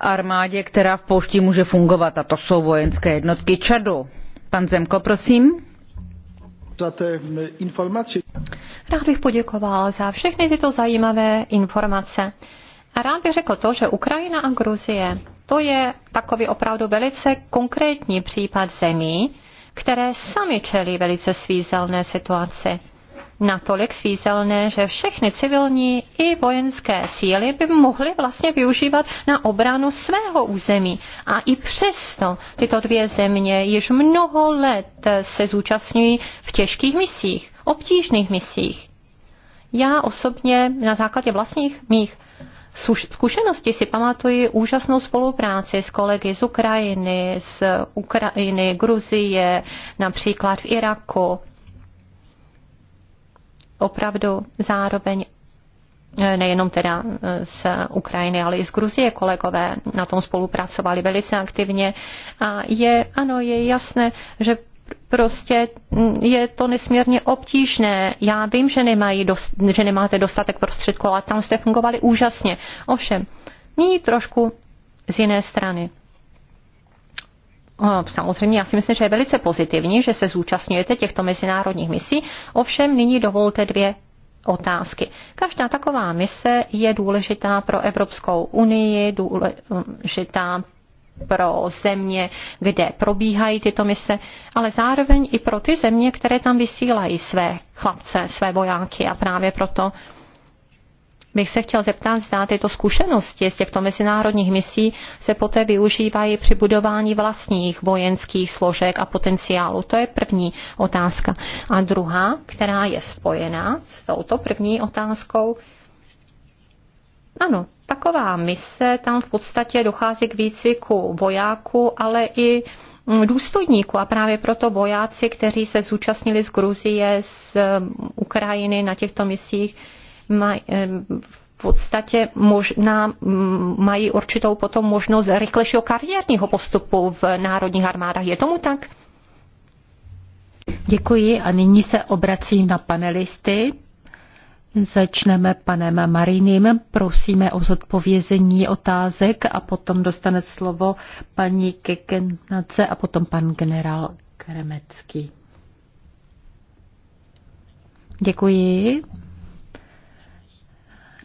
armádě, která v poušti může fungovat, a to jsou vojenské jednotky Čadu? Pan Zemko, prosím. Rád bych poděkoval za všechny tyto zajímavé informace. A rád bych řekl to, že Ukrajina a Gruzie, to je takový opravdu velice konkrétní případ zemí, které sami čelí velice svízelné situaci natolik svízelné, že všechny civilní i vojenské síly by mohly vlastně využívat na obranu svého území. A i přesto tyto dvě země již mnoho let se zúčastňují v těžkých misích, obtížných misích. Já osobně na základě vlastních mých zkušenosti si pamatuji úžasnou spolupráci s kolegy z Ukrajiny, z Ukrajiny, Gruzie, například v Iraku, opravdu zároveň eh, nejenom teda eh, z Ukrajiny, ale i z Gruzie kolegové na tom spolupracovali velice aktivně. A je, ano, je jasné, že prostě mm, je to nesmírně obtížné. Já vím, že, nemají dost, že nemáte dostatek prostředků, ale tam jste fungovali úžasně. Ovšem, nyní trošku z jiné strany. Eh, samozřejmě, já si myslím, že je velice pozitivní, že se zúčastňujete těchto mezinárodních misí. Ovšem, nyní dovolte dvě otázky. Každá taková mise je důležitá pro Evropskou unii, důležitá pro země, kde probíhají tyto mise, ale zároveň i pro ty země, které tam vysílají své chlapce, své vojáky a právě proto bych se chtěl zeptat, zda tyto zkušenosti z těchto mezinárodních misí se poté využívají při budování vlastních vojenských složek a potenciálu. To je první otázka. A druhá, která je spojená s touto první otázkou, ano, taková mise, tam v podstatě dochází k výcviku vojáků, ale i důstojníků a právě proto vojáci, kteří se zúčastnili z Gruzie, z Ukrajiny na těchto misích, maj, eh, v podstatě možná mm, mají určitou potom možnost rychlejšího kariérního postupu v národních armádách. Je tomu tak? Děkuji a nyní se obracím na panelisty. Začneme panem Mariným, prosíme o zodpovězení otázek a potom dostane slovo paní Kekenace a potom pan generál Kremecký. Děkuji.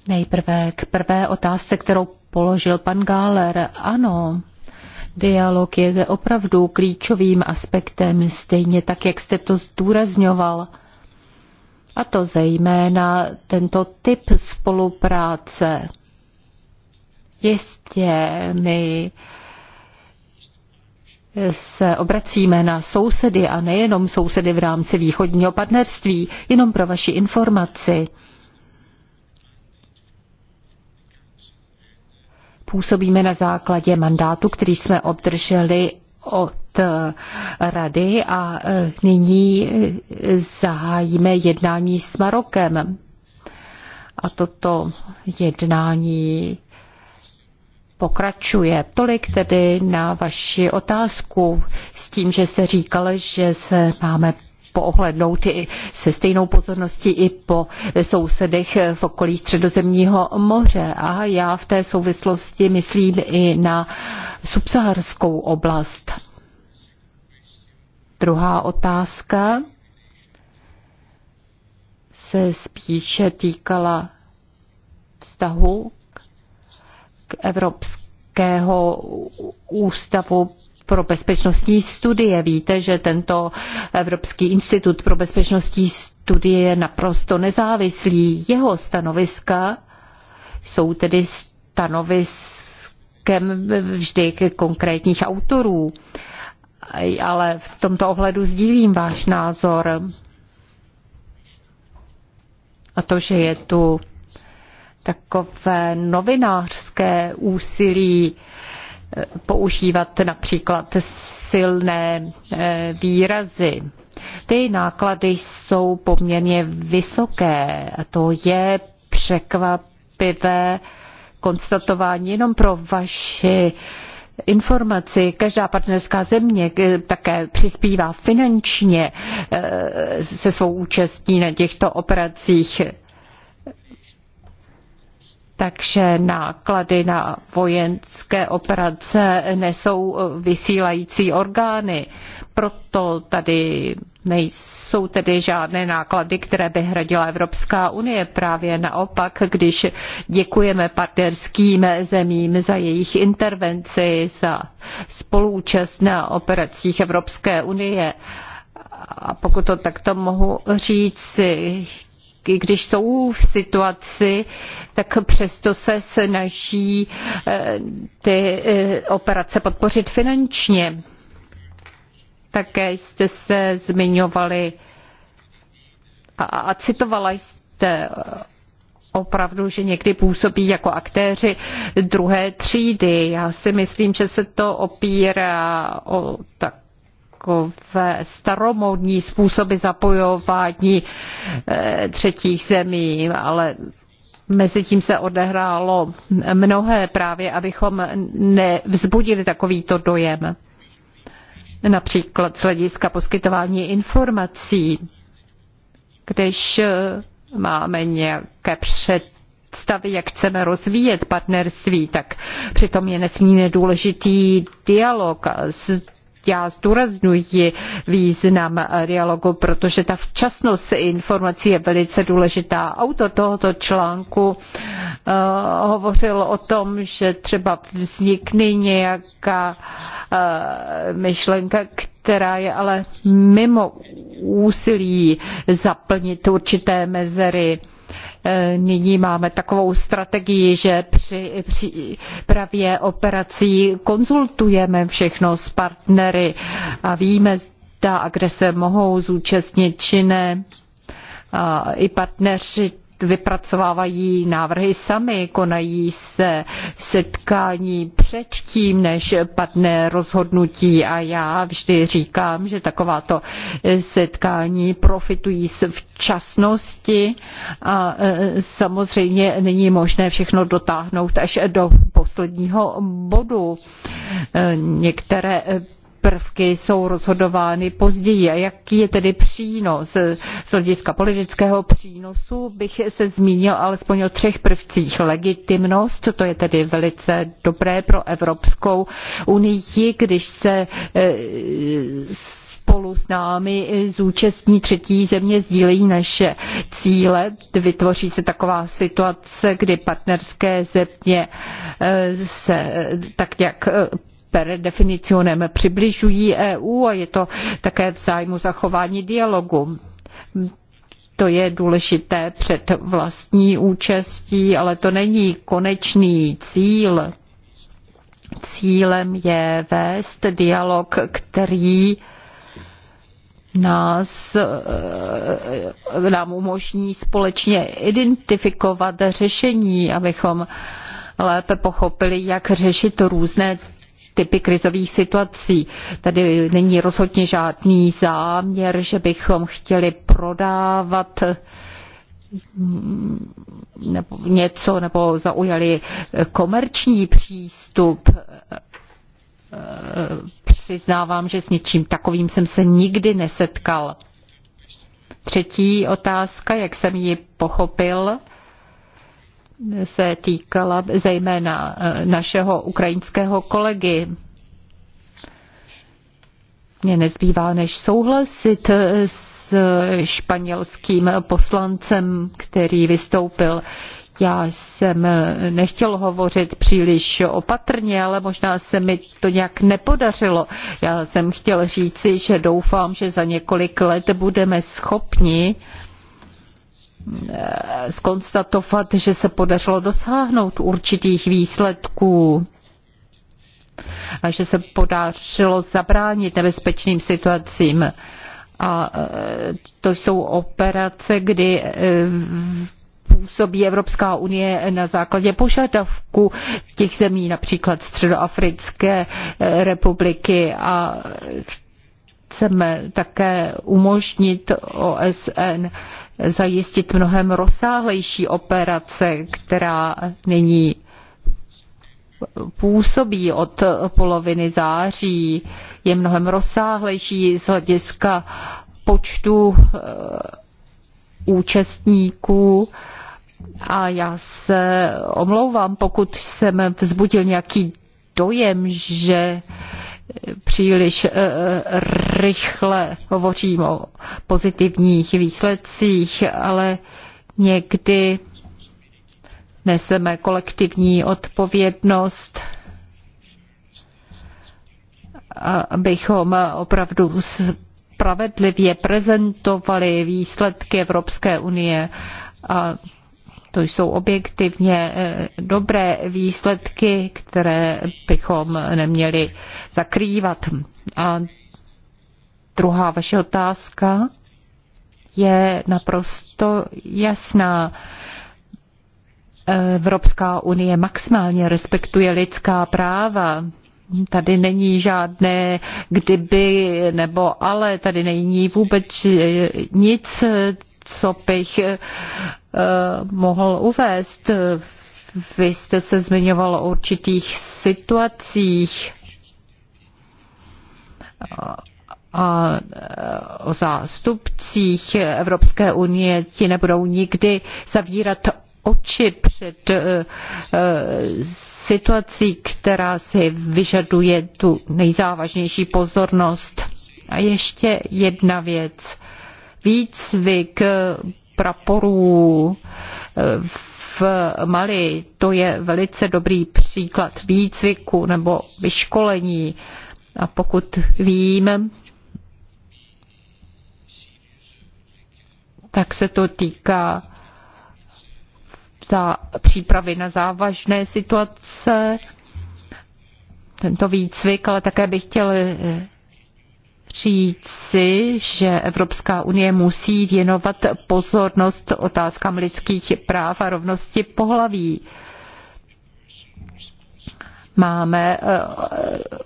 Nejprve k prvé otázce, kterou položil pan Gáler. Ano, dialog je opravdu klíčovým aspektem, stejně tak, jak jste to zdůrazňoval. A to zejména tento typ spolupráce. Jistě my se obracíme na sousedy a nejenom sousedy v rámci východního partnerství, jenom pro vaši informaci. působíme na základě mandátu, který jsme obdrželi od eh, rady a eh, nyní eh, zahájíme jednání s Marokem. A toto jednání pokračuje. Tolik tedy na vaši otázku s tím, že se říkalo, že se máme poohlednout i se stejnou pozorností i po sousedech v okolí Středozemního moře. A já v té souvislosti myslím i na subsaharskou oblast. Druhá otázka se spíše týkala vztahu k Evropskému ústavu pro bezpečnostní studie. Víte, že tento Evropský institut pro bezpečnostní studie je naprosto nezávislý. Jeho stanoviska jsou tedy stanoviskem vždy konkrétních autorů. Ale v tomto ohledu sdílím váš názor. A to, že je tu takové novinářské úsilí používat například silné eh, výrazy. Ty náklady jsou poměrně vysoké a to je překvapivé konstatování jenom pro vaši informaci. Každá partnerská země eh, také přispívá finančně eh, se svou účastí na těchto operacích takže náklady na vojenské operace nesou eh, vysílající orgány. Proto tady nejsou tedy žádné náklady, které by hradila Evropská unie. Právě naopak, když děkujeme partnerským zemím za jejich intervenci, za spolúčast na operacích Evropské unie, a pokud to takto mohu říct, i když jsou v situaci, tak přesto se snaží eh, ty eh, operace podpořit finančně. Také jste se zmiňovali a, a citovala jste eh, opravdu, že někdy působí jako aktéři druhé třídy. Já si myslím, že se to opírá o tak takové staromodní způsoby zapojování eh, třetích zemí, ale mezi tím se odehrálo mnohé právě, abychom nevzbudili takovýto dojem. Například z hlediska poskytování informací, když eh, máme nějaké představy, jak chceme rozvíjet partnerství, tak přitom je nesmírně důležitý dialog a já zdůraznuji význam dialogu, protože ta včasnost informací je velice důležitá. Autor tohoto článku uh, hovořil o tom, že třeba vznikne nějaká uh, myšlenka, která je ale mimo úsilí zaplnit určité mezery Eh, nyní máme takovou strategii, že při přípravě operací konzultujeme všechno s partnery a víme, zda a kde se mohou zúčastnit či ne. A I partneři vypracovávají návrhy sami, konají se setkání předtím, než padne rozhodnutí a já vždy říkám, že takováto setkání profitují z včasnosti a e, samozřejmě není možné všechno dotáhnout až do posledního bodu. E, některé prvky jsou rozhodovány později. A jaký je tedy přínos? Z hlediska politického přínosu bych se zmínil alespoň o třech prvcích. Legitimnost, to je tedy velice dobré pro Evropskou unii, když se e, spolu s námi zúčastní třetí země, sdílejí naše cíle. Vytvoří se taková situace, kdy partnerské země e, se e, tak nějak per definicionem přibližují EU a je to také v zájmu zachování dialogu. To je důležité před vlastní účastí, ale to není konečný cíl. Cílem je vést dialog, který nás, eh, nám umožní společně identifikovat řešení, abychom lépe pochopili, jak řešit různé typy krizových situací. Tady není rozhodně žádný záměr, že bychom chtěli prodávat mm, nebo něco nebo zaujali komerční přístup. Eh, Přiznávám, že s něčím takovým jsem se nikdy nesetkal. Třetí otázka, jak jsem ji pochopil, se týkala zejména eh, našeho ukrajinského kolegy. Mně nezbývá, než souhlasit eh, s španělským poslancem, který vystoupil. Já jsem eh, nechtěl hovořit příliš opatrně, ale možná se mi to nějak nepodařilo. Já jsem chtěl říci, že doufám, že za několik let budeme schopni Eh, skonstatovat, že se podařilo dosáhnout určitých výsledků a že se podařilo zabránit nebezpečným situacím. A eh, to jsou operace, kdy eh, působí Evropská unie na základě požadavku těch zemí, například Středoafrické republiky a chceme také umožnit OSN zajistit mnohem rozsáhlejší operace, která nyní působí od poloviny září, je mnohem rozsáhlejší z hlediska počtu eh, účastníků. A já se omlouvám, pokud jsem vzbudil nějaký dojem, že uh, příliš eh, rychle hovořím o pozitivních výsledcích, ale někdy neseme kolektivní odpovědnost, abychom opravdu spravedlivě prezentovali výsledky Evropské unie a to jsou objektivně eh, dobré výsledky, které bychom neměli zakrývat. A druhá vaše otázka je naprosto jasná. Evropská unie maximálně respektuje lidská práva. Tady není žádné kdyby nebo ale, tady není vůbec eh, nic, co bych eh, mohl uvést. Vy jste se zmiňoval o určitých situacích a o zástupcích Evropské unie. Ti nebudou nikdy zavírat oči před eh, eh, situací, která si vyžaduje tu nejzávažnější pozornost. A ještě jedna věc výcvik praporů eh, v Mali. To je velice dobrý příklad výcviku nebo vyškolení. A pokud vím, tak se to týká za přípravy na závažné situace, tento výcvik, ale také bych chtěl eh, říci, že Evropská unie musí věnovat pozornost otázkám lidských práv a rovnosti pohlaví. Máme eh,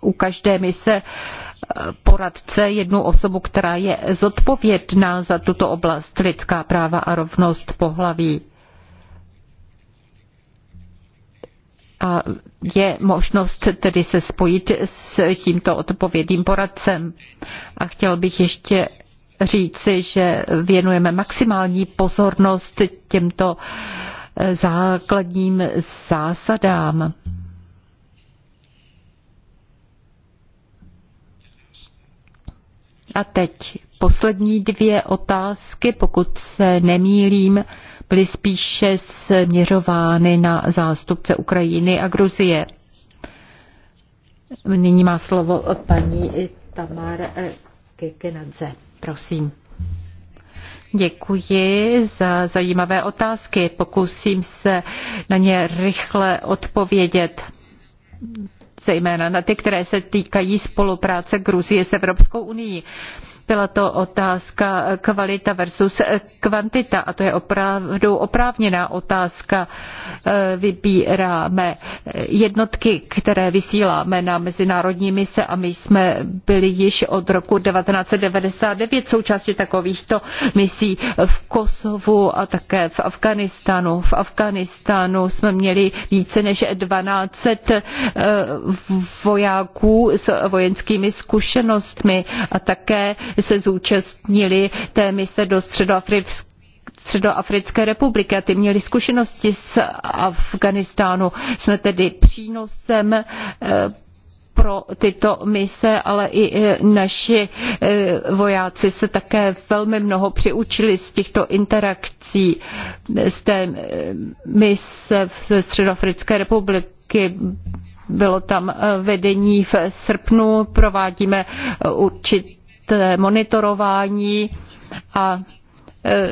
u každé mise eh, poradce jednu osobu, která je zodpovědná za tuto oblast lidská práva a rovnost pohlaví. A je možnost tedy se spojit s tímto odpovědným poradcem. A chtěl bych ještě říci, že věnujeme maximální pozornost těmto eh, základním zásadám. A teď poslední dvě otázky, pokud se nemýlím byly spíše směřovány na zástupce Ukrajiny a Gruzie. Nyní má slovo od paní Tamar eh, Kekenadze. Prosím. Děkuji za zajímavé otázky. Pokusím se na ně rychle odpovědět zejména na ty, které se týkají spolupráce Gruzie s Evropskou unii. Byla to otázka eh, kvalita versus eh, kvantita a to je opravdu oprávněná otázka. Eh, vybíráme jednotky, které vysíláme na mezinárodní mise a my jsme byli již od roku 1999 součástí takovýchto misí v Kosovu a také v Afganistánu. V Afganistánu jsme měli více než 12 vojáků s vojenskými zkušenostmi a také se zúčastnili té mise do středoafrické Středoafrické republiky a ty měly zkušenosti z Afganistánu. Jsme tedy přínosem eh, pro tyto mise, ale i eh, naši eh, vojáci se také velmi mnoho přiučili z těchto interakcí z té mise ze Středoafrické republiky. Bylo tam vedení v srpnu, provádíme určitě monitorování a e,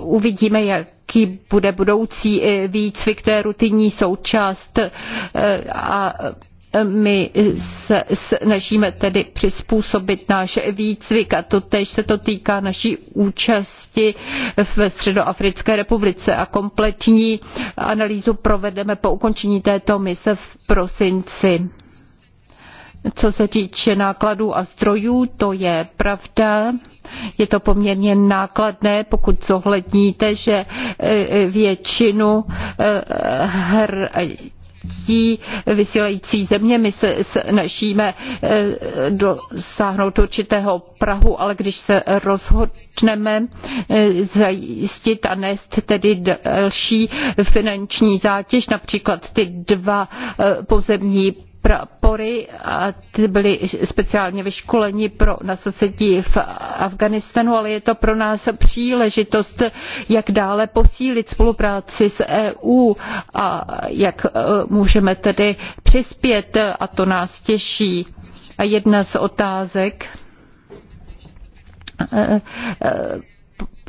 uvidíme, jaký bude budoucí e, výcvik té rutinní součást e, a my se snažíme tedy přizpůsobit náš výcvik a to tež se to týká naší účasti ve Středoafrické republice a kompletní analýzu provedeme po ukončení této mise v prosinci. Co se týče nákladů a zdrojů, to je pravda. Je to poměrně nákladné, pokud zohledníte, že e, e, většinu e, her vysílající země. My se snažíme dosáhnout určitého Prahu, ale když se rozhodneme zajistit a nést tedy další finanční zátěž, například ty dva pozemní prapory a ty byli speciálně vyškoleni pro nasazení v Afganistanu, ale je to pro nás příležitost, jak dále posílit spolupráci s EU a jak e, můžeme tedy přispět a to nás těší. A jedna z otázek e, e,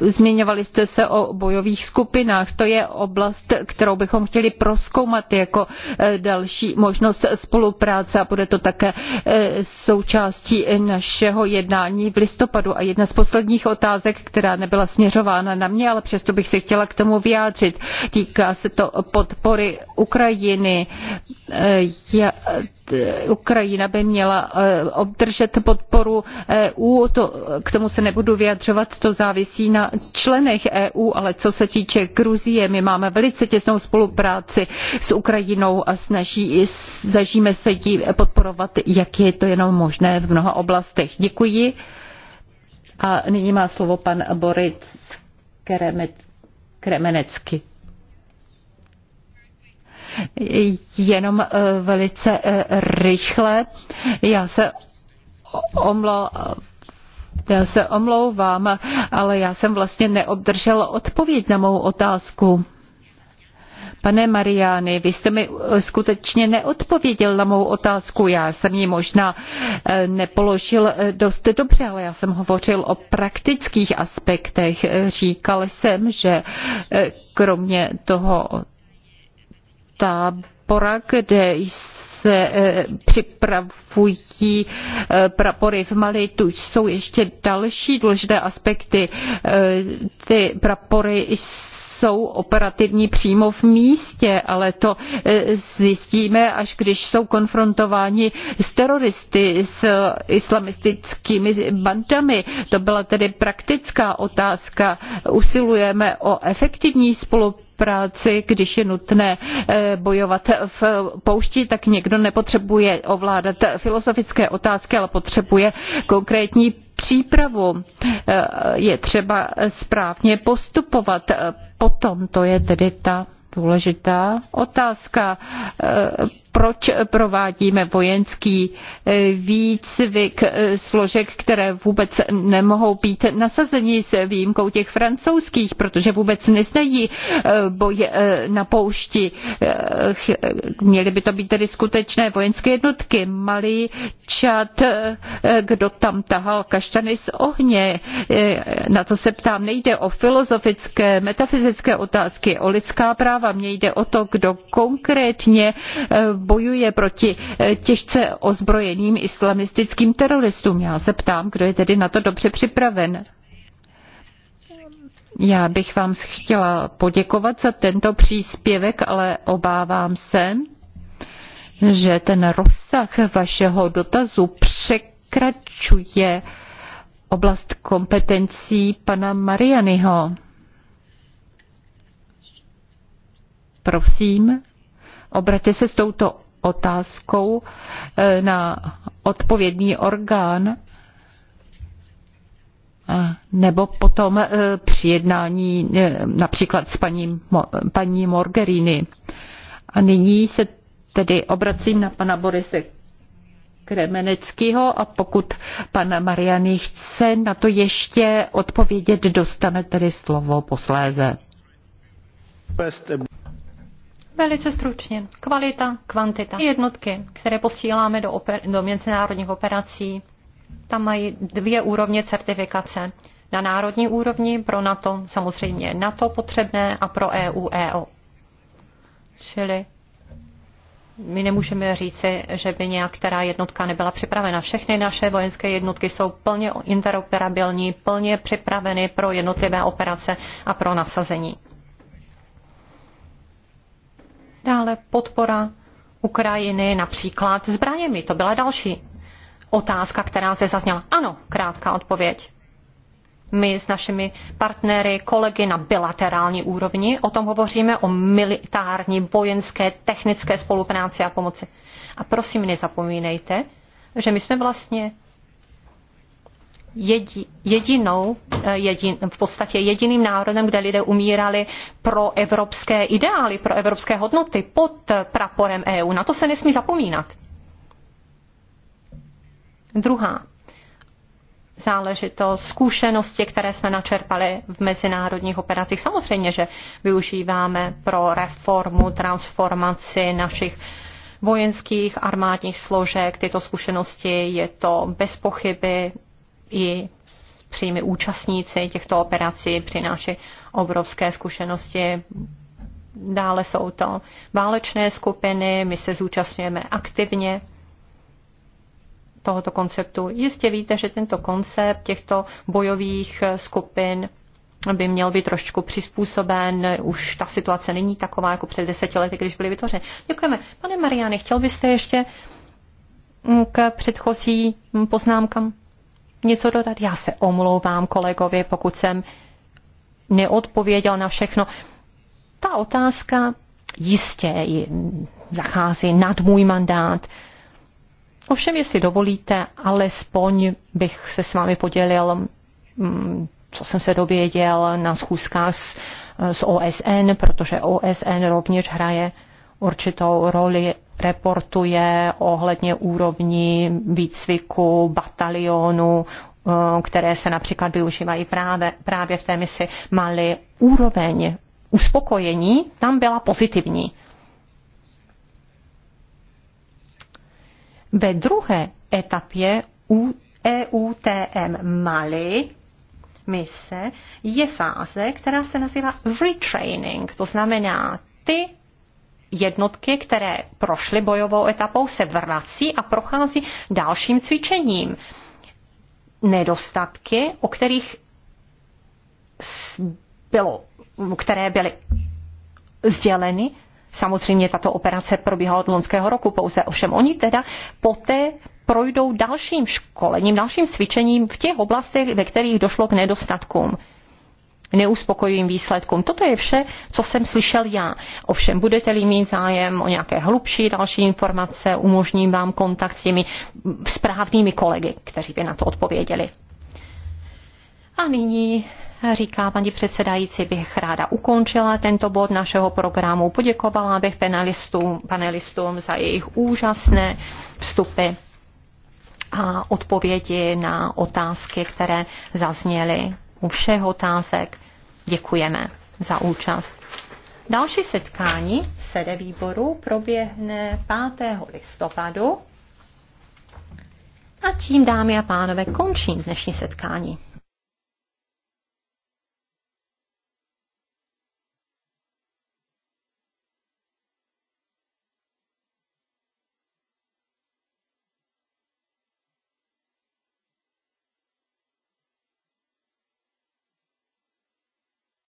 Zmiňovali jste se o bojových skupinách. To je oblast, kterou bychom chtěli proskoumat jako eh, další možnost spolupráce a bude to také eh, součástí našeho jednání v listopadu. A jedna z posledních otázek, která nebyla směřována na mě, ale přesto bych se chtěla k tomu vyjádřit. Týká se to podpory Ukrajiny. Eh, Ukrajina by měla obdržet podporu EU, to, k tomu se nebudu vyjadřovat, to závisí na členech EU, ale co se týče Gruzie, my máme velice těsnou spolupráci s Ukrajinou a snaží, snažíme se ji podporovat, jak je to jenom možné v mnoha oblastech. Děkuji. A nyní má slovo pan Boris Kremenecky. Jenom eh, velice eh, rychle. Já se omlouvám já se omlouvám, ale já jsem vlastně neobdržel odpověď na mou otázku. Pane Mariány, vy jste mi eh, skutečně neodpověděl na mou otázku. Já jsem ji možná eh, nepoložil eh, dost dobře, ale já jsem hovořil o praktických aspektech. Říkal jsem, že kromě toho tábora, kde jsem se eh, připravují eh, prapory v Mali. Tu jsou ještě další důležité aspekty. Eh, ty prapory jsou operativní přímo v místě, ale to zjistíme, až když jsou konfrontováni s teroristy, s islamistickými bandami. To byla tedy praktická otázka. Usilujeme o efektivní spolupráci práci, když je nutné eh, bojovat v poušti, tak někdo nepotřebuje ovládat filozofické otázky, ale potřebuje konkrétní přípravu. Eh, je třeba správně postupovat. Potom to je tedy ta důležitá otázka. Eh, proč provádíme vojenský eh, výcvik eh, složek, které vůbec nemohou být nasazeni s výjimkou těch francouzských, protože vůbec neznají eh, boj na poušti. Měly by to být tedy skutečné vojenské jednotky. Malý čat, kdo tam tahal kaštany z ohně, na to se ptám, nejde o filozofické, metafyzické otázky, o lidská práva, mně jde o to, kdo konkrétně bojuje proti eh, těžce ozbrojeným islamistickým teroristům. Já se ptám, kdo je tedy na to dobře připraven. Já bych vám chtěla poděkovat za tento příspěvek, ale obávám se, že ten rozsah vašeho dotazu překračuje oblast kompetencí pana Marianyho. Prosím obraty se s touto otázkou eh, na odpovědný orgán eh, nebo potom eh, při jednání například s paní, paní Morgerini. A nyní se tedy obracím na pana Borise Kremeneckého a pokud pan Mariany chce na to ještě odpovědět, dostane tedy slovo posléze. Velice stručně. Kvalita, kvantita. Jednotky, které posíláme do, oper- do mezinárodních operací, tam mají dvě úrovně certifikace. Na národní úrovni pro NATO samozřejmě NATO potřebné a pro EU EO. Čili my nemůžeme říci, že by nějaká jednotka nebyla připravena. Všechny naše vojenské jednotky jsou plně interoperabilní, plně připraveny pro jednotlivé operace a pro nasazení. Dále podpora Ukrajiny například zbraněmi. To byla další otázka, která zde zazněla. Ano, krátká odpověď. My s našimi partnery, kolegy na bilaterální úrovni o tom hovoříme, o militární, vojenské, technické spolupráci a pomoci. A prosím, nezapomínejte, že my jsme vlastně jedinou, eh, jedin, v podstatě jediným národem, kde lidé umírali pro evropské ideály, pro evropské hodnoty pod praporem EU. Na to se nesmí zapomínat. Druhá záležitost, zkušenosti, které jsme načerpali v mezinárodních operacích. Samozřejmě, že využíváme pro reformu, transformaci našich vojenských armádních složek. Tyto zkušenosti je to bez pochyby i přími účastníci těchto operací přináší obrovské zkušenosti. Dále jsou to válečné skupiny, my se zúčastňujeme aktivně tohoto konceptu. Jistě víte, že tento koncept těchto bojových skupin by měl být trošku přizpůsoben. Už ta situace není taková jako před deseti lety, když byly vytvořeny. Děkujeme. Pane Mariany, chtěl byste ještě k předchozí poznámkám? něco dodat? Já se omlouvám kolegovi, pokud jsem neodpověděl na všechno. Ta otázka jistě zachází nad můj mandát. Ovšem, jestli dovolíte, alespoň bych se s vámi podělil, mm, co jsem se dověděl na schůzkách s, s OSN, protože OSN rovněž hraje určitou roli reportuje ohledně úrovní výcviku batalionu, eh, které se například využívají právě, právě v té misi Mali, úroveň uspokojení tam byla pozitivní. Ve druhé etapě u EUTM Mali mise je fáze, která se nazývá retraining, to znamená ty jednotky, které prošly bojovou etapou, se vrací a prochází dalším cvičením. Nedostatky, o kterých bylo, které byly sděleny, Samozřejmě tato operace probíhala od lonského roku pouze, ovšem oni teda poté projdou dalším školením, dalším cvičením v těch oblastech, ve kterých došlo k nedostatkům neuspokojivým výsledkům. Toto je vše, co jsem slyšel já. Ovšem, budete-li mít zájem o nějaké hlubší další informace, umožním vám kontakt s těmi správnými kolegy, kteří by na to odpověděli. A nyní říká paní předsedající, bych ráda ukončila tento bod našeho programu. Poděkovala bych panelistům, panelistům za jejich úžasné vstupy a odpovědi na otázky, které zazněly u všech otázek. Děkujeme za účast. Další setkání sede výboru proběhne 5. listopadu. A tím, dámy a pánové, končím dnešní setkání.